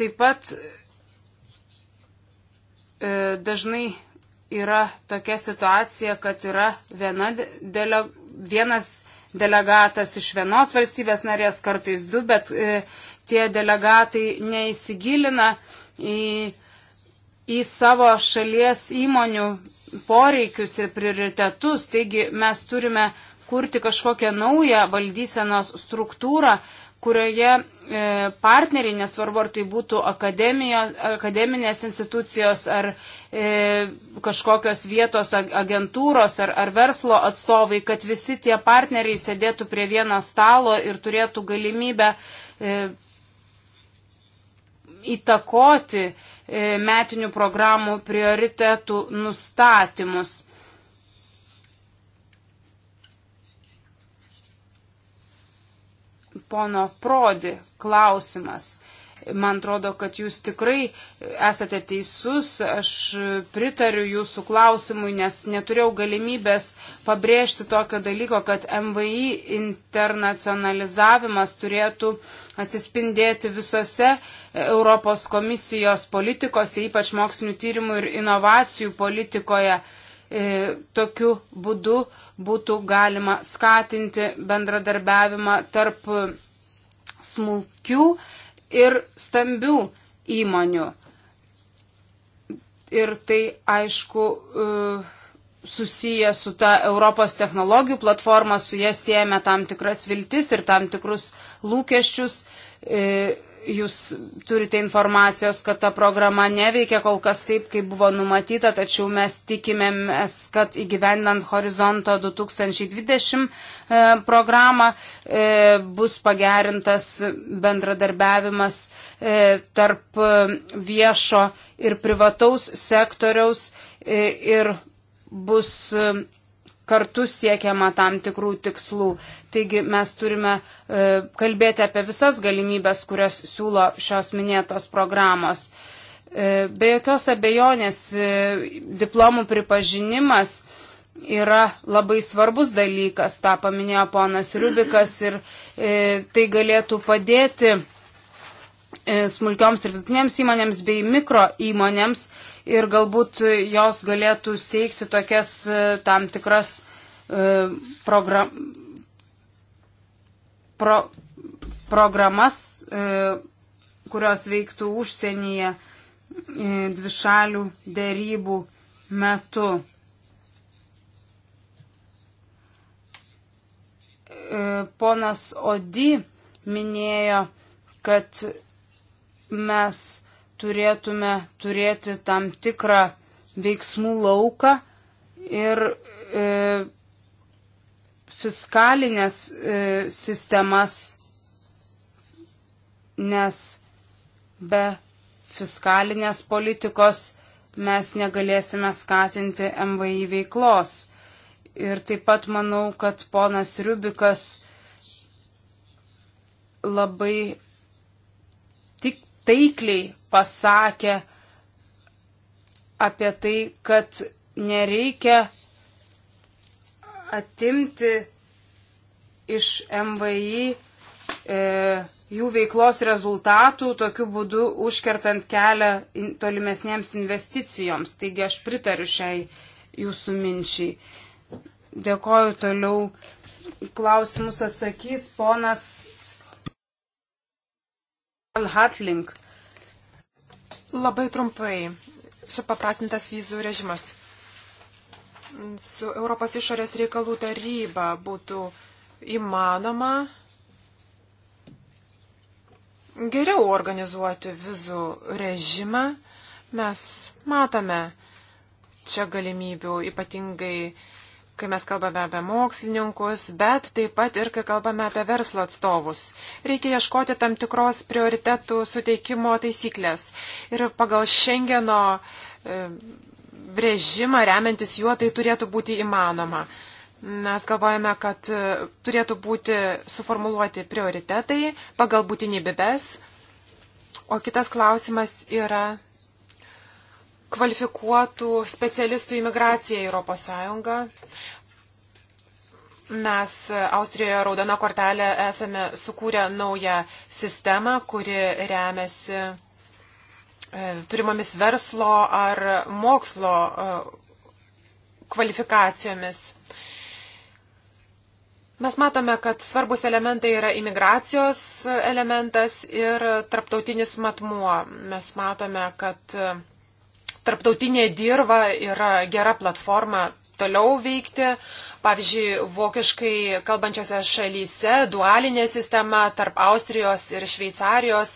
Taip pat dažnai yra tokia situacija, kad yra viena dele, vienas delegatas iš vienos valstybės narės, kartais du, bet e, tie delegatai neįsigilina į, į savo šalies įmonių poreikius ir prioritetus. Taigi mes turime kurti kažkokią naują valdysenos struktūrą, kurioje e, partneriai, nesvarbu ar tai būtų akademinės institucijos ar e, kažkokios vietos agentūros ar, ar verslo atstovai, kad visi tie partneriai sėdėtų prie vieno stalo ir turėtų galimybę e, įtakoti e, metinių programų prioritetų nustatymus. pono Prodi klausimas. Man atrodo, kad jūs tikrai esate teisus, aš pritariu jūsų klausimui, nes neturėjau galimybės pabrėžti tokio dalyko, kad MVI internacionalizavimas turėtų atsispindėti visose Europos komisijos politikose, ypač mokslinių tyrimų ir inovacijų politikoje. E, tokiu būdu būtų galima skatinti bendradarbiavimą tarp smulkių ir stambių įmonių. Ir tai aišku e, susiję su ta Europos technologijų platforma, su jie siejame tam tikras viltis ir tam tikrus lūkesčius e, jūs turite informacijos, kad ta programa neveikia kol kas taip, kaip buvo numatyta, tačiau mes tikimėmės, kad įgyvendant Horizonto 2020 e, programą e, bus pagerintas bendradarbiavimas e, tarp viešo ir privataus sektoriaus ir bus kartu siekiama tam tikrų tikslų. Taigi mes turime e, kalbėti apie visas galimybės, kurias siūlo šios minėtos programos. E, be jokios abejonės e, diplomų pripažinimas yra labai svarbus dalykas, tą paminėjo ponas Rubikas ir e, tai galėtų padėti e, smulkioms ir vidutinėms įmonėms bei mikro įmonėms e, ir galbūt jos galėtų steigti tokias e, tam tikras e, program, pro, programas, e, kurios veiktų užsienyje dvišalių dėrybų metu. Ponas Odi minėjo, kad mes turėtume turėti tam tikrą veiksmų lauką ir e, fiskalinės e, sistemas, nes be fiskalinės politikos mes negalėsime skatinti MVI veiklos. Ir taip pat manau, kad ponas Rubikas labai tik taikliai pasakė apie tai, kad nereikia atimti iš MVI e, jų veiklos rezultatų, tokiu būdu užkertant kelią in, tolimesnėms investicijoms. Taigi aš pritariu šiai jūsų minčiai. Dėkoju toliau. Klausimus atsakys ponas Alhatlink. Labai trumpai. Supapratintas vizų režimas. Su Europos išorės reikalų taryba būtų įmanoma geriau organizuoti vizų režimą. Mes matome čia galimybių ypatingai kai mes kalbame apie mokslininkus, bet taip pat ir kai kalbame apie verslo atstovus. Reikia ieškoti tam tikros prioritetų suteikimo taisyklės. Ir pagal Šengeno brėžimą, e, remiantis juo, tai turėtų būti įmanoma. Mes galvojame, kad e, turėtų būti suformuluoti prioritetai pagal būtinybės. O kitas klausimas yra kvalifikuotų specialistų imigraciją į ES. Mes Austrijoje Raudona kortelė esame sukūrę naują sistemą, kuri remiasi e, turimomis verslo ar mokslo e, kvalifikacijomis. Mes matome, kad svarbus elementai yra imigracijos elementas ir tarptautinis matmuo. Mes matome, kad tarptautinė dirba yra gera platforma toliau veikti. Pavyzdžiui, vokiškai kalbančiose šalyse dualinė sistema tarp Austrijos ir Šveicarijos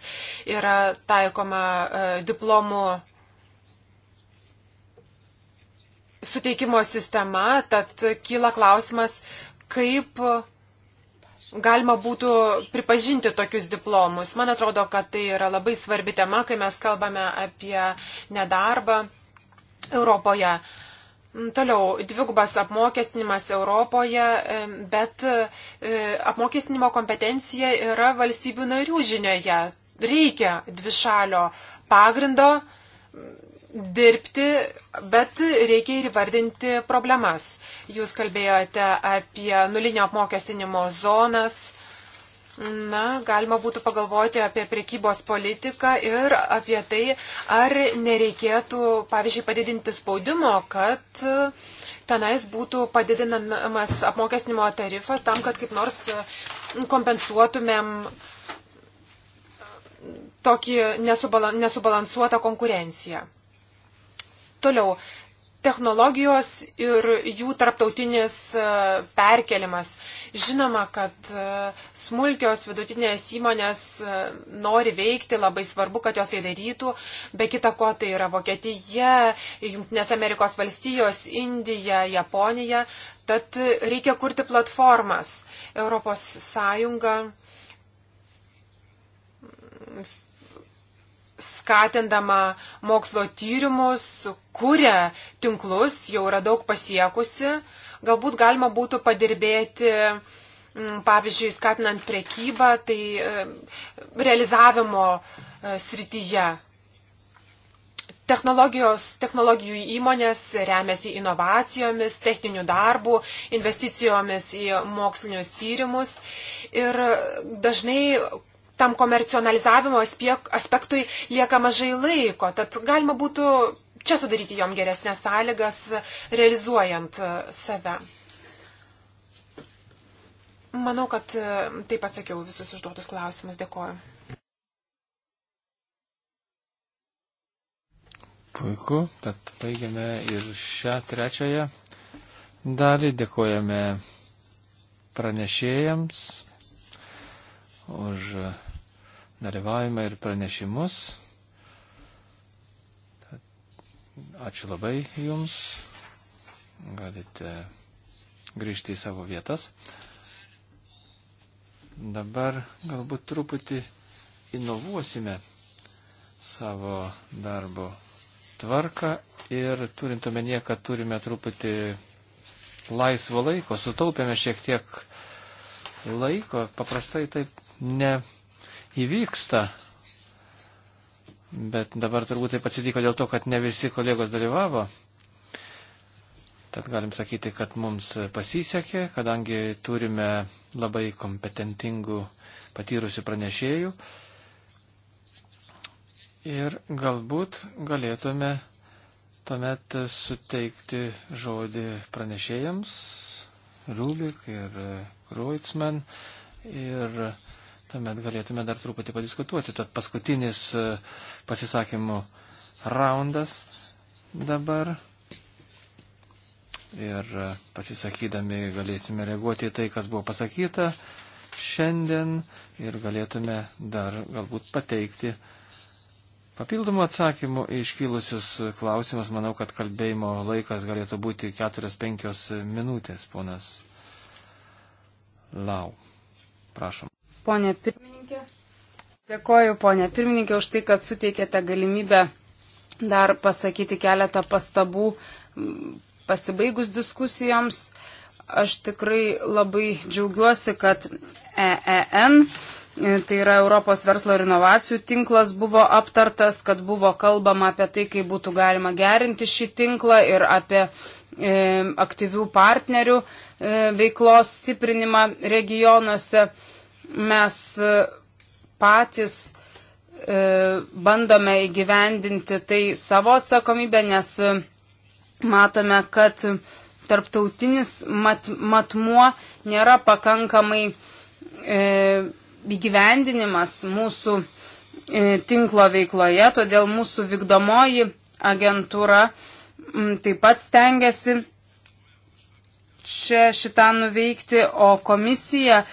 yra taikoma e, diplomų suteikimo sistema, tad kyla klausimas, kaip galima būtų pripažinti tokius diplomus. Man atrodo, kad tai yra labai svarbi tema, kai mes kalbame apie nedarbą Europoje. Toliau, dvigubas apmokestinimas Europoje, bet e, apmokestinimo kompetencija yra valstybių narių žinioje. Reikia dvišalio pagrindo dirbti, bet reikia ir įvardinti problemas. Jūs kalbėjote apie nulinio apmokestinimo zonas. Na, galima būtų pagalvoti apie priekybos politiką ir apie tai, ar nereikėtų, pavyzdžiui, padidinti spaudimo, kad tenais būtų padidinamas apmokestinimo tarifas tam, kad kaip nors kompensuotumėm tokį nesubalansuotą konkurenciją. Toliau, technologijos ir jų tarptautinis e, perkelimas. Žinoma, kad e, smulkios vidutinės įmonės e, nori veikti, labai svarbu, kad jos tai darytų, be kita ko tai yra Vokietija, Junktinės Amerikos valstijos, Indija, Japonija. Tad reikia kurti platformas. Europos Sąjunga skatindama mokslo tyrimus, kuria tinklus, jau yra daug pasiekusi. Galbūt galima būtų padirbėti, mm, pavyzdžiui, skatinant prekybą, tai e, realizavimo e, srityje. Technologijos, technologijų įmonės remiasi inovacijomis, techninių darbų, investicijomis į mokslinius tyrimus ir dažnai tam komercionalizavimo aspektui lieka mažai laiko. Tad galima būtų čia sudaryti jom geresnės sąlygas, realizuojant e, save. Manau, kad e, taip atsakiau visus užduotus klausimus. Dėkuoju. Puiku, tad baigiame ir šią trečiąją dalį. Dėkojame pranešėjams už dalyvavimą ir pranešimus. Ačiū labai Jums. Galite grįžti į savo vietas. Dabar galbūt truputį inovuosime savo darbo tvarką ir turint omenyje, kad turime truputį laisvo laiko, sutaupėme šiek tiek laiko, paprastai taip neįvyksta. Bet dabar turbūt taip atsitiko dėl to, kad ne visi kolegos dalyvavo. Tad galim sakyti, kad mums pasisekė, kadangi turime labai kompetentingų patyrusių pranešėjų. Ir galbūt galėtume tuomet suteikti žodį pranešėjams Rubik ir Kreutzmann. Ir tuomet galėtume dar truputį padiskutuoti. Tad paskutinis e, pasisakymų raundas dabar. Ir e, pasisakydami galėsime reaguoti į tai, kas buvo pasakyta šiandien ir galėtume dar galbūt pateikti papildomų atsakymų iškilusius klausimus. Manau, kad kalbėjimo laikas galėtų būti 4-5 minutės, ponas Lau. Prašom ponė pirmininkė. Dėkoju, ponė pirmininkė, už tai, kad suteikėte galimybę dar pasakyti keletą pastabų pasibaigus diskusijoms. Aš tikrai labai džiaugiuosi, kad EEN, e, tai yra Europos verslo ir inovacijų tinklas, buvo aptartas, kad buvo kalbama apie tai, kaip būtų galima gerinti šį tinklą ir apie e, aktyvių partnerių e, veiklos stiprinimą regionuose. E, mes e, patys e, bandome įgyvendinti tai savo atsakomybę, nes e, matome, kad tarptautinis mat, matmuo nėra pakankamai e, įgyvendinimas mūsų e, tinklo veikloje, todėl mūsų vykdomoji agentūra m, taip pat stengiasi čia šitą nuveikti, o komisija e,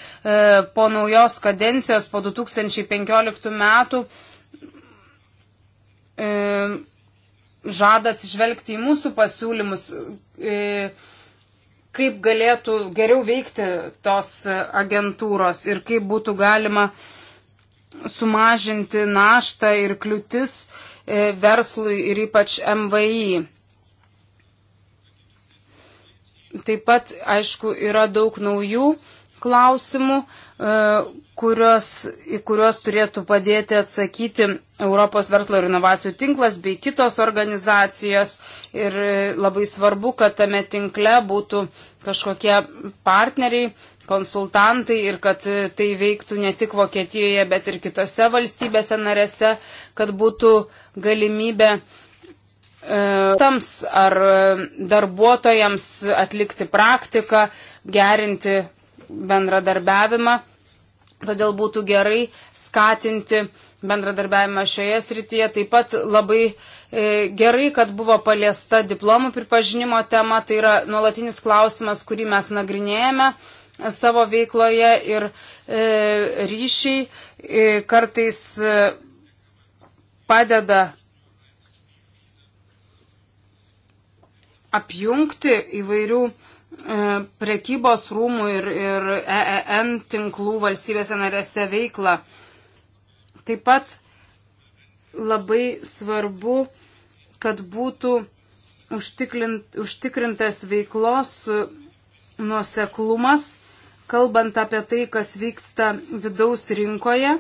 po naujos kadencijos, po 2015 metų e, žada atsižvelgti į mūsų pasiūlymus, e, kaip galėtų geriau veikti tos agentūros ir kaip būtų galima sumažinti naštą ir kliūtis verslui ir ypač MVI. Taip pat, aišku, yra daug naujų klausimų, e, kurios, į kuriuos turėtų padėti atsakyti Europos verslo ir inovacijų tinklas bei kitos organizacijos. Ir e, labai svarbu, kad tame tinkle būtų kažkokie partneriai, konsultantai ir kad e, tai veiktų ne tik Vokietijoje, bet ir kitose valstybėse narėse, kad būtų galimybė uh, E, tams ar darbuotojams atlikti praktiką, gerinti bendradarbiavimą. Todėl būtų gerai skatinti bendradarbiavimą šioje srityje. Taip pat labai e, gerai, kad buvo paliesta diplomų pripažinimo tema. Tai yra nuolatinis klausimas, kurį mes nagrinėjame savo veikloje ir e, ryšiai kartais padeda apjungti įvairių e, prekybos rūmų ir, ir EEN tinklų valstybėse narėse veiklą. Taip pat labai svarbu, kad būtų užtikrint, užtikrintas veiklos nuoseklumas, kalbant apie tai, kas vyksta vidaus rinkoje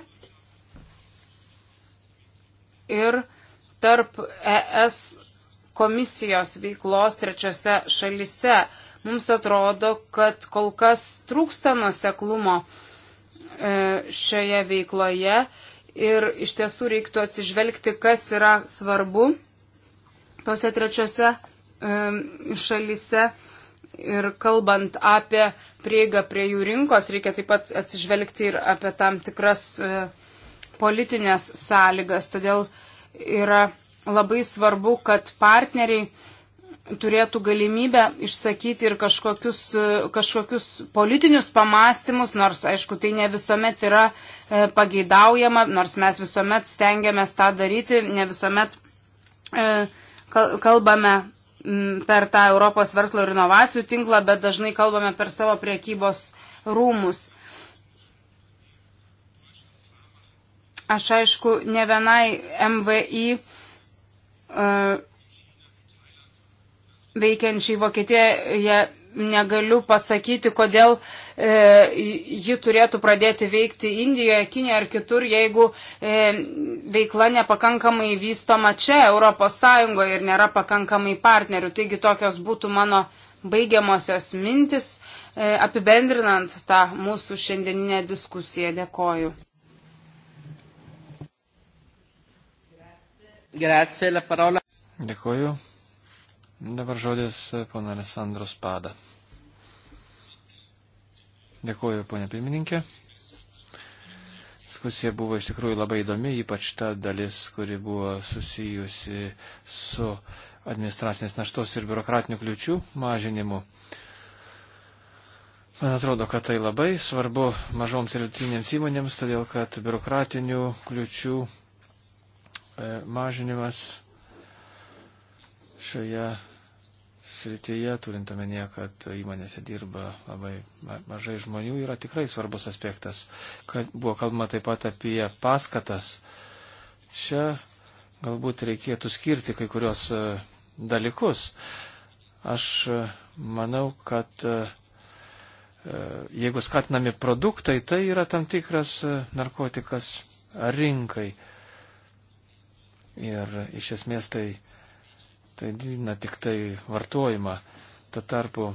ir tarp ES komisijos veiklos trečiose šalise. Mums atrodo, kad kol kas trūksta nuseklumo e, šioje veikloje ir iš tiesų reiktų atsižvelgti, kas yra svarbu tose trečiose e, šalise. Ir kalbant apie prieigą prie jų rinkos, reikia taip pat atsižvelgti ir apie tam tikras e, politinės sąlygas. Todėl yra labai svarbu, kad partneriai turėtų galimybę išsakyti ir kažkokius, kažkokius politinius pamastymus, nors, aišku, tai ne visuomet yra e, pageidaujama, nors mes visuomet stengiamės tą daryti, ne visuomet e, kalbame per tą Europos verslo ir inovacijų tinklą, bet dažnai kalbame per savo priekybos rūmus. Aš aišku, ne vienai MVI E, veikiančiai Vokietijoje negaliu pasakyti, kodėl e, ji turėtų pradėti veikti Indijoje, Kinijoje ar kitur, jeigu e, veikla nepakankamai vystoma čia, Europos Sąjungoje ir nėra pakankamai partnerių. Taigi tokios būtų mano baigiamosios mintis, e, apibendrinant tą mūsų šiandieninę diskusiją. Dėkoju. Grazie, la parola. Dėkuoju. Dabar žodis e, pana Alessandros Pada. Dėkuoju, ponė pirmininkė. Diskusija buvo iš tikrųjų labai įdomi, ypač ta dalis, kuri buvo susijusi su administracinės naštos ir biurokratinių kliučių mažinimu. Man atrodo, kad tai labai svarbu mažoms ir vidutinėms įmonėms, todėl kad biurokratinių kliučių E, mažinimas šioje srityje, turint omenyje, kad įmonėse dirba labai mažai žmonių, yra tikrai svarbus aspektas. Kad buvo kalbama taip pat apie paskatas. Čia galbūt reikėtų skirti kai kurios e, dalykus. Aš e, manau, kad jeigu skatinami produktai, tai yra tam tikras narkotikas rinkai ir iš esmės tai, tai didina tik tai vartojimą. Tuo tarpu,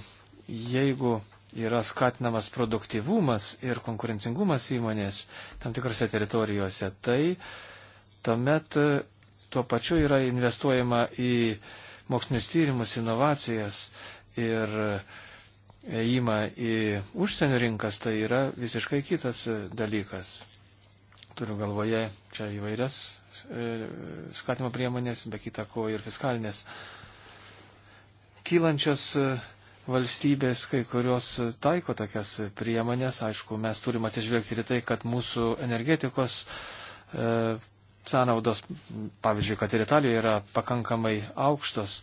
jeigu yra skatinamas produktivumas ir konkurencingumas įmonės tam tikrose teritorijose, tai tuomet e, tuo pačiu yra investuojama į mokslinius tyrimus, inovacijas ir ėjimą e, į užsienio rinkas, tai yra visiškai kitas e, dalykas. Turiu galvoje čia įvairias e, skatimo priemonės, be kita ko ir fiskalinės. Kylančios e, valstybės, kai kurios taiko tokias priemonės, aišku, mes turim atsižvelgti ir tai, kad mūsų energetikos e, sąnaudos, pavyzdžiui, kad ir Italijoje yra pakankamai aukštos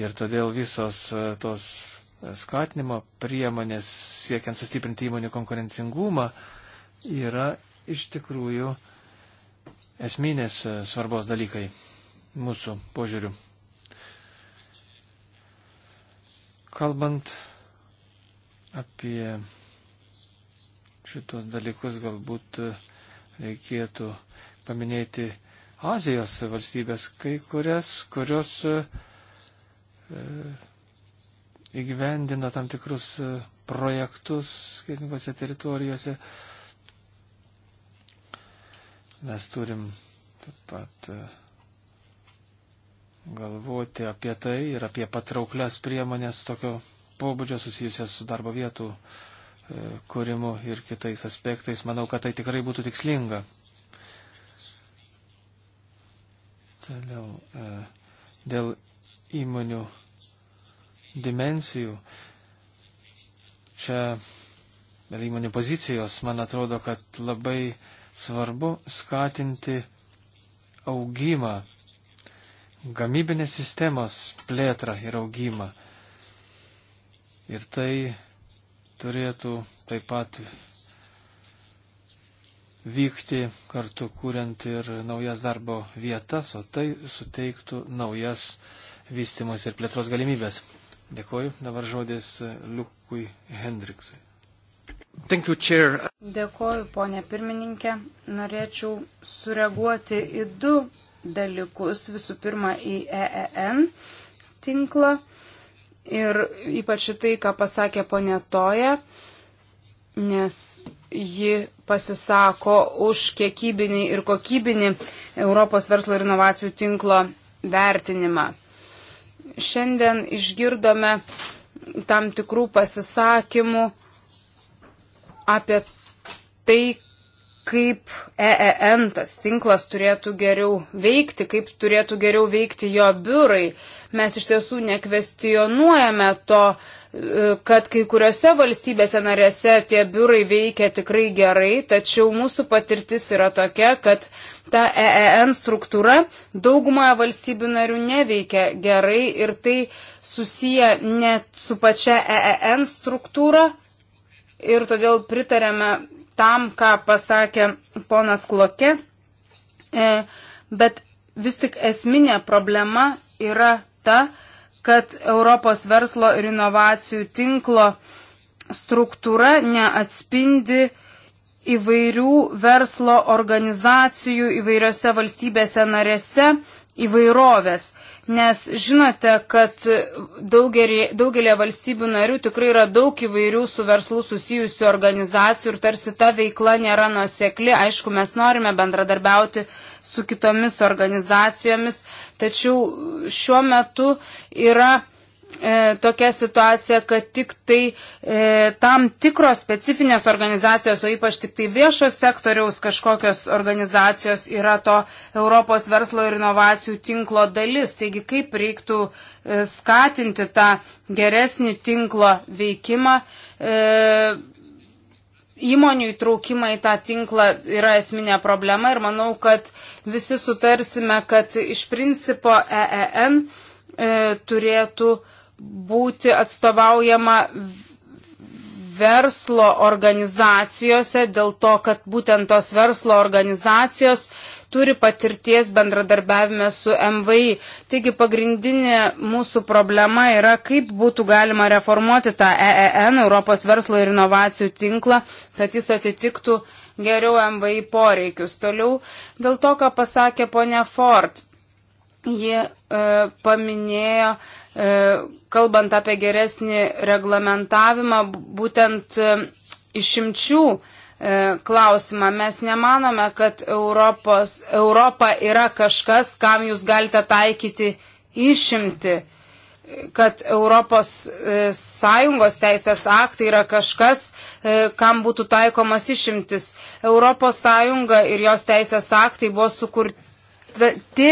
ir todėl visos e, tos skatinimo priemonės siekiant sustiprinti įmonių konkurencingumą yra iš tikrųjų esminės e, svarbos dalykai mūsų požiūrių. Kalbant apie šitos dalykus, galbūt e, reikėtų paminėti Azijos valstybės, kai kurias, kurios e, įgyvendina tam tikrus projektus skirtingose teritorijose. E, Mes turim taip pat e, galvoti apie tai ir apie patrauklias priemonės tokio pobūdžio susijusias su darbo vietų e, kūrimu ir kitais aspektais. Manau, kad tai tikrai būtų tikslinga. Toliau, e, dėl įmonių dimensijų. Čia dėl įmonių pozicijos, man atrodo, kad labai uh, Svarbu skatinti augimą, gamybinės sistemos plėtrą ir augimą. Ir tai turėtų taip pat vykti kartu kuriant ir naujas darbo vietas, o tai suteiktų naujas vystimus ir plėtros galimybės. Dėkuoju. Dabar žodis Liukui Hendriksui. You, Dėkoju, ponė pirmininkė. Norėčiau sureaguoti į du dalykus. Visų pirma, į EEN tinklą ir ypač į tai, ką pasakė ponė Toja, nes ji pasisako už kiekybinį ir kokybinį Europos verslo ir inovacijų tinklo vertinimą. Šiandien išgirdome tam tikrų pasisakymų apie tai, kaip EEN tas tinklas turėtų geriau veikti, kaip turėtų geriau veikti jo biurai. Mes iš tiesų nekvestionuojame to, e, kad kai kuriuose valstybėse narėse tie biurai veikia tikrai gerai, tačiau mūsų patirtis yra tokia, kad ta EEN struktūra daugumoje valstybių narių neveikia gerai ir tai susiję ne su pačia EEN struktūra, ir todėl pritarėme tam, ką pasakė ponas Klokė, e, bet vis tik esminė problema yra ta, kad Europos verslo ir inovacijų tinklo struktūra neatspindi įvairių verslo organizacijų įvairiose valstybėse narėse įvairovės, nes žinote, kad daugelį, daugelį valstybių narių tikrai yra daug įvairių su verslu susijusių organizacijų ir tarsi ta veikla nėra nusekli. Aišku, mes norime bendradarbiauti su kitomis organizacijomis, tačiau šiuo metu yra e, tokia situacija, kad tik tai e, tam tikros specifinės organizacijos, o ypač tik tai viešo sektoriaus kažkokios organizacijos yra to Europos verslo ir inovacijų tinklo dalis. Taigi kaip reiktų e, skatinti tą geresnį tinklo veikimą. E, Įmonių įtraukimą į tą tinklą yra esminė problema ir manau, kad visi sutarsime, kad iš principo EEN e, turėtų e, būti atstovaujama verslo organizacijose dėl to, kad būtent tos verslo organizacijos turi patirties bendradarbiavime su MVI. Taigi pagrindinė mūsų problema yra, kaip būtų galima reformuoti tą EEN, Europos verslo ir inovacijų tinklą, kad jis atitiktų geriau MVI poreikius. Toliau dėl to, ką pasakė ponia Ford. Ji e, paminėjo. E, kalbant apie geresnį reglamentavimą, būtent e, išimčių e, klausimą. Mes nemanome, kad Europos, Europa yra kažkas, kam jūs galite taikyti išimti kad Europos e, Sąjungos teisės aktai yra kažkas, kam būtų taikomas išimtis. Europos Sąjunga ir jos teisės aktai buvo sukurti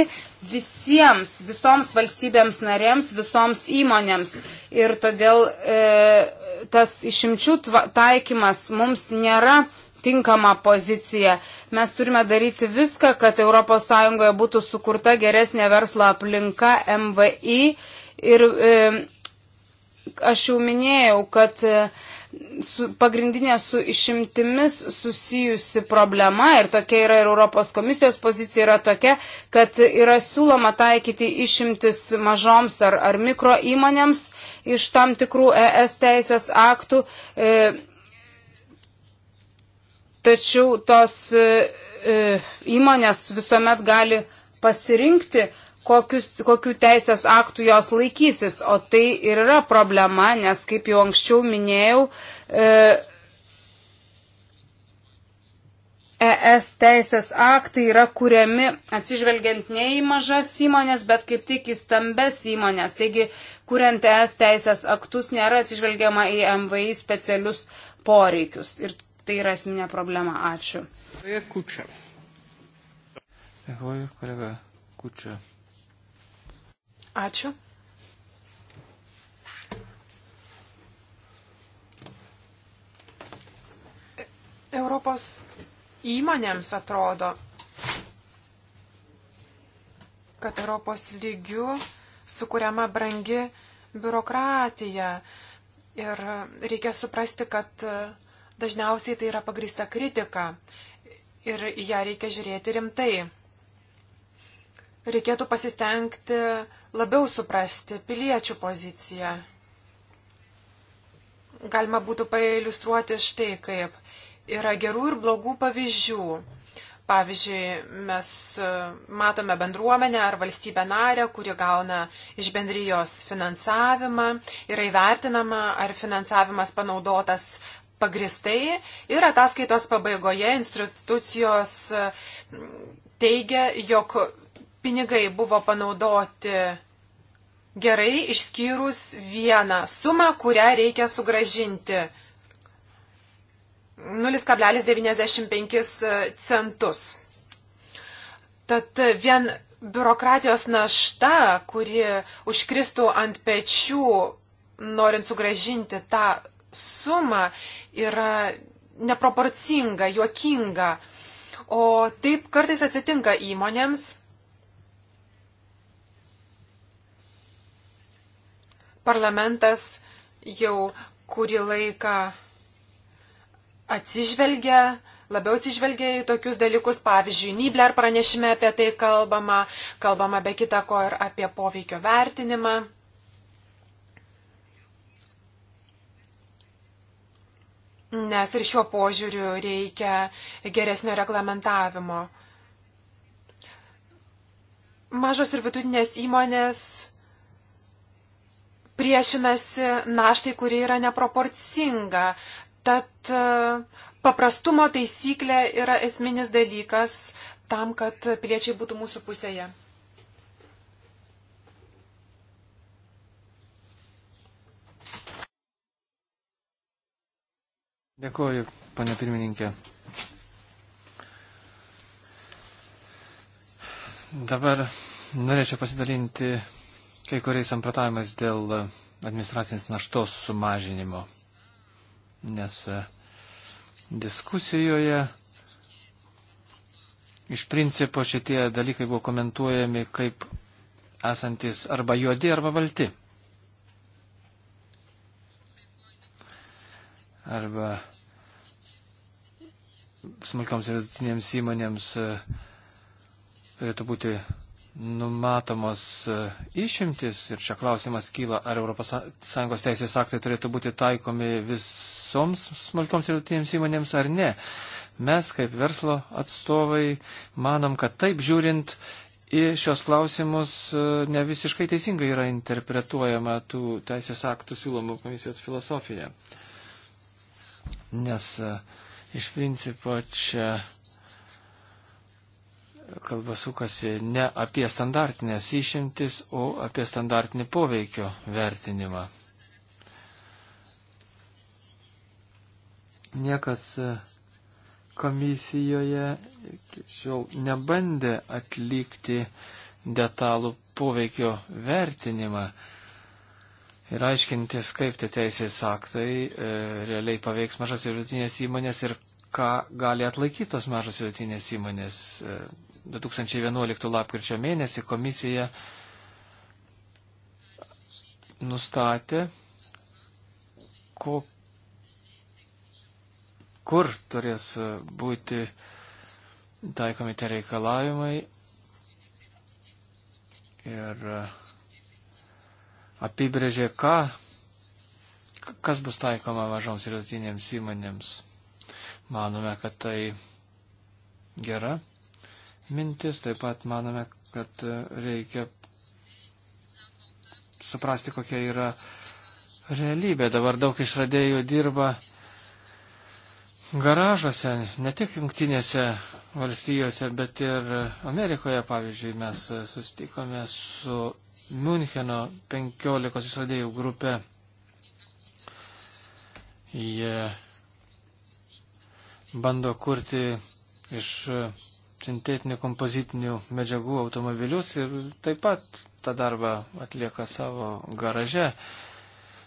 visiems, visoms valstybėms narėms, visoms įmonėms. Ir todėl e, tas išimčių taikymas mums nėra tinkama pozicija. Mes turime daryti viską, kad ES būtų sukurta geresnė verslo aplinka MVI. Ir e, aš jau minėjau, kad e, su, pagrindinė su išimtimis susijusi problema ir tokia yra ir Europos komisijos pozicija yra tokia, kad yra siūloma taikyti išimtis mažoms ar, ar mikro įmonėms iš tam tikrų ES teisės aktų. E, tačiau tos e, e įmonės visuomet gali pasirinkti, kokius, kokių teisės aktų jos laikysis. O tai ir yra problema, nes, kaip jau anksčiau minėjau, ES e teisės aktai yra kuriami atsižvelgiant ne į mažas įmonės, bet kaip tik į stambes įmonės. Taigi, kuriant ES teisės aktus nėra atsižvelgiama į MVI specialius poreikius. Ir tai yra esminė problema. Ačiū. Dėkuoju, kolega Kučia. Ačiū. Europos įmonėms atrodo, kad Europos lygių sukūriama brangi biurokratija. Ir reikia suprasti, kad dažniausiai tai yra pagrįsta kritika ir į ją reikia žiūrėti rimtai reikėtų pasistengti labiau suprasti piliečių poziciją. Galima būtų pailiustruoti štai kaip. Yra gerų ir blogų pavyzdžių. Pavyzdžiui, mes e, matome bendruomenę ar valstybę narę, kuri gauna iš bendrijos finansavimą, yra įvertinama, ar finansavimas panaudotas pagristai ir ataskaitos pabaigoje institucijos e, teigia, jog pinigai buvo panaudoti gerai, išskyrus vieną sumą, kurią reikia sugražinti. 0,95 centus. Tad vien biurokratijos našta, kuri užkristų ant pečių, norint sugražinti tą sumą, yra neproporcinga, juokinga. O taip kartais atsitinka įmonėms, parlamentas jau kurį laiką atsižvelgia labiau atsižvelgia į tokius dalykus, pavyzdžiui, Nibler pranešime apie tai kalbama, kalbama be kita ko ir apie poveikio vertinimą. Nes ir šiuo požiūriu reikia geresnio reglamentavimo. Mažos ir vidutinės įmonės priešinasi naštai, kuri yra neproporcinga. Tad e, paprastumo taisyklė yra esminis dalykas tam, kad piliečiai būtų mūsų pusėje. Dėkuoju, pane pirmininkė. Dabar norėčiau pasidalinti kai kuriais sampratavimas dėl administracinės naštos sumažinimo. Nes e, diskusijoje iš principo šitie dalykai buvo komentuojami kaip esantis arba juodi, arba balti. Arba smulkioms ir vidutinėms įmonėms e, turėtų būti numatomos e, išimtis ir čia klausimas kyla, ar ES teisės aktai turėtų būti taikomi visoms smulkioms ir vidutinėms įmonėms ar ne. Mes kaip verslo atstovai manom, kad taip žiūrint į šios klausimus e, ne visiškai teisingai yra interpretuojama tų teisės aktų siūlomų komisijos filosofija. Nes e, iš principo čia. Čia kalba sukasi ne apie standartinės išimtis, o apie standartinį poveikio vertinimą. Niekas e, komisijoje iki šiol nebandė atlikti detalų poveikio vertinimą ir aiškintis, kaip tie teisės aktai e, realiai paveiks mažas ir vidutinės įmonės ir ką gali atlaikyti tos mažos ir vidutinės įmonės. E, 2011 lapkričio mėnesį komisija nustatė, ko, kur turės būti taikomi tie reikalavimai ir apibrėžė, ką, kas bus taikoma mažoms ir vidutinėms įmonėms. Manome, kad tai gera mintis. Taip pat manome, kad reikia suprasti, kokia yra realybė. Dabar daug išradėjų dirba garažuose, ne tik jungtinėse valstijose, bet ir Amerikoje, pavyzdžiui, mes sustikome su Müncheno 15 išradėjų grupė. Jie bando kurti iš sintetinių kompozitinių medžiagų automobilius ir taip pat tą darbą atlieka savo garaže.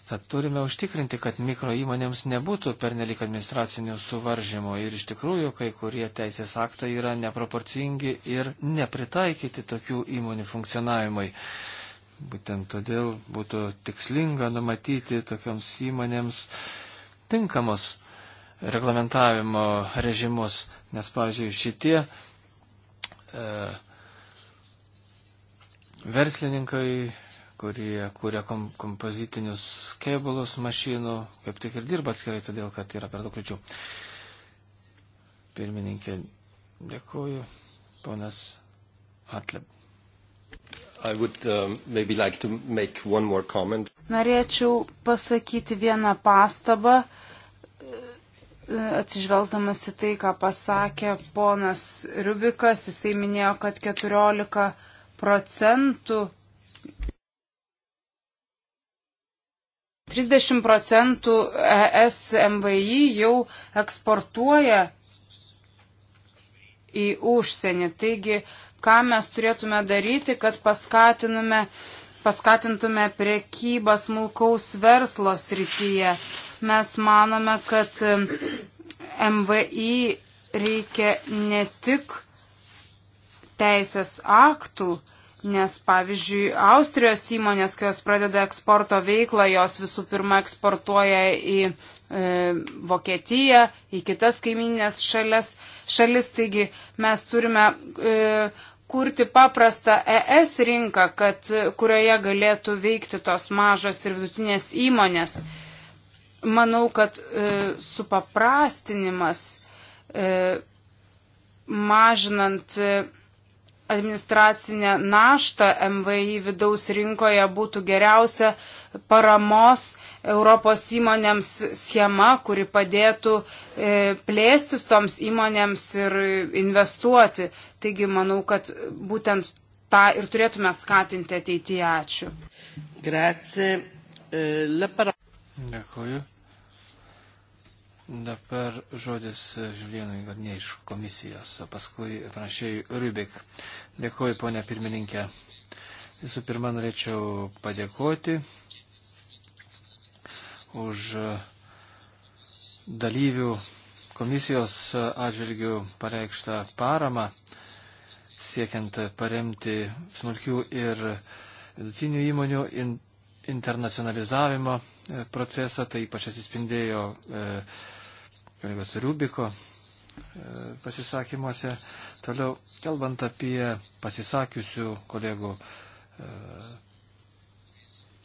Tad turime užtikrinti, kad mikro įmonėms nebūtų pernelik administracinių suvaržymų ir iš tikrųjų kai kurie teisės aktai yra neproporcingi ir nepritaikyti tokių įmonių funkcionavimui. Būtent todėl būtų tikslinga numatyti tokiams įmonėms tinkamos reglamentavimo režimus, nes, pavyzdžiui, šitie E, verslininkai, kurie kūrė kom kompozitinius kėbulus mašinų, kaip tik ir dirba atskirai, todėl kad yra per daug kliučių. Pirmininkė, dėkuoju, ponas Atleb. Would, um, like Norėčiau pasakyti vieną pastabą atsižvelgdamas į tai, ką pasakė ponas Rubikas, jisai minėjo, kad 14 procentų 30 procentų ES MVI jau eksportuoja į užsienį. Taigi, ką mes turėtume daryti, kad paskatinume paskatintume priekybą smulkaus verslo srityje. Mes manome, kad MVI reikia ne tik teisės aktų, nes pavyzdžiui, Austrijos įmonės, kai jos pradeda eksporto veiklą, jos visų pirma eksportuoja į e, Vokietiją, į kitas kaiminės šalis, šalis taigi mes turime e, kurti paprastą ES rinką, kad, kurioje galėtų veikti tos mažos ir vidutinės įmonės. Manau, kad e, supaprastinimas, e, mažinant e, administracinę naštą MVI vidaus rinkoje būtų geriausia paramos Europos įmonėms schema, kuri padėtų e, plėstis toms įmonėms ir investuoti. Taigi manau, kad būtent tą ir turėtume skatinti ateityje. Ačiū. Grazie. E, Dėkuoju. Dabar žodis Žiulienui Gadnė iš komisijos, o paskui panašiai Rubik. Dėkuoju, ponia pirmininkė. Visų pirma, norėčiau padėkoti už dalyvių komisijos atžvilgių pareikštą paramą siekiant paremti smulkių ir vidutinių įmonių in, internacionalizavimo e, procesą, tai ypač atsispindėjo e, kolegos Rubiko e, pasisakymuose. Toliau, kalbant apie pasisakiusių kolegų e,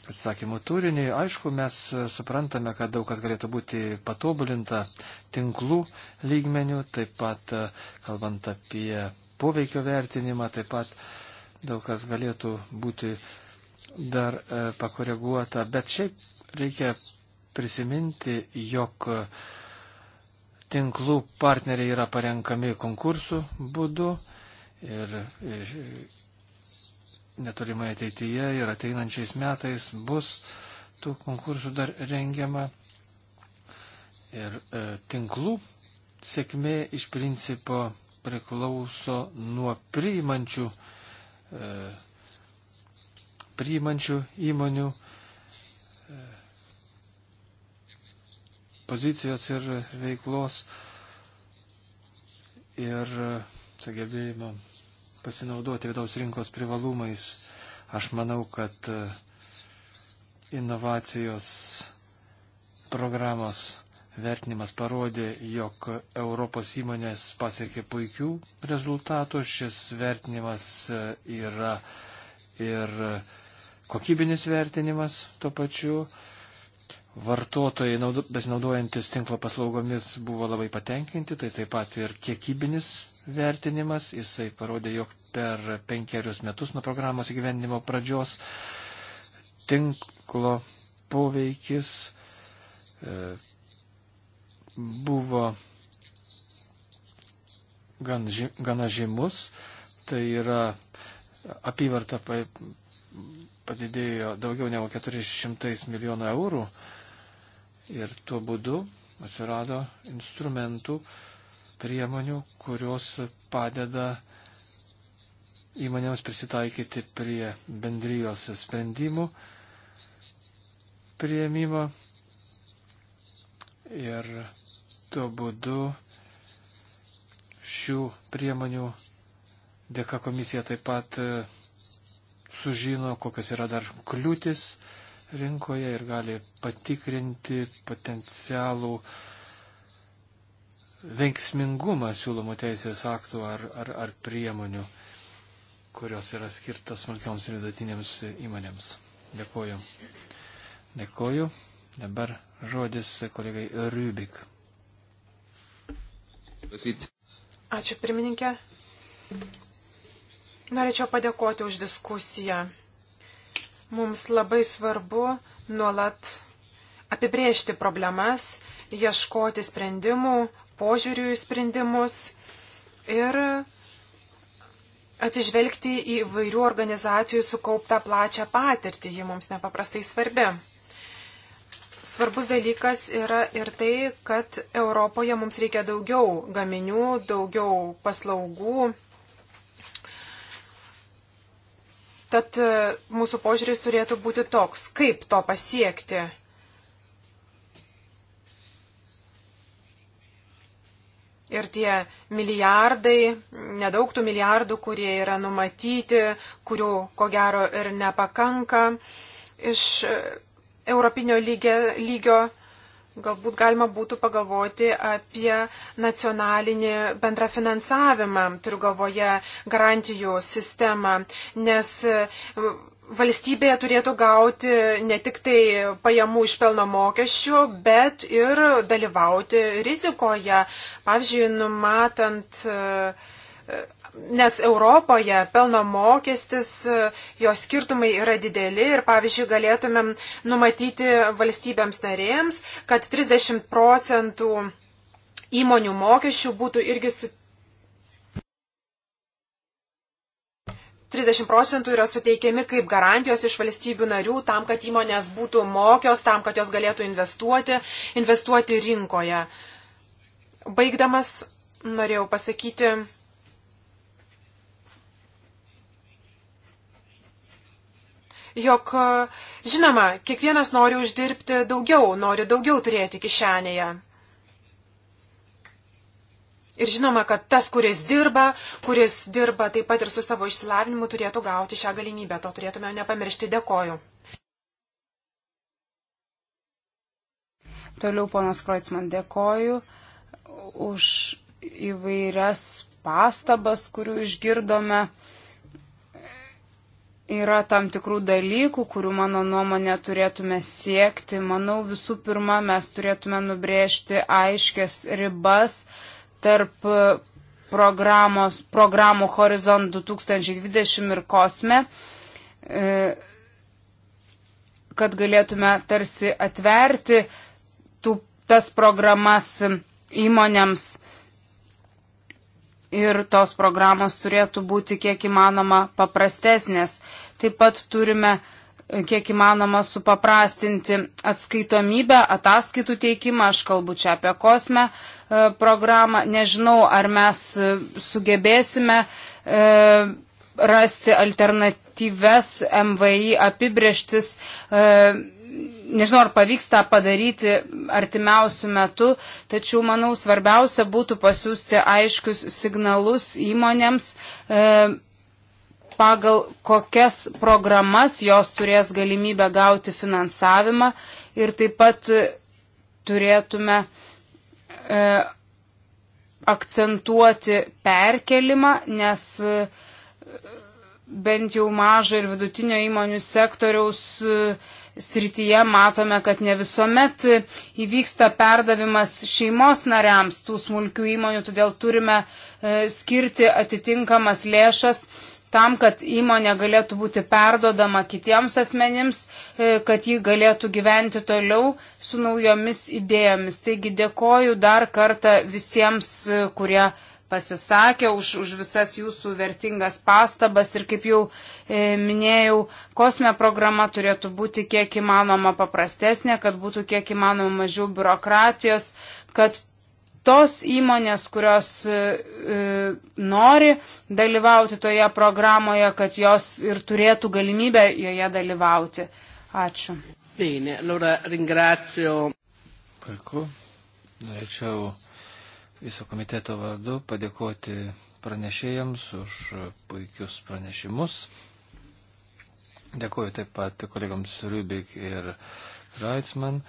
pasisakymų turinį, aišku, mes e, suprantame, kad daug kas galėtų būti patobulinta tinklų lygmenių, taip pat e, kalbant apie poveikio vertinimą, taip pat daug kas galėtų būti dar e, pakoreguota, bet šiaip reikia prisiminti, jog e, tinklų partneriai yra parenkami konkursų būdu ir, ir e, netolimai ateityje ir ateinančiais metais bus tų konkursų dar rengiama. Ir e, tinklų sėkmė iš principo priklauso nuo priimančių, e, priimančių įmonių e, pozicijos ir veiklos ir e, sugebėjimo pasinaudoti vidaus rinkos privalumais. Aš manau, kad e, inovacijos programos vertinimas parodė, jog Europos įmonės pasiekė puikių rezultatų. Šis vertinimas e, yra ir kokybinis vertinimas tuo pačiu. Vartotojai, besinaudojantis tinklo paslaugomis, buvo labai patenkinti, tai taip pat ir kiekybinis vertinimas. Jisai parodė, jog per penkerius metus nuo programos įgyvendimo pradžios tinklo poveikis e, buvo gan, ži, gana žymus, tai yra apyvarta padidėjo daugiau negu 400 milijonų eurų ir tuo būdu atsirado instrumentų, priemonių, kurios padeda įmonėms prisitaikyti prie bendrijos sprendimų prieimimo ir Tuo būdu šių priemonių dėka komisija taip pat e, sužino, kokios yra dar kliūtis rinkoje ir gali patikrinti potencialų veiksmingumą siūlomų teisės aktų ar, ar, ar priemonių, kurios yra skirtas smulkioms ir vidutinėms įmonėms. Dėkoju. Dėkoju. Dabar žodis kolegai Rybik. Ačiū pirmininkė. Norėčiau padėkoti už diskusiją. Mums labai svarbu nuolat apibriežti problemas, ieškoti sprendimų, požiūrių į sprendimus ir atsižvelgti į vairių organizacijų sukauptą plačią patirtį. Ji mums nepaprastai svarbi svarbus dalykas yra ir tai, kad Europoje mums reikia daugiau gaminių, daugiau paslaugų. Tad e, mūsų požiūris turėtų būti toks, kaip to pasiekti. Ir tie milijardai, nedaug tų milijardų, kurie yra numatyti, kurių ko gero ir nepakanka iš europinio lygio, lygio galbūt galima būtų pagalvoti apie nacionalinį bendrafinansavimą, turiu galvoje garantijų sistemą, nes e, valstybėje turėtų gauti ne tik tai pajamų iš pelno mokesčių, bet ir dalyvauti rizikoje, pavyzdžiui, numatant e, Nes Europoje pelno mokestis, e, jo skirtumai yra dideli ir, pavyzdžiui, galėtumėm numatyti valstybėms narėms, kad 30 procentų įmonių mokesčių būtų irgi su. 30 procentų yra suteikiami kaip garantijos iš valstybių narių tam, kad įmonės būtų mokios, tam, kad jos galėtų investuoti, investuoti rinkoje. Baigdamas, norėjau pasakyti jog, e, žinoma, kiekvienas nori uždirbti daugiau, nori daugiau turėti kišenėje. Ir žinoma, kad tas, kuris dirba, kuris dirba taip pat ir su savo išsilavinimu, turėtų gauti šią galimybę. To turėtume nepamiršti. Dėkoju. Toliau, ponas Kroitsman, dėkoju už įvairias pastabas, kurių išgirdome yra tam tikrų dalykų, kurių mano nuomonė turėtume siekti. Manau, visų pirma, mes turėtume nubrėžti aiškės ribas tarp programos, programų Horizont 2020 ir Kosme, e, kad galėtume tarsi atverti tų, tas programas įmonėms ir tos programos turėtų būti kiek įmanoma paprastesnės. Taip pat turime e, kiek įmanoma supaprastinti atskaitomybę, ataskaitų teikimą, aš kalbu čia apie kosmę e, programą, nežinau, ar mes e, sugebėsime rasti alternatyves MVI apibrieštis, nežinau, ar pavyks tą padaryti artimiausių metų, tačiau, manau, svarbiausia būtų pasiūsti aiškius signalus įmonėms, pagal kokias programas jos turės galimybę gauti finansavimą ir taip pat e, turėtume e, akcentuoti perkelimą, nes e, bent jau mažo ir vidutinio įmonių sektoriaus e, srityje matome, kad ne visuomet įvyksta perdavimas šeimos nariams tų smulkių įmonių, todėl turime skirti atitinkamas lėšas tam, kad įmonė galėtų būti perdodama kitiems asmenims, e, kad ji galėtų gyventi toliau su naujomis idėjomis. Taigi dėkoju dar kartą visiems, e, kurie pasisakė už, už visas jūsų vertingas pastabas ir kaip jau e, minėjau, kosme programa turėtų būti kiek įmanoma paprastesnė, kad būtų kiek įmanoma mažiau biurokratijos, kad tos įmonės, kurios e, e, nori dalyvauti toje programoje, kad jos ir turėtų galimybę joje dalyvauti. Ačiū. Bene, allora ringrazio. Puiku. Norėčiau viso komiteto vardu padėkoti pranešėjams už puikius pranešimus. Dėkuoju taip pat kolegams Rubik ir Reitzman,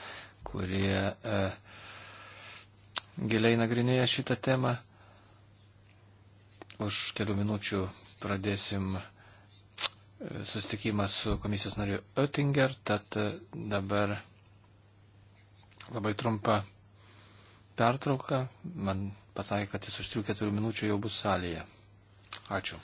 kurie uh, giliai nagrinėja šitą temą. Už kelių minučių pradėsim e, susitikimą su komisijos nariu Oettinger, tad e, dabar labai trumpa pertrauka. Man pasakė, kad jis už 3-4 minučių jau bus salėje. Ačiū.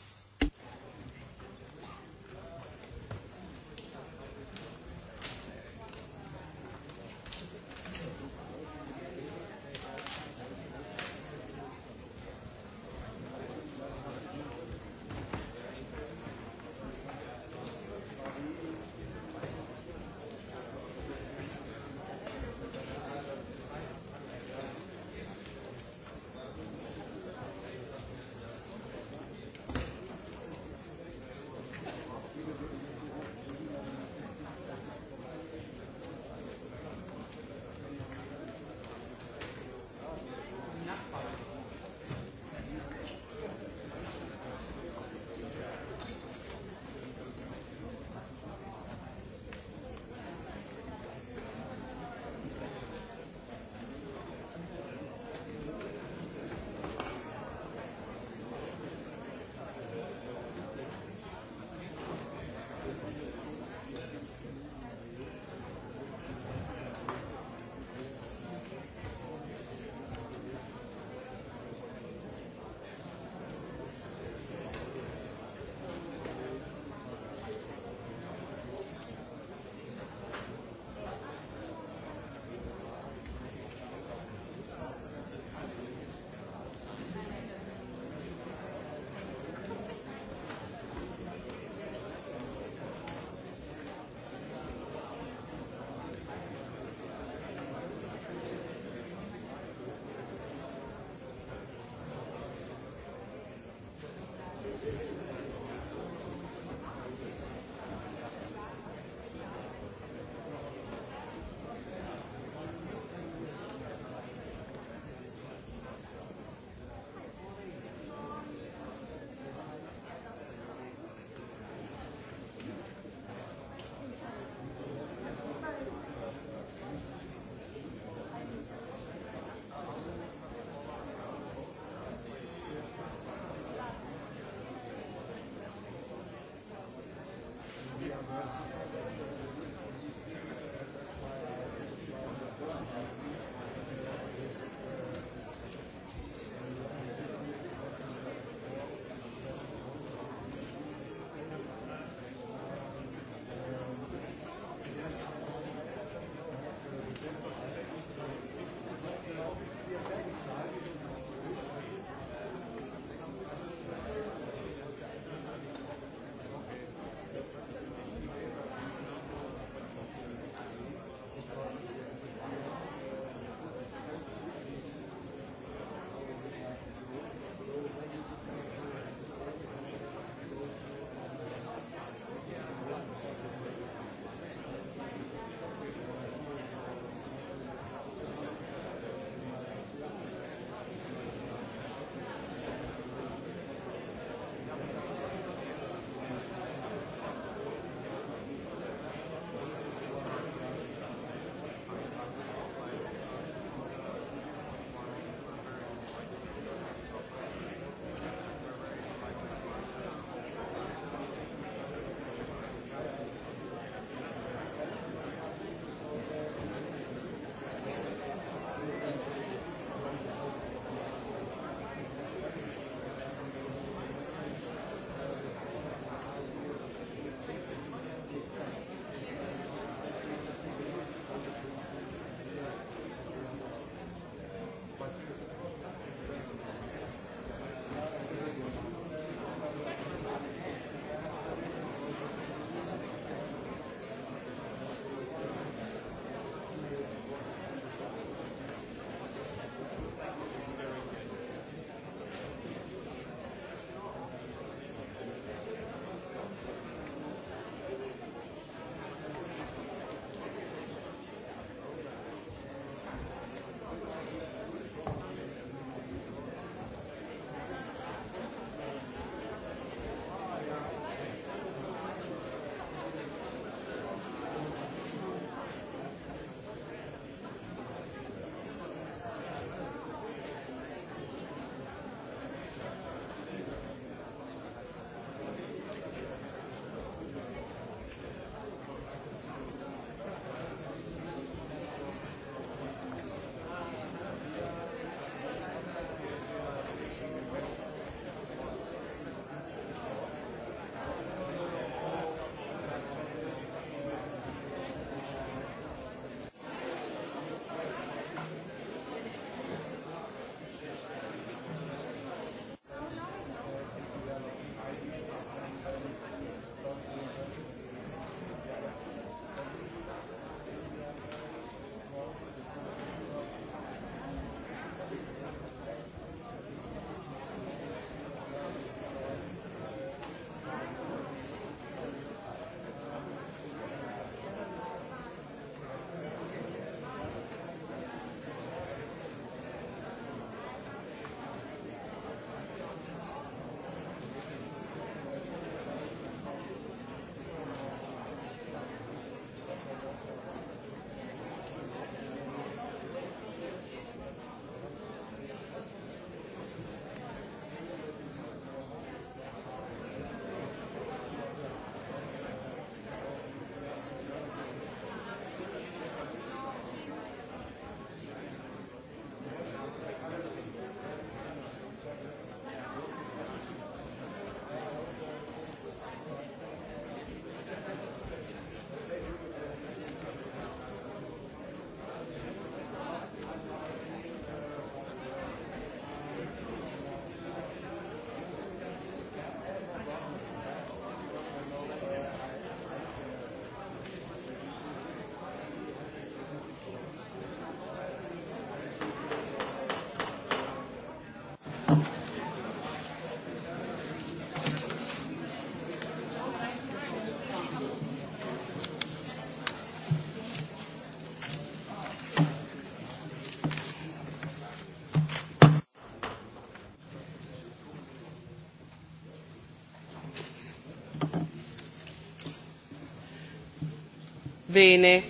Bene,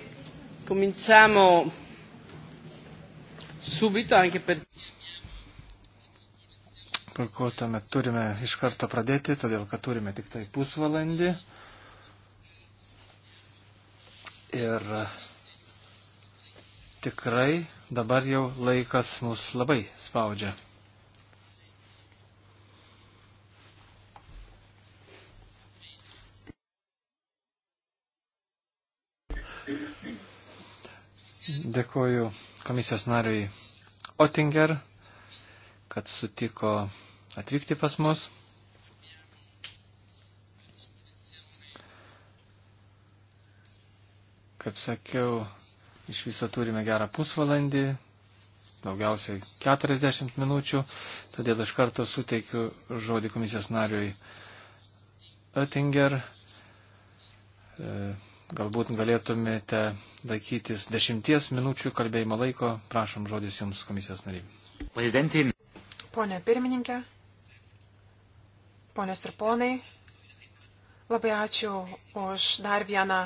cominciamo subito anche per. Puiku, tuomet turime iš karto pradėti, todėl kad turime tik tai pusvalandį. Ir tikrai dabar jau laikas mus labai spaudžia. komisijos nariui Otinger, kad sutiko atvykti pas mus. Kaip sakiau, iš viso turime gerą pusvalandį, daugiausiai 40 minučių, todėl iš karto suteikiu žodį komisijos nariui Oettinger. E, Galbūt galėtumėte laikytis dešimties minučių kalbėjimo laiko. Prašom žodis Jums komisijos nariai. Prezidentin. Pone pirmininkė, ponios ir ponai, labai ačiū už dar vieną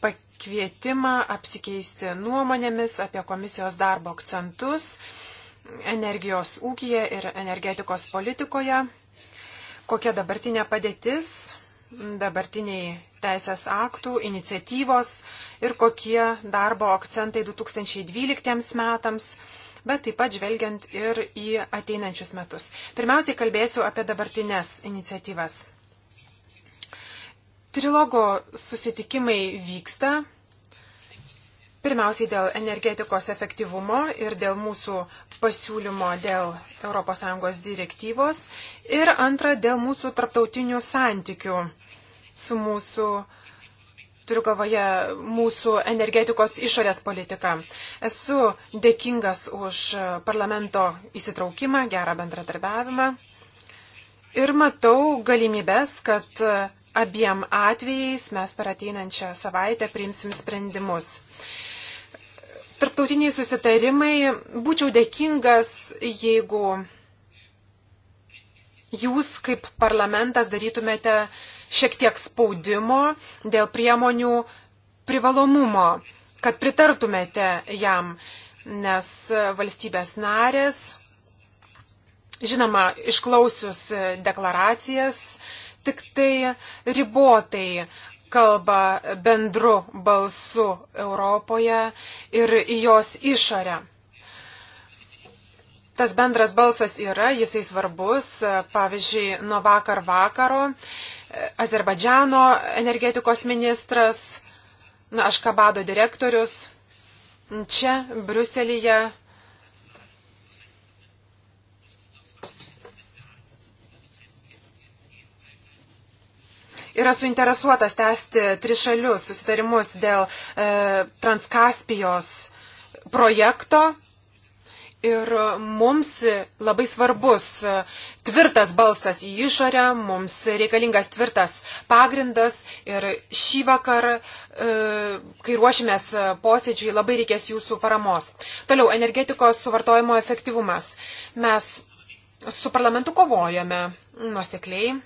pakvietimą apsikeisti nuomonėmis apie komisijos darbo akcentus energijos ūkija ir energetikos politikoje, kokia dabartinė padėtis, dabartiniai teisės aktų, iniciatyvos ir kokie darbo akcentai 2012 metams bet taip pat žvelgiant ir į ateinančius metus. Pirmiausiai kalbėsiu apie dabartinės iniciatyvas. Trilogo susitikimai vyksta. Pirmiausiai dėl energetikos efektyvumo ir dėl mūsų pasiūlymo dėl ES direktyvos ir antra dėl mūsų tarptautinių santykių su mūsų, turiu galvoje, mūsų energetikos išorės politika. Esu dėkingas už parlamento įsitraukimą, gerą bendradarbiavimą ir matau galimybės, kad abiem atvejais mes per ateinančią savaitę priimsim sprendimus. Tarptautiniai susitarimai, būčiau dėkingas, jeigu jūs kaip parlamentas darytumėte šiek tiek spaudimo dėl priemonių privalomumo, kad pritartumėte jam, nes valstybės narės, žinoma, išklausius deklaracijas, tik tai ribotai kalba bendru balsu Europoje ir į jos išorę. Tas bendras balsas yra, jisai svarbus, pavyzdžiui, nuo vakar vakaro Azerbaidžiano energetikos ministras, Aškabado direktorius. Čia, Bruselėje, yra suinteresuotas tęsti trišalius susitarimus dėl e, Transkaspijos projekto Ir mums labai svarbus tvirtas balsas į išorę, mums reikalingas tvirtas pagrindas ir šį vakarą, e, kai ruošimės posėdžiui, labai reikės jūsų paramos. Toliau, energetikos suvartojimo efektyvumas. Mes su parlamentu kovojame nuosekliai,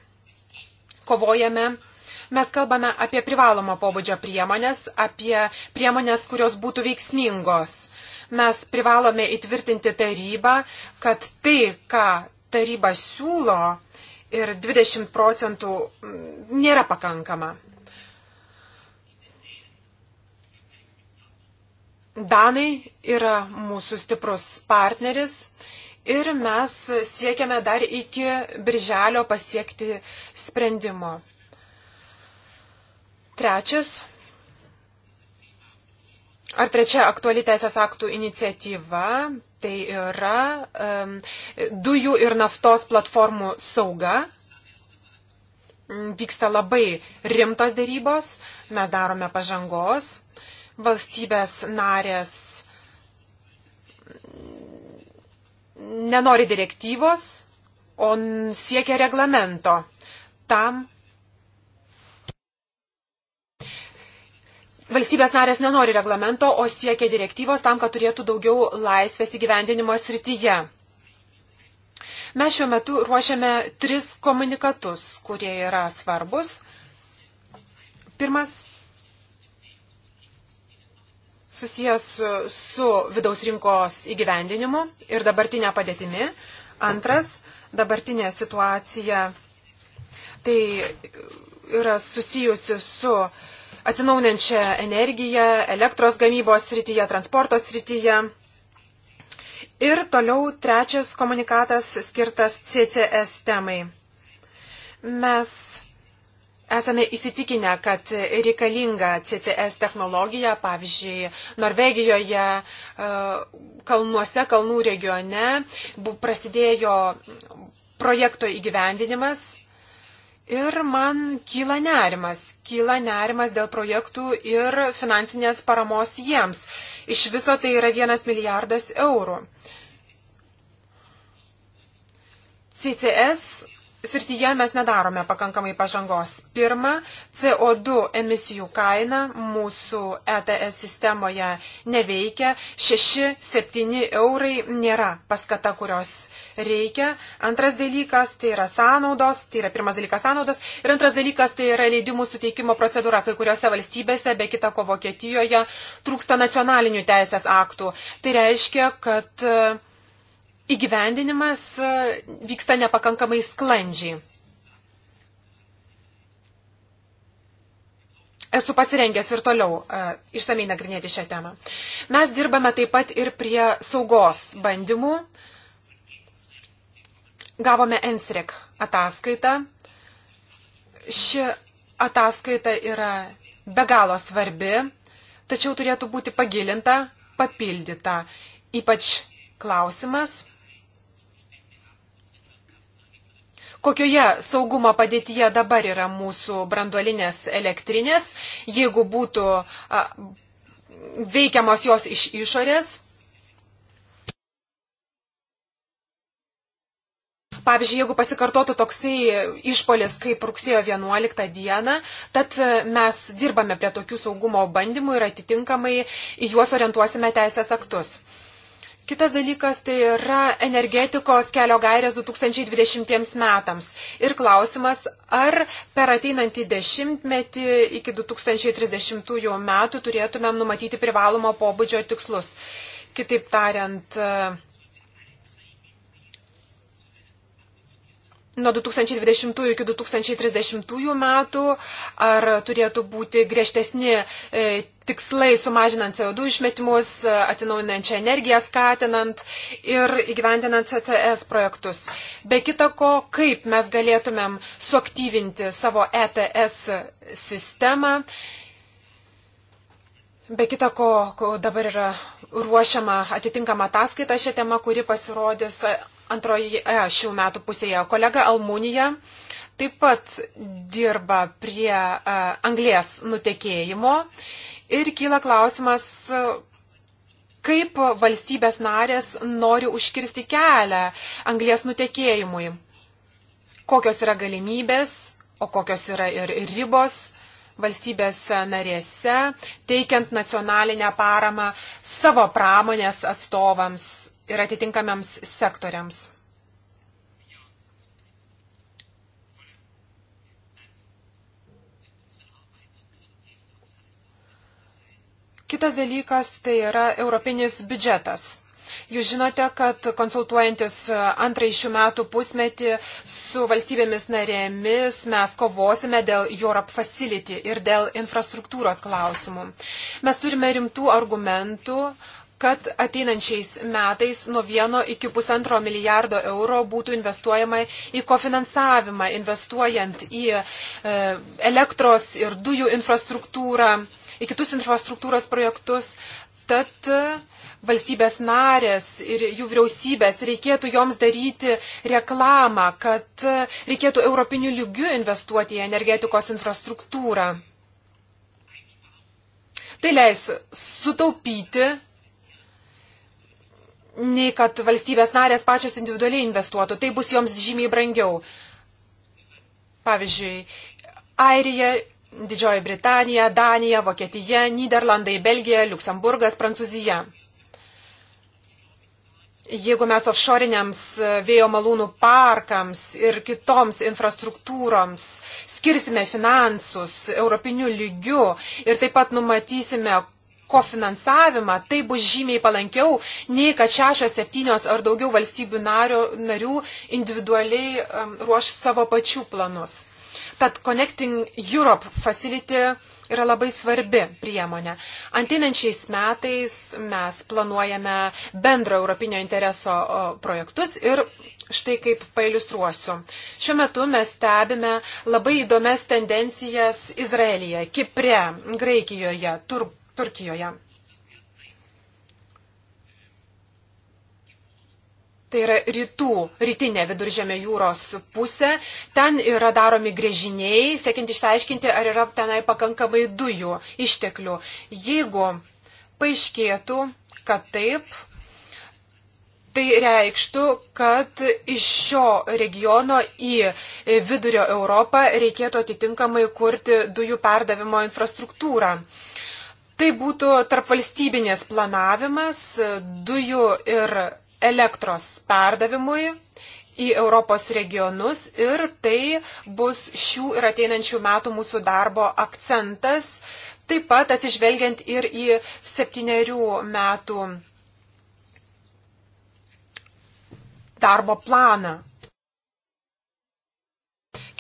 kovojame Mes kalbame apie privalomą pobūdžio priemonės, apie priemonės, kurios būtų veiksmingos. Mes privalome įtvirtinti tarybą, kad tai, ką taryba siūlo ir 20 procentų mm, nėra pakankama. Danai yra mūsų stiprus partneris ir mes siekiame dar iki birželio pasiekti sprendimo. Trečias. Ar trečia aktuali teisės aktų iniciatyva, tai yra um, dujų ir naftos platformų sauga. Vyksta labai rimtos dėrybos, mes darome pažangos, valstybės narės nenori direktyvos, o siekia reglamento tam, valstybės narės nenori reglamento, o siekia direktyvos tam, kad turėtų daugiau laisvės įgyvendinimo srityje. Mes šiuo metu ruošiame tris komunikatus, kurie yra svarbus. Pirmas susijęs su, su vidaus rinkos įgyvendinimu ir dabartinė padėtimi. Antras, dabartinė situacija. Tai yra susijusi su uh, atsinaujinančią energiją, elektros gamybos srityje, transporto srityje. Ir toliau trečias komunikatas skirtas CCS temai. Mes esame įsitikinę, kad reikalinga CCS technologija, pavyzdžiui, Norvegijoje, e, kalnuose, kalnų regione prasidėjo projekto įgyvendinimas Ir man kyla nerimas. Kyla nerimas dėl projektų ir finansinės paramos jiems. Iš viso tai yra vienas milijardas eurų. CCS srityje mes nedarome pakankamai pažangos. Pirma, CO2 emisijų kaina mūsų ETS sistemoje neveikia. 6-7 eurai nėra paskata, kurios reikia. Antras dalykas tai yra sąnaudos, tai yra pirmas dalykas sąnaudos. Ir antras dalykas tai yra leidimų suteikimo procedūra. Kai kuriuose valstybėse, be kita ko Vokietijoje, trūksta nacionalinių teisės aktų. Tai reiškia, kad įgyvendinimas e, vyksta nepakankamai sklandžiai. Esu pasirengęs ir toliau uh, išsamei nagrinėti šią temą. Mes dirbame taip pat ir prie saugos bandymų. Gavome NSREC ataskaitą. Ši ataskaita yra be galo svarbi, tačiau turėtų būti pagilinta, papildyta. Ypač klausimas, kokioje saugumo padėtyje dabar yra mūsų branduolinės elektrinės, jeigu būtų a, veikiamos jos iš išorės. Pavyzdžiui, jeigu pasikartotų toksai išpolis kaip rugsėjo 11 dieną, tad e, mes dirbame prie tokių saugumo bandymų ir atitinkamai į juos orientuosime teisės aktus. Kitas dalykas tai yra energetikos kelio gairės 2020 metams. Ir klausimas, ar per ateinantį dešimtmetį iki 2030 metų turėtumėm numatyti privalomo pobūdžio tikslus. Kitaip tariant, nuo 2020 iki 2030 metų, ar turėtų būti griežtesni e, tikslai sumažinant CO2 išmetimus, atsinaujinančią energiją skatinant ir įgyvendinant CCS projektus. Be kita ko, kaip mes galėtumėm suaktyvinti savo ETS sistemą. Be kita ko, dabar yra ruošiama atitinkama ataskaita šią temą, kuri pasirodys antroje e, šių metų pusėje. Kolega Almunija taip pat dirba prie e, anglės nutekėjimo ir kyla klausimas, kaip valstybės narės nori užkirsti kelią anglės nutekėjimui. Kokios yra galimybės, o kokios yra ir ribos valstybėse narėse, teikiant nacionalinę paramą savo pramonės atstovams ir atitinkamiams sektoriams. Kitas dalykas tai yra europinis biudžetas. Jūs žinote, kad konsultuojantis antrąjį šių metų pusmetį su valstybėmis narėmis mes kovosime dėl Europe Facility ir dėl infrastruktūros klausimų. Mes turime rimtų argumentų, kad ateinančiais metais nuo vieno iki pusantro milijardo euro būtų investuojama į kofinansavimą, investuojant į e, elektros ir dujų infrastruktūrą, į kitus infrastruktūros projektus. Tad e, valstybės narės ir jų vyriausybės, reikėtų joms daryti reklamą, kad e, reikėtų europinių lygių investuoti į energetikos infrastruktūrą. Tai leis sutaupyti nei kad valstybės narės pačios individualiai investuotų. Tai bus joms žymiai brangiau. Pavyzdžiui, Airija, Didžioji Britanija, Danija, Vokietija, Niderlandai, Belgija, Luksemburgas, Prancūzija. Jeigu mes offshoriniams e, vėjo malūnų parkams ir kitoms infrastruktūroms skirsime finansus europinių lygių ir taip pat numatysime, kofinansavimą, tai bus žymiai palankiau, nei kad šešios, septynios ar daugiau valstybių nario, narių individualiai um, ruoš savo pačių planus. Tad Connecting Europe Facility yra labai svarbi priemonė. Antinančiais metais mes planuojame bendro europinio intereso projektus ir štai kaip pailustruosiu. Šiuo metu mes stebime labai įdomias tendencijas Izraelyje, Kipre, Graikijoje, Tur Turkijoje. Tai yra rytų, rytinė viduržėmė jūros pusė. Ten yra daromi grėžiniai, siekiant išsiaiškinti, ar yra tenai pakankamai dujų išteklių. Jeigu paaiškėtų, kad taip, Tai reikštų, kad iš šio regiono į vidurio Europą reikėtų atitinkamai kurti dujų perdavimo infrastruktūrą. Tai būtų tarpvalstybinės planavimas dujų ir elektros perdavimui į Europos regionus ir tai bus šių ir ateinančių metų mūsų darbo akcentas, taip pat atsižvelgiant ir į septyniarių metų darbo planą.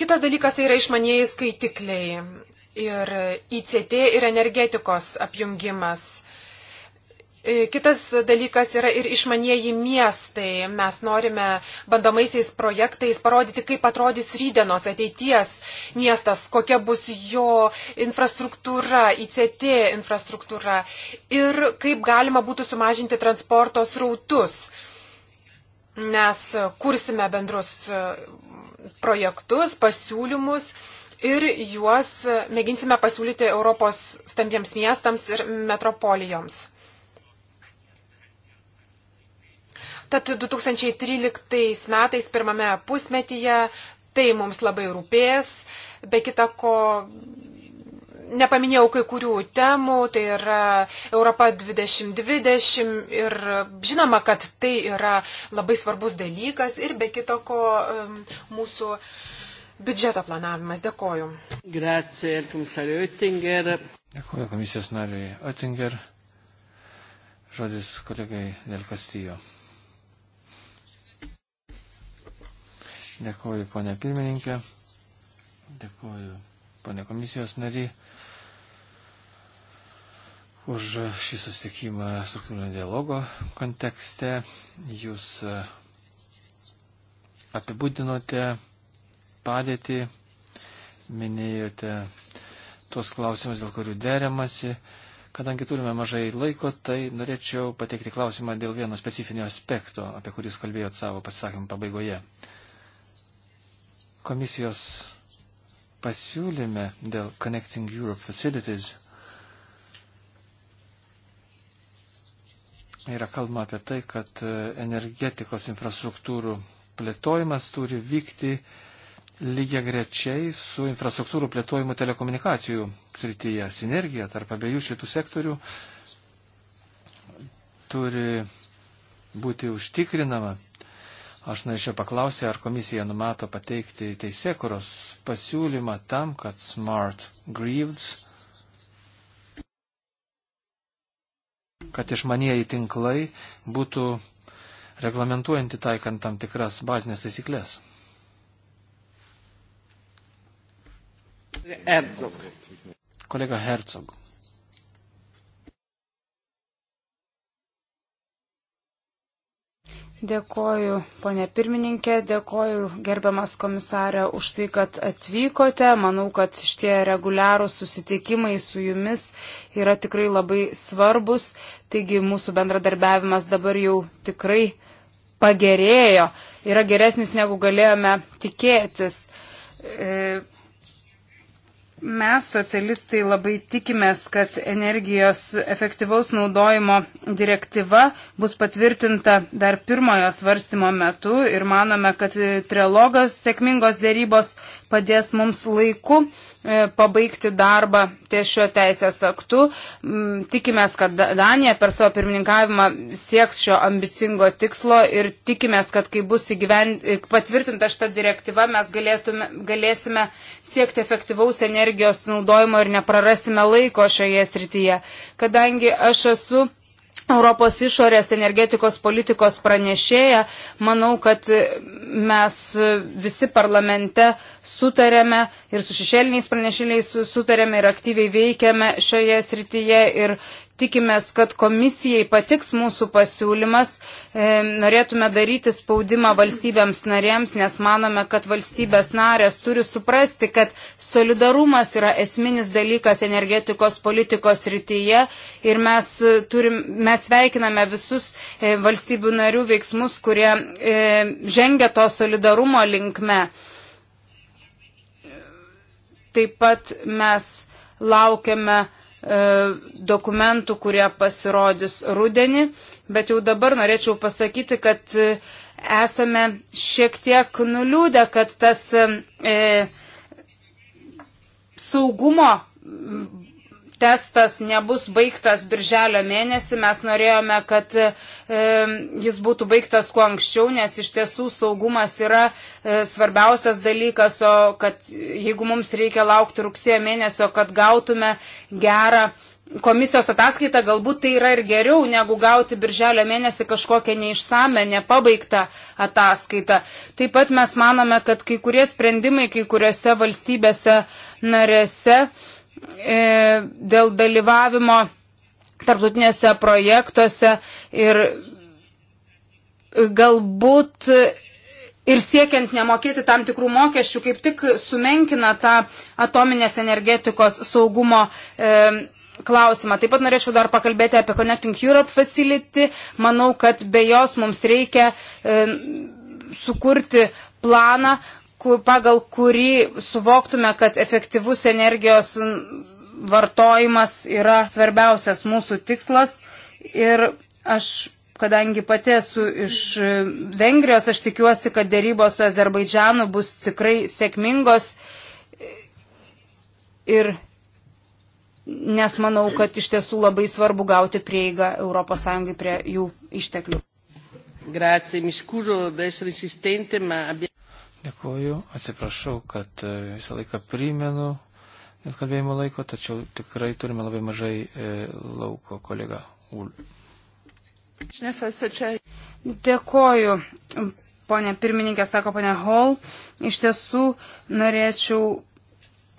Kitas dalykas tai yra išmanieji skaitikliai ir ICT ir energetikos apjungimas. E, kitas dalykas yra ir išmanieji miestai. Mes norime bandomaisiais projektais parodyti, kaip atrodys rydienos ateities miestas, kokia bus jo infrastruktūra, ICT infrastruktūra ir kaip galima būtų sumažinti transporto srautus. Mes kursime bendrus e, projektus, pasiūlymus ir juos mėginsime pasiūlyti Europos stambiems miestams ir metropolijoms. Tad 2013 metais pirmame pusmetyje tai mums labai rūpės, be kita ko nepaminėjau kai kurių temų, tai yra Europa 2020 ir žinoma, kad tai yra labai svarbus dalykas ir be kito ko mūsų biudžeto planavimas. Dėkoju. Grazie, komisariu Oettinger. Dėkoju komisijos nariui Oettinger. Žodis kolegai Del Castillo. Dėkoju, ponė pirmininkė. Dėkoju, ponė komisijos nariai, už šį susitikimą struktūrinio dialogo kontekste. Jūs e, apibūdinote padėtį, minėjote tuos klausimus, dėl kurių deramasi. Kadangi turime mažai laiko, tai norėčiau pateikti klausimą dėl vieno specifinio aspekto, apie kurį jūs kalbėjot savo pasisakymą pabaigoje. Komisijos pasiūlyme dėl Connecting Europe Facilities yra kalba apie tai, kad e, energetikos infrastruktūrų plėtojimas turi vykti uh, lygiai grečiai su infrastruktūrų plėtojimu telekomunikacijų srityje. Sinergija tarp abiejų šitų sektorių turi būti užtikrinama. Aš norėčiau paklausti, ar komisija numato pateikti teisėkuros pasiūlymą tam, kad Smart Greaves, kad išmanieji tinklai būtų reglamentuojanti taikant tam tikras bazinės taisyklės. Herzog. Kolega Herzog. Dėkoju, ponė pirmininkė, dėkoju gerbiamas komisarė už tai, kad atvykote. Manau, kad šitie reguliarūs susitikimai su jumis yra tikrai labai svarbus. Taigi mūsų bendradarbiavimas dabar jau tikrai pagerėjo, yra geresnis negu galėjome tikėtis. E, Mes, socialistai, labai tikimės, kad energijos efektyvaus naudojimo direktyva bus patvirtinta dar pirmojo svarstymo metu ir manome, kad trilogos sėkmingos dėrybos padės mums laiku e, pabaigti darbą ties šio teisės aktu. Mm, tikimės, kad Danija per savo pirmininkavimą sieks šio ambicingo tikslo ir tikimės, kad kai bus įgyvent... patvirtinta šita direktyva, mes galėtume, galėsime siekti efektyvaus energijos naudojimo ir neprarasime laiko šioje srityje. Kadangi aš esu Europos išorės energetikos politikos pranešėja, manau, kad mes visi parlamente sutarėme ir su šešėliniais pranešėliais sutarėme ir aktyviai veikiame šioje srityje ir tikimės, kad komisijai patiks mūsų pasiūlymas. E, norėtume daryti spaudimą valstybėms narėms, nes manome, kad valstybės narės turi suprasti, kad solidarumas yra esminis dalykas energetikos politikos rytyje ir mes, turim, mes veikiname visus e, valstybių narių veiksmus, kurie e, žengia to solidarumo linkme. Taip pat mes laukiame E, dokumentų, kurie pasirodys rudenį, bet jau dabar norėčiau pasakyti, kad e, esame šiek tiek nuliūdę, kad tas e, saugumo testas nebus baigtas birželio mėnesį. Mes norėjome, kad e, jis būtų baigtas kuo anksčiau, nes iš tiesų saugumas yra e, svarbiausias dalykas, o kad jeigu mums reikia laukti rugsėjo mėnesio, kad gautume gerą komisijos ataskaita galbūt tai yra ir geriau, negu gauti birželio mėnesį kažkokią neišsame, nepabaigtą ataskaitą. Taip pat mes manome, kad kai kurie sprendimai kai kuriuose valstybėse narėse E, dėl dalyvavimo tarptautinėse projektuose ir galbūt ir siekiant nemokėti tam tikrų mokesčių, kaip tik sumenkina tą atominės energetikos saugumo e, klausimą. Taip pat norėčiau dar pakalbėti apie Connecting Europe Facility. Manau, kad be jos mums reikia e, sukurti planą, pagal kurį suvoktume, kad efektyvus energijos vartojimas yra svarbiausias mūsų tikslas. Ir aš, kadangi pati esu iš Vengrijos, aš tikiuosi, kad dėrybos su Azerbaidžianu bus tikrai sėkmingos. Ir nes manau, kad iš tiesų labai svarbu gauti prieigą ES prie jų išteklių. Grazie, mi scuso, essere insistente, ma abbiamo. Dėkuoju, atsiprašau, kad e, visą laiką primenu dėl kalbėjimo laiko, tačiau tikrai turime labai mažai e, lauko kolega Ul. Dėkuoju, ponė pirmininkė, sako ponė Hall. Iš tiesų norėčiau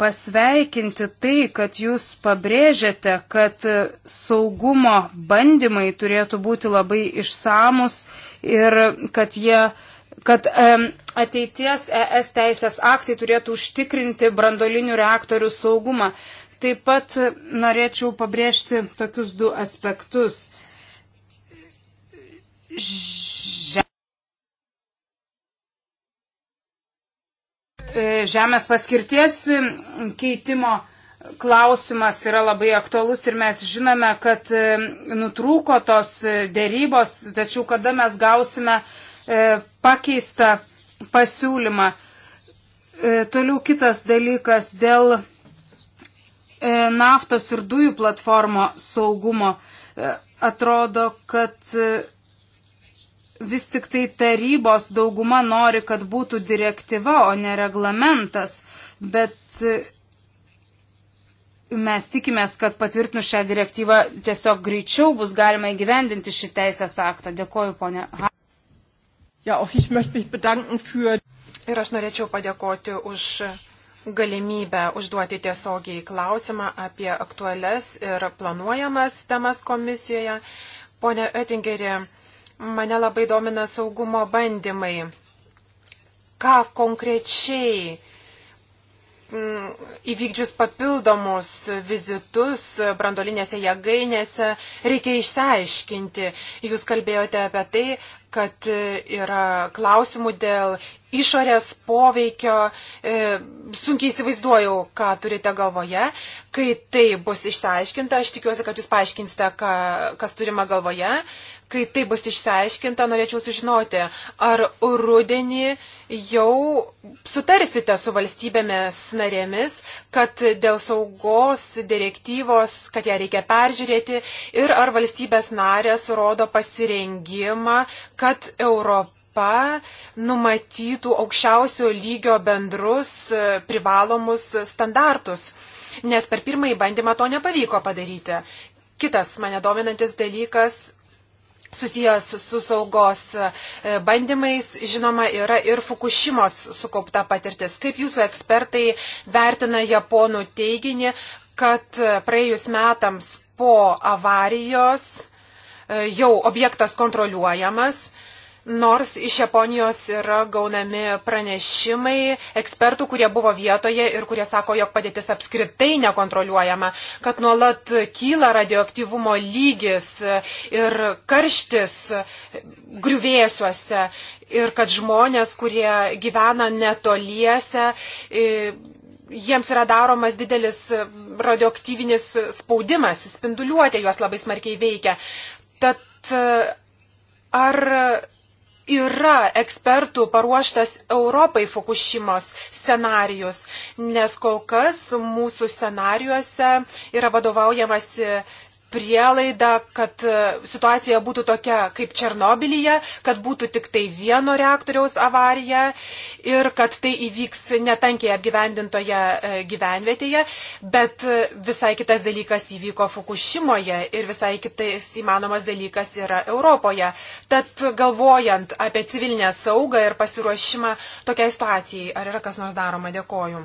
pasveikinti tai, kad jūs pabrėžėte, kad saugumo bandymai turėtų būti labai išsamus ir kad jie uh, kad ateities ES teisės aktai turėtų užtikrinti brandolinių reaktorių saugumą. Taip pat norėčiau pabrėžti tokius du aspektus. E, žemės paskirties keitimo klausimas yra labai aktualus ir mes žinome, kad nutrūko tos dėrybos, tačiau kada mes gausime uh, E, pakeistą pasiūlymą. E, toliau kitas dalykas dėl e, naftos ir dujų platformo saugumo. Atrodo, kad vis tik tai tarybos dauguma nori, kad būtų direktyva, o ne reglamentas. Bet mes tikimės, kad patvirtinus šią direktyvą tiesiog greičiau bus galima įgyvendinti šį teisės aktą. Dėkoju, ponė. Ja, auch ich möchte mich bedanken für. Ir aš norėčiau padėkoti už galimybę užduoti tiesiogiai klausimą apie aktualias ir planuojamas temas komisijoje. Pone Oettingeri, mane labai domina saugumo bandymai. Ką konkrečiai mm, įvykdžius papildomus vizitus brandolinėse jėgainėse reikia išsiaiškinti. Jūs kalbėjote apie tai, kad e, yra klausimų dėl išorės poveikio. E, sunkiai įsivaizduoju, ką turite galvoje. Kai tai bus išsiaiškinta, aš tikiuosi, kad jūs paaiškinsite, ką, kas turima galvoje. Kai tai bus išsiaiškinta, norėčiau sužinoti, ar rudenį jau sutarsite su valstybėmis narėmis, kad dėl saugos direktyvos, kad ją reikia peržiūrėti ir ar valstybės narės rodo pasirengimą, kad Europa numatytų aukščiausio lygio bendrus e, privalomus standartus. Nes per pirmąjį bandymą to nepavyko padaryti. Kitas mane dominantis dalykas susijęs su saugos e, bandymais, žinoma, yra ir Fukushimos sukaupta patirtis. Kaip jūsų ekspertai vertina japonų teiginį, kad e, praėjus metams po avarijos e, jau objektas kontroliuojamas, Nors iš Japonijos yra gaunami pranešimai ekspertų, kurie buvo vietoje ir kurie sako, jog padėtis apskritai nekontroliuojama, kad nuolat kyla radioaktyvumo lygis ir karštis griuvėsiuose ir kad žmonės, kurie gyvena netoliese, jiems yra daromas didelis radioaktyvinis spaudimas, spinduliuotė juos labai smarkiai veikia. Tad ar yra ekspertų paruoštas Europai Fukushimos scenarius, nes kol kas mūsų scenarijuose yra vadovaujamasi prielaidą, kad e, situacija būtų tokia kaip Černobilyje, kad būtų tik tai vieno reaktoriaus avarija ir kad tai įvyks netankiai apgyvendintoje e, gyvenvietėje, bet e, visai kitas dalykas įvyko Fukushimoje ir visai kitas įmanomas dalykas yra Europoje. Tad galvojant apie civilinę saugą ir pasiruošimą tokiai situacijai, ar yra kas nors daroma? Dėkoju.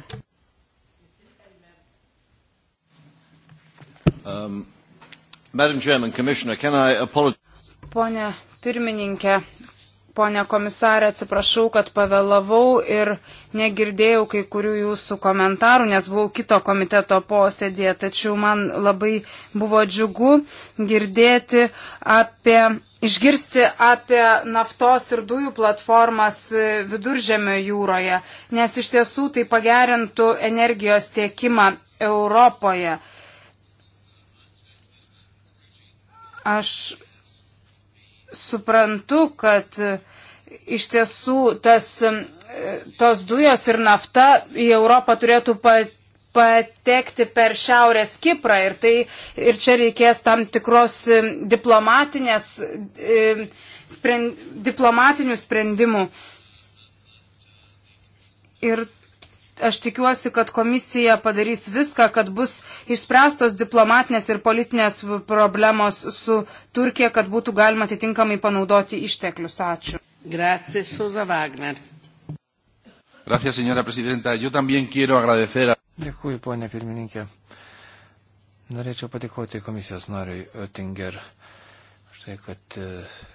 Um. Pone pirmininkė, ponė komisarė, atsiprašau, kad pavėlavau ir negirdėjau kai kurių jūsų komentarų, nes buvau kito komiteto posėdėje, tačiau man labai buvo džiugu girdėti apie, išgirsti apie naftos ir dujų platformas viduržėmio jūroje, nes iš tiesų tai pagerintų energijos tiekimą Europoje. Aš suprantu, kad iš tiesų tas, tos dujos ir nafta į Europą turėtų pat patekti per Šiaurės Kiprą ir, tai, ir čia reikės tam tikros e, diplomatinės, e, sprend, diplomatinių sprendimų. Ir aš tikiuosi, kad komisija padarys viską, kad bus išspręstos diplomatinės ir politinės problemos su Turkija, kad būtų galima atitinkamai panaudoti išteklius. Ačiū. Grazie, Suza Wagner. Gracias, señora presidenta. Yo también quiero agradecer a. Dėkui, ponė pirmininkė. Norėčiau padėkoti komisijos nariui Oettinger už tai, kad e,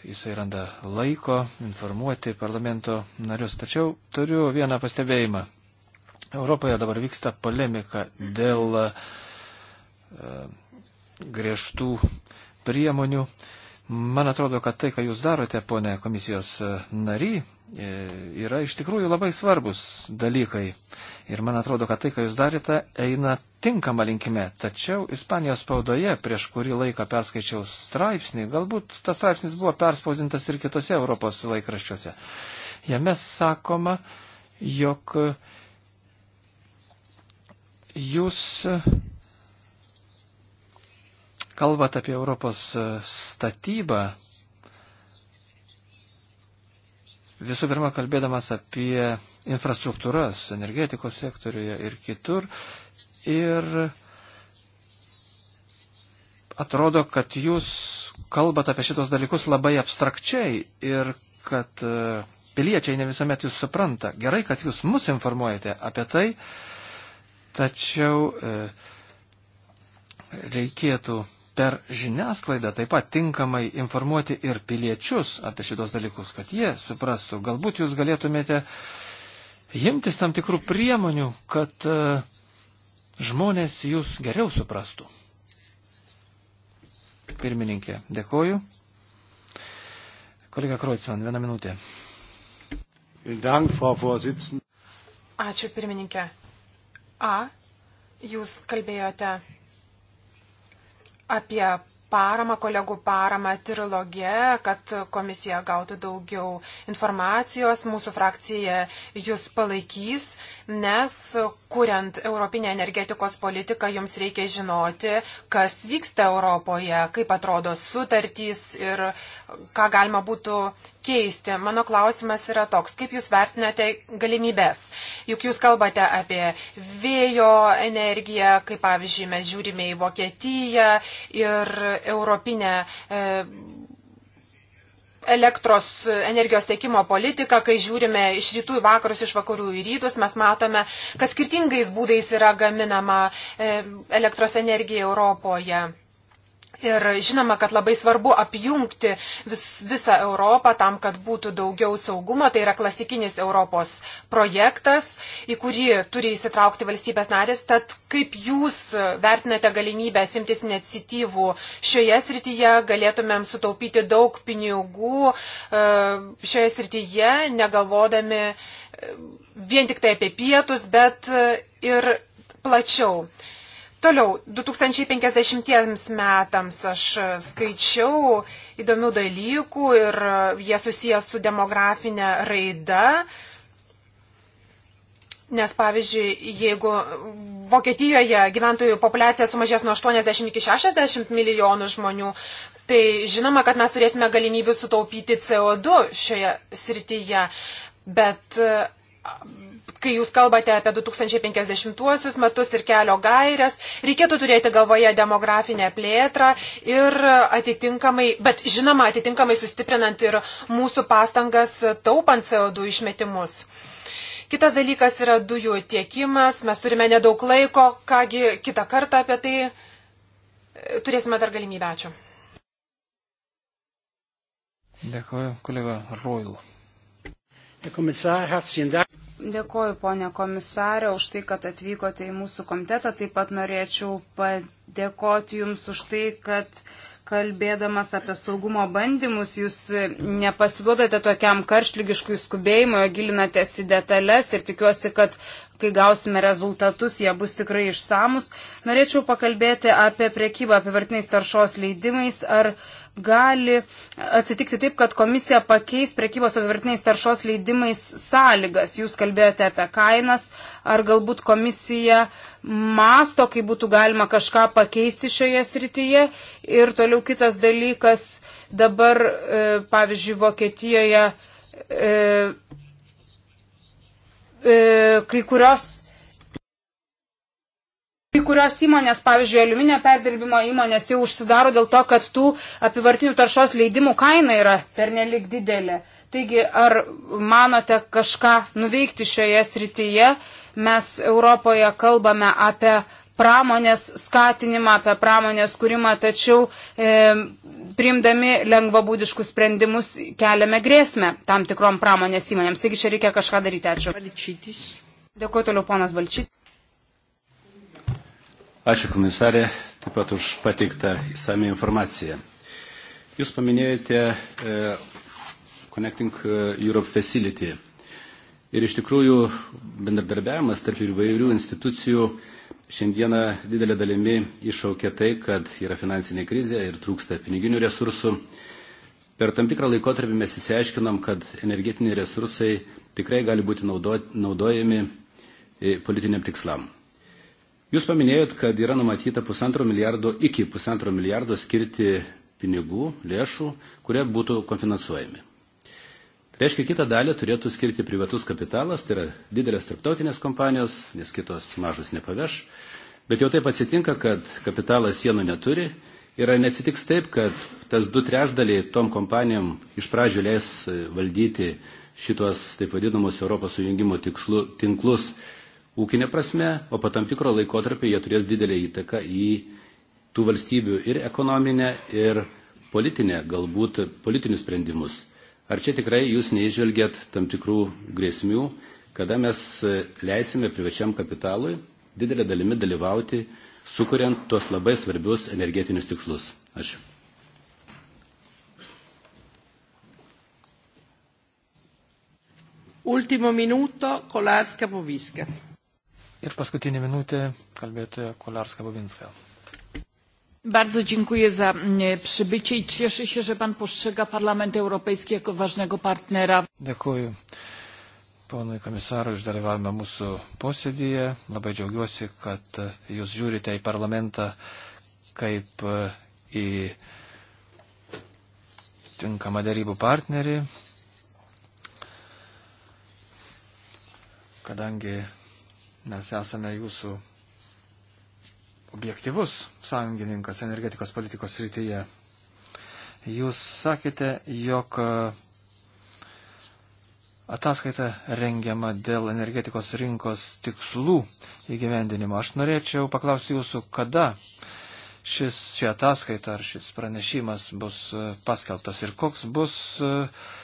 jisai randa laiko informuoti parlamento narius. Tačiau turiu vieną pastebėjimą. Europoje dabar vyksta polemika dėl e, griežtų priemonių. Man atrodo, kad tai, ką jūs darote, ponė komisijos e, nary, e, yra iš tikrųjų labai svarbus dalykai. Ir man atrodo, kad tai, ką jūs darėte, eina tinkama linkime. Tačiau Ispanijos spaudoje prieš kurį laiką perskaičiau straipsnį, galbūt tas straipsnis buvo perspausdintas ir kitose Europos laikraščiuose. Jame sakoma, jog Jūs kalbat apie Europos statybą, visų pirma, kalbėdamas apie infrastruktūras energetikos sektoriuje ir kitur. Ir atrodo, kad jūs kalbat apie šitos dalykus labai abstrakčiai ir kad piliečiai ne visuomet jūs supranta. Gerai, kad jūs mus informuojate apie tai, uh, Tačiau e, reikėtų per žiniasklaidą taip pat tinkamai informuoti ir piliečius apie šitos dalykus, kad jie suprastų. Galbūt jūs galėtumėte imtis tam tikrų priemonių, kad e, žmonės jūs geriau suprastų. Pirmininkė, dėkoju. Kolega Kroicman, vieną minutę. Dank, Frau Vorsitzende. Ačiū pirmininkė. A, jūs kalbėjote apie paramą, kolegų paramą trilogė, kad komisija gautų daugiau informacijos. Mūsų frakcija jūs palaikys, nes kuriant Europinę energetikos politiką jums reikia žinoti, kas vyksta Europoje, kaip atrodo sutartys ir ką galima būtų keisti. Mano klausimas yra toks, kaip jūs vertinate galimybės? Juk jūs kalbate apie vėjo energiją, kaip pavyzdžiui mes žiūrime į Vokietiją ir europinę e, elektros energijos tiekimo politiką, kai žiūrime iš rytų į vakarus, iš vakarų į rytus, mes matome, kad skirtingais būdais yra gaminama e, elektros energija Europoje. Ir žinoma, kad labai svarbu apjungti vis, visą Europą tam, kad būtų daugiau saugumo. Tai yra klasikinis Europos projektas, į kurį turi įsitraukti valstybės narės. Tad kaip jūs vertinate galimybę simtis iniciatyvų šioje srityje, galėtumėm sutaupyti daug pinigų e, šioje srityje, negalvodami e, vien tik tai apie pietus, bet e, ir plačiau. Toliau, 2050 metams aš skaičiau įdomių dalykų ir jie susijęs su demografinė raida. Nes pavyzdžiui, jeigu Vokietijoje gyventojų populiacija sumažės nuo 80 iki 60 milijonų žmonių, tai žinoma, kad mes turėsime galimybių sutaupyti CO2 šioje srityje. Bet kai jūs kalbate apie 2050 metus ir kelio gairias, reikėtų turėti galvoje demografinę plėtrą ir atitinkamai, bet žinoma, atitinkamai sustiprinant ir mūsų pastangas taupant CO2 išmetimus. Kitas dalykas yra dujų tiekimas, mes turime nedaug laiko, kągi kitą kartą apie tai turėsime dar galimybę. Ačiū. Dėkuoju, kolega Roilu. Herr Kommissar, herzlichen Dank. Dėkoju, ponė komisarė, už tai, kad atvykote į mūsų komitetą. Taip pat norėčiau padėkoti Jums už tai, kad kalbėdamas apie saugumo bandymus, Jūs nepasiduodate tokiam karštlygiškui skubėjimui, gilinatės į detalės ir tikiuosi, kad kai gausime rezultatus, jie bus tikrai išsamus. Norėčiau pakalbėti apie priekybą apivartiniais taršos leidimais. Ar gali atsitikti taip, kad komisija pakeis priekybos apivartiniais taršos leidimais sąlygas? Jūs kalbėjote apie kainas. Ar galbūt komisija masto, kai būtų galima kažką pakeisti šioje srityje? Ir toliau kitas dalykas. Dabar, e, pavyzdžiui, Vokietijoje e, E, kai kurios. Kai kurios įmonės, pavyzdžiui, aliuminio perdirbimo įmonės jau užsidaro dėl to, kad tų apivartinių taršos leidimų kaina yra pernelik didelė. Taigi, ar manote kažką nuveikti šioje srityje? Mes Europoje kalbame apie pramonės skatinimą, apie pramonės kūrimą, tačiau e, priimdami lengvabūdiškus sprendimus keliame grėsmę tam tikrom pramonės įmonėms. Taigi čia reikia kažką daryti. Ačiū. Balčytis. Dėkuoju toliau, ponas Balčytis. Ačiū komisarė, taip pat už pateiktą įsame informaciją. Jūs paminėjote e, Connecting e, Europe Facility. Ir iš tikrųjų bendradarbiavimas tarp įvairių institucijų šiandieną didelė dalimi iššaukia tai, kad yra finansinė krizė ir trūksta piniginių resursų. Per tam tikrą laikotarpį mes įsiaiškinam, kad energetiniai resursai tikrai gali būti naudojami e, politiniam tikslam. Jūs paminėjot, kad yra numatyta pusantro milijardo iki pusantro milijardo skirti pinigų, lėšų, kurie būtų konfinansuojami. Tai reiškia, kitą dalį turėtų skirti privatus kapitalas, tai yra didelės tarptautinės kompanijos, nes kitos mažos nepaveš. Bet jau taip atsitinka, kad kapitalas sienų neturi ir neatsitiks taip, kad tas du trešdaliai tom kompanijom iš pradžių leis e, valdyti šitos taip vadinamus Europos sujungimo tikslu, tinklus ūkinė prasme, o po tam tikro laikotarpio jie turės didelį įtaką į tų valstybių ir ekonominę, ir politinę, galbūt politinius sprendimus. Ar čia tikrai jūs neižvelgiat tam tikrų grėsmių, kada mes e, leisime privačiam kapitalui didelę dalimi dalyvauti, sukuriant tuos labai svarbius energetinius tikslus? Ačiū. Ultimo minuto Kolarska Bovinska. Ir paskutinį minutę kalbėtoja Kolarska Bovinska. Bardzo dziękuję za mm, e, przybycie i cieszę się, że Pan postrzega Parlament Europejski jako ważnego partnera. Dėkuoju ponui komisarui už dalyvavimą mūsų posėdėje. Labai džiaugiuosi, kad e, jūs žiūrite į parlamentą kaip e, į tinkamą darybų partnerį, kadangi mes esame jūsų objektivus sąjungininkas energetikos politikos srityje. Jūs sakėte, jog e, ataskaita rengiama dėl energetikos rinkos tikslų įgyvendinimo. Aš norėčiau paklausti jūsų, kada šis, ši ataskaita ar šis pranešimas bus e, paskelbtas ir koks bus e,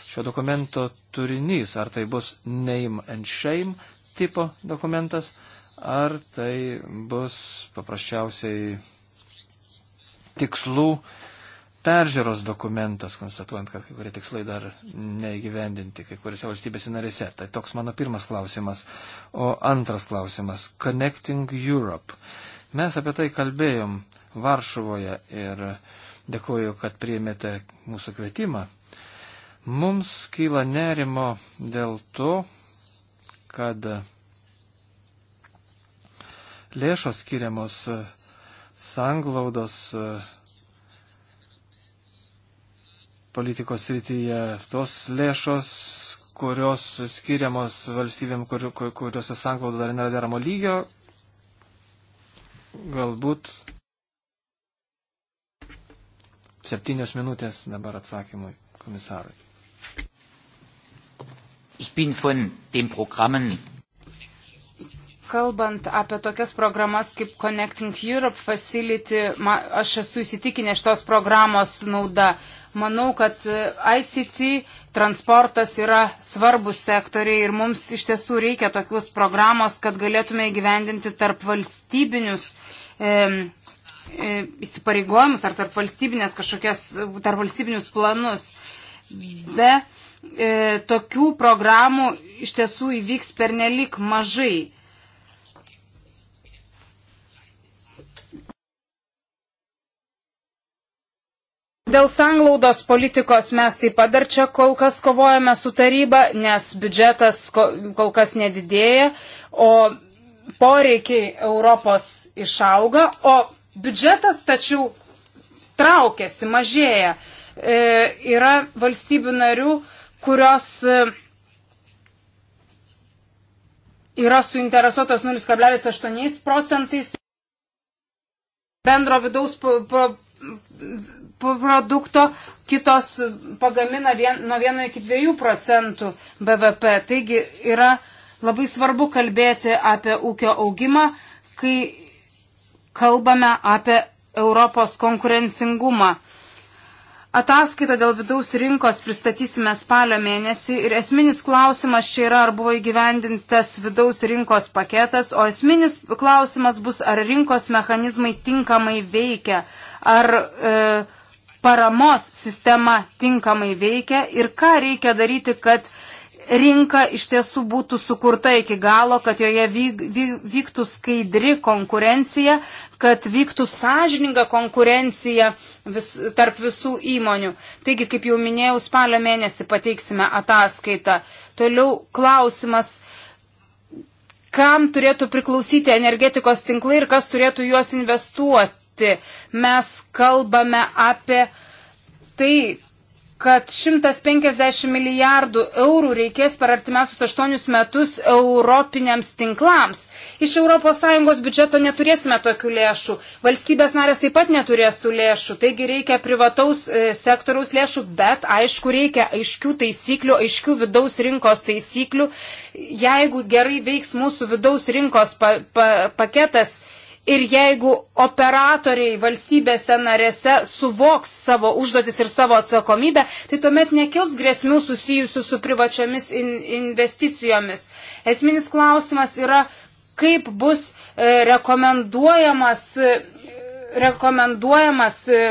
šio dokumento turinys. Ar tai bus name and shame tipo dokumentas, ar tai bus paprasčiausiai tikslų peržiūros dokumentas, konstatuojant, kad kai kurie tikslai dar neįgyvendinti kai kuriuose valstybėse narėse. Tai toks mano pirmas klausimas. O antras klausimas - Connecting Europe. Mes apie tai kalbėjom Varšuvoje ir dėkuoju, kad priėmėte mūsų kvietimą. Mums kyla nerimo dėl to, kad lėšos skiriamos e, sanglaudos e, politikos srityje, tos lėšos, kurios skiriamos valstybėm, kur, kur, kuriuose sanglaudo dar nėra deramo lygio, galbūt septynios minutės dabar atsakymui komisarui. Ich bin von den Programmen Kalbant apie tokias programas kaip Connecting Europe Facility, ma, aš esu įsitikinę šitos programos nauda. Manau, kad e, ICT transportas yra svarbus sektoriai ir mums iš tiesų reikia tokius programos, kad galėtume įgyvendinti tarp valstybinius e, e, įsipareigojimus ar tarp valstybinės kažkokias, tarp valstybinius planus. Be e, tokių programų iš tiesų įvyks pernelik mažai. Dėl sanglaudos politikos mes taip pat dar čia kol kas kovojame su taryba, nes biudžetas kol kas nedidėja, o poreikiai Europos išauga, o biudžetas tačiau traukiasi, mažėja. E, yra valstybių narių, kurios e, yra suinteresuotos 0,8 procentais bendro vidaus. Po, po, produkto, kitos pagamina vien, nuo 1 iki 2 procentų BVP. Taigi yra labai svarbu kalbėti apie ūkio augimą, kai kalbame apie Europos konkurencingumą. Ataskaitą dėl vidaus rinkos pristatysime spalio mėnesį ir esminis klausimas čia yra, ar buvo įgyvendintas vidaus rinkos paketas, o esminis klausimas bus, ar rinkos mechanizmai tinkamai veikia, ar e, paramos sistema tinkamai veikia ir ką reikia daryti, kad rinka iš tiesų būtų sukurta iki galo, kad joje vyk, vyk, vyktų skaidri konkurencija, kad vyktų sąžininga konkurencija vis, tarp visų įmonių. Taigi, kaip jau minėjau, spalio mėnesį pateiksime ataskaitą. Toliau klausimas kam turėtų priklausyti energetikos tinklai ir kas turėtų juos investuoti pati. Mes kalbame apie tai, kad 150 milijardų eurų reikės per artimiausius 8 metus europiniams tinklams. Iš ES biudžeto neturėsime tokių lėšų. Valstybės narės taip pat neturės tų lėšų. Taigi reikia privataus e, sektoriaus lėšų, bet aišku reikia aiškių taisyklių, aiškių vidaus rinkos taisyklių. Jeigu gerai veiks mūsų vidaus rinkos pa pa paketas, Ir jeigu operatoriai valstybėse narėse suvoks savo užduotis ir savo atsakomybę, tai tuomet nekils grėsmių susijusių su privačiomis in investicijomis. Esminis klausimas yra, kaip bus e, rekomenduojamas, e, rekomenduojamas e,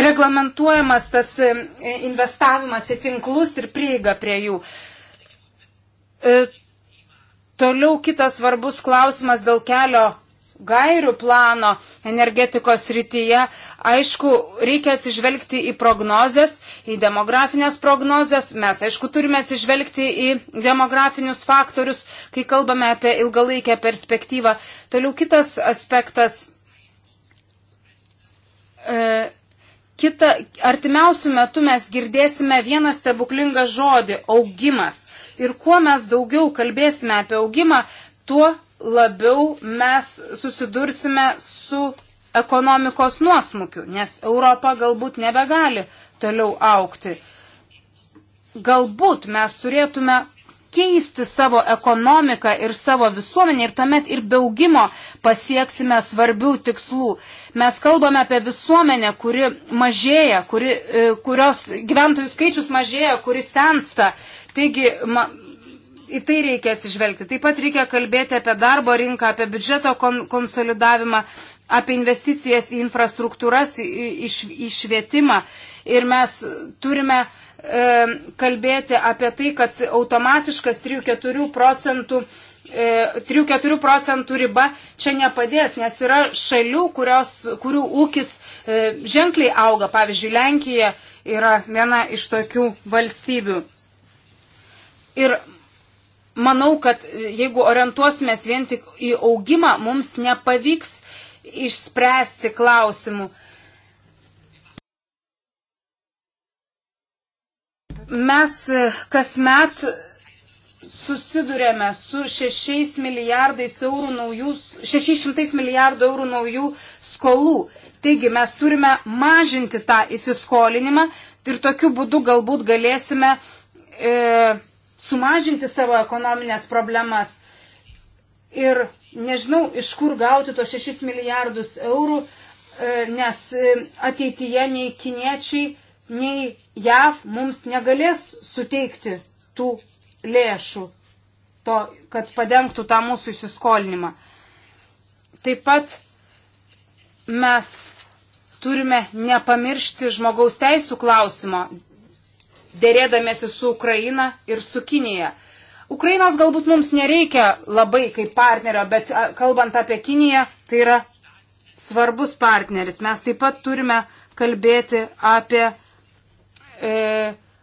reglamentuojamas tas e, investavimas į tinklus ir prieiga prie jų. E, toliau kitas svarbus klausimas dėl kelio gairių plano energetikos rytyje, aišku, reikia atsižvelgti į prognozes, į demografinės prognozes. Mes, aišku, turime atsižvelgti į demografinius faktorius, kai kalbame apie ilgalaikę perspektyvą. Toliau kitas aspektas. E, Kita, artimiausių metų mes girdėsime vieną stebuklingą žodį - augimas. Ir kuo mes daugiau kalbėsime apie augimą, tuo labiau mes susidursime su ekonomikos nuosmukiu, nes Europa galbūt nebegali toliau aukti. Galbūt mes turėtume keisti savo ekonomiką ir savo visuomenę ir tuomet ir be augimo pasieksime svarbių tikslų. Mes kalbame apie visuomenę, kuri mažėja, kuri, e, kurios gyventojų skaičius mažėja, kuri sensta. Taigi ma, į tai reikia atsižvelgti. Taip pat reikia kalbėti apie darbo rinką, apie biudžeto kon konsolidavimą, apie investicijas į infrastruktūras, į, į švietimą. Ir mes turime e, kalbėti apie tai, kad automatiškas 3-4 procentų 3-4 e, procentų riba čia nepadės, nes yra šalių, kurios, kurių ūkis e, ženkliai auga. Pavyzdžiui, Lenkija yra viena iš tokių valstybių. Ir manau, kad jeigu orientuosimės vien tik į augimą, mums nepavyks išspręsti klausimų. Mes e, kasmet susidurėme su 6 milijardais eurų naujų, 600 milijardų eurų naujų skolų. Taigi mes turime mažinti tą įsiskolinimą ir tokiu būdu galbūt galėsime e, sumažinti savo ekonominės problemas. Ir nežinau, iš kur gauti tos 6 milijardus eurų, e, nes e, ateityje nei kiniečiai, nei JAV mums negalės suteikti tų lėšų, to, kad padengtų tą mūsų įsiskolinimą. Taip pat mes turime nepamiršti žmogaus teisų klausimo dėrėdamėsi su Ukraina ir su Kinija. Ukrainos galbūt mums nereikia labai kaip partnerio, bet kalbant apie Kiniją, tai yra svarbus partneris. Mes taip pat turime kalbėti apie e,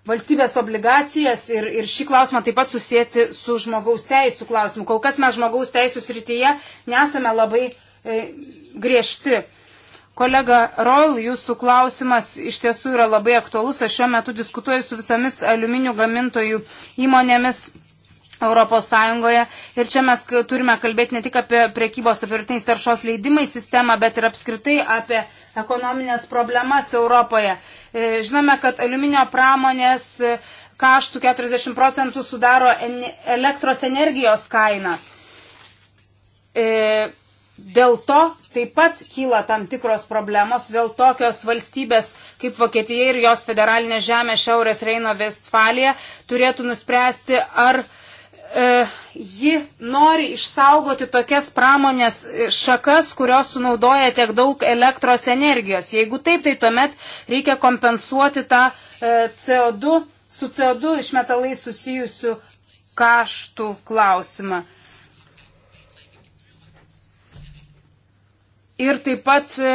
valstybės obligacijas ir, ir šį klausimą taip pat susijęti su žmogaus teisų klausimu. Kol kas mes žmogaus teisų srityje nesame labai e, griežti. Kolega Royal, jūsų klausimas iš tiesų yra labai aktualus. Aš šiuo metu diskutuoju su visomis aliuminių gamintojų įmonėmis. Europos Sąjungoje. Ir čia mes turime kalbėti ne tik apie priekybos apirtiniais taršos leidimai sistemą, bet ir apskritai apie ekonominės problemas Europoje. E, žinome, kad aliuminio pramonės e, kaštų 40 procentų sudaro elektros energijos kaina. E, Dėl to taip pat kyla tam tikros problemos, dėl tokios valstybės kaip Vokietija ir jos federalinė žemė Šiaurės Reino Vestfalija turėtų nuspręsti, ar e, ji nori išsaugoti tokias pramonės e, šakas, kurios sunaudoja tiek daug elektros energijos. Jeigu taip, tai tuomet reikia kompensuoti tą e, CO2, su CO2 išmetalai susijusių kaštų klausimą. ir taip pat e,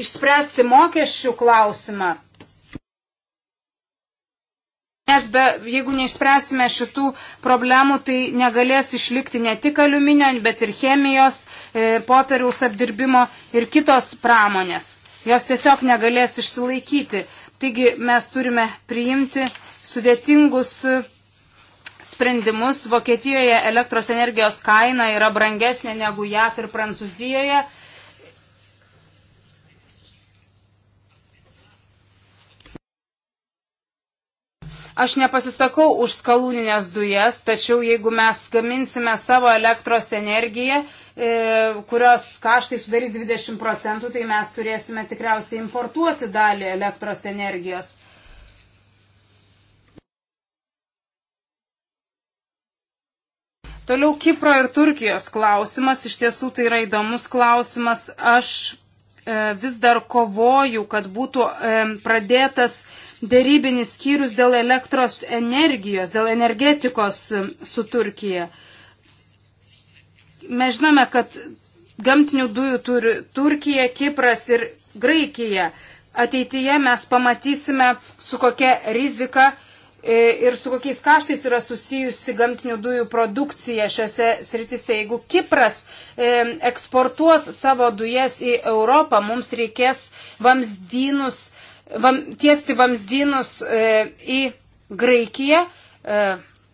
išspręsti mokesčių klausimą. Nes be, jeigu neišspręsime šitų problemų, tai negalės išlikti ne tik aliuminio, bet ir chemijos, e, popieriaus apdirbimo ir kitos pramonės. Jos tiesiog negalės išsilaikyti. Taigi mes turime priimti sudėtingus sprendimus. Vokietijoje elektros energijos kaina yra brangesnė negu JAF ir Prancūzijoje. Aš nepasisakau už skalūninės dujas, tačiau jeigu mes gaminsime savo elektros energiją, e, kurios kaštai sudarys 20 procentų, tai mes turėsime tikriausiai importuoti dalį elektros energijos. Toliau Kipro ir Turkijos klausimas. Iš tiesų tai yra įdomus klausimas. Aš e, vis dar kovoju, kad būtų e, pradėtas dėrybinis skyrius dėl elektros energijos, dėl energetikos e, su Turkija. Mes žinome, kad gamtinių dujų turi Turkija, Kipras ir Graikija. Ateityje mes pamatysime, su kokia rizika E, ir su kokiais kaštais yra susijusi gamtinių dujų produkcija šiuose sritise. Jeigu Kipras e, eksportuos savo dujas į Europą, mums reikės vamzdynus, vam, tiesti vamzdynus e, į Graikiją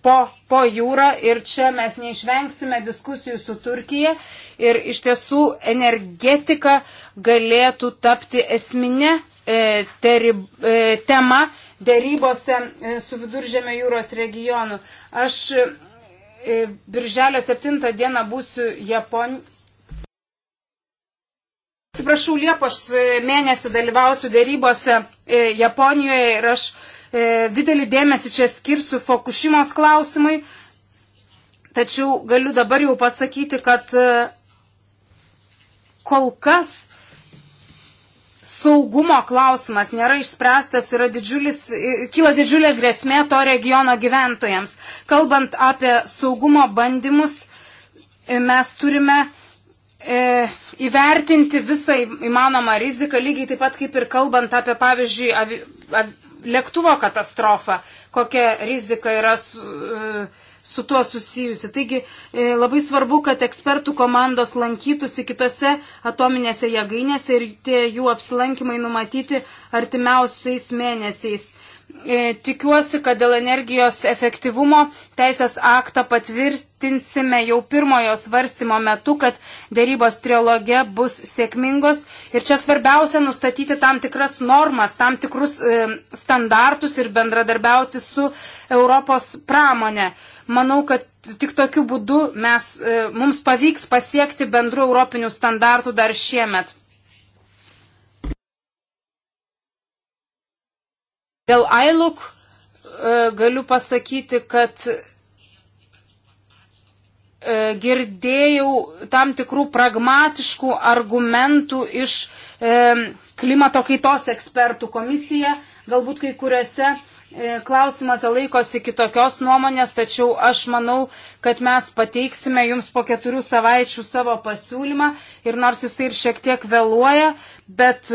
po, po jūrą ir čia mes neišvengsime diskusijų su Turkija ir iš tiesų energetika galėtų tapti esminė E, terib, e, tema dėrybose e, su viduržėmio jūros regionu. Aš birželio 7 dieną būsiu Japonijoje. Atsiprašau, Liepos mėnesį dalyvausiu dėrybose Japonijoje ir aš didelį dėmesį čia skirsiu Fukushimos klausimai. Tačiau galiu dabar jau pasakyti, kad kol kas saugumo klausimas nėra išspręstas, yra didžiulis, kyla didžiulė grėsmė to regiono gyventojams. Kalbant apie saugumo bandymus, mes turime e, įvertinti visą įmanomą riziką, lygiai taip pat kaip ir kalbant apie, pavyzdžiui, avi, avi, lėktuvo katastrofą, kokia rizika yra. Su, e, su tuo susijusi. Taigi e, labai svarbu, kad ekspertų komandos lankytųsi kitose atominėse jėgainėse ir tie jų apsilankimai numatyti artimiausiais mėnesiais. E, tikiuosi, kad dėl energijos efektyvumo teisės aktą patvirtinsime jau pirmojo svarstymo metu, kad dėrybos triologė bus sėkmingos. Ir čia svarbiausia nustatyti tam tikras normas, tam tikrus e, standartus ir bendradarbiauti su Europos pramonė. Manau, kad tik tokiu būdu mes, e, mums pavyks pasiekti bendrų europinių standartų dar šiemet. Dėl ILUK e, galiu pasakyti, kad e, girdėjau tam tikrų pragmatiškų argumentų iš e, klimato kaitos ekspertų komisija, galbūt kai kuriuose klausimuose laikosi kitokios nuomonės, tačiau aš manau, kad mes pateiksime jums po keturių savaičių savo pasiūlymą ir nors jisai ir šiek tiek vėluoja, bet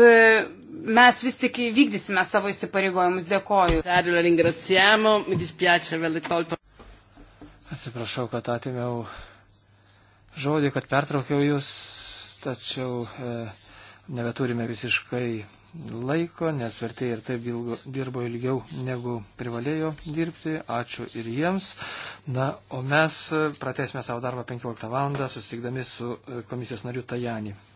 mes vis tik vykdysime savo įsipareigojimus. Dėkoju. Atsiprašau, kad atimiau žodį, kad pertraukiau jūs, tačiau e, nebeturime visiškai laiko, nes vertėjai ir taip ilgo, dirbo ilgiau negu privalėjo dirbti. Ačiū ir jiems. Na, o mes e, pratesime savo darbą 15 val. susitikdami su e, komisijos nariu Tajani.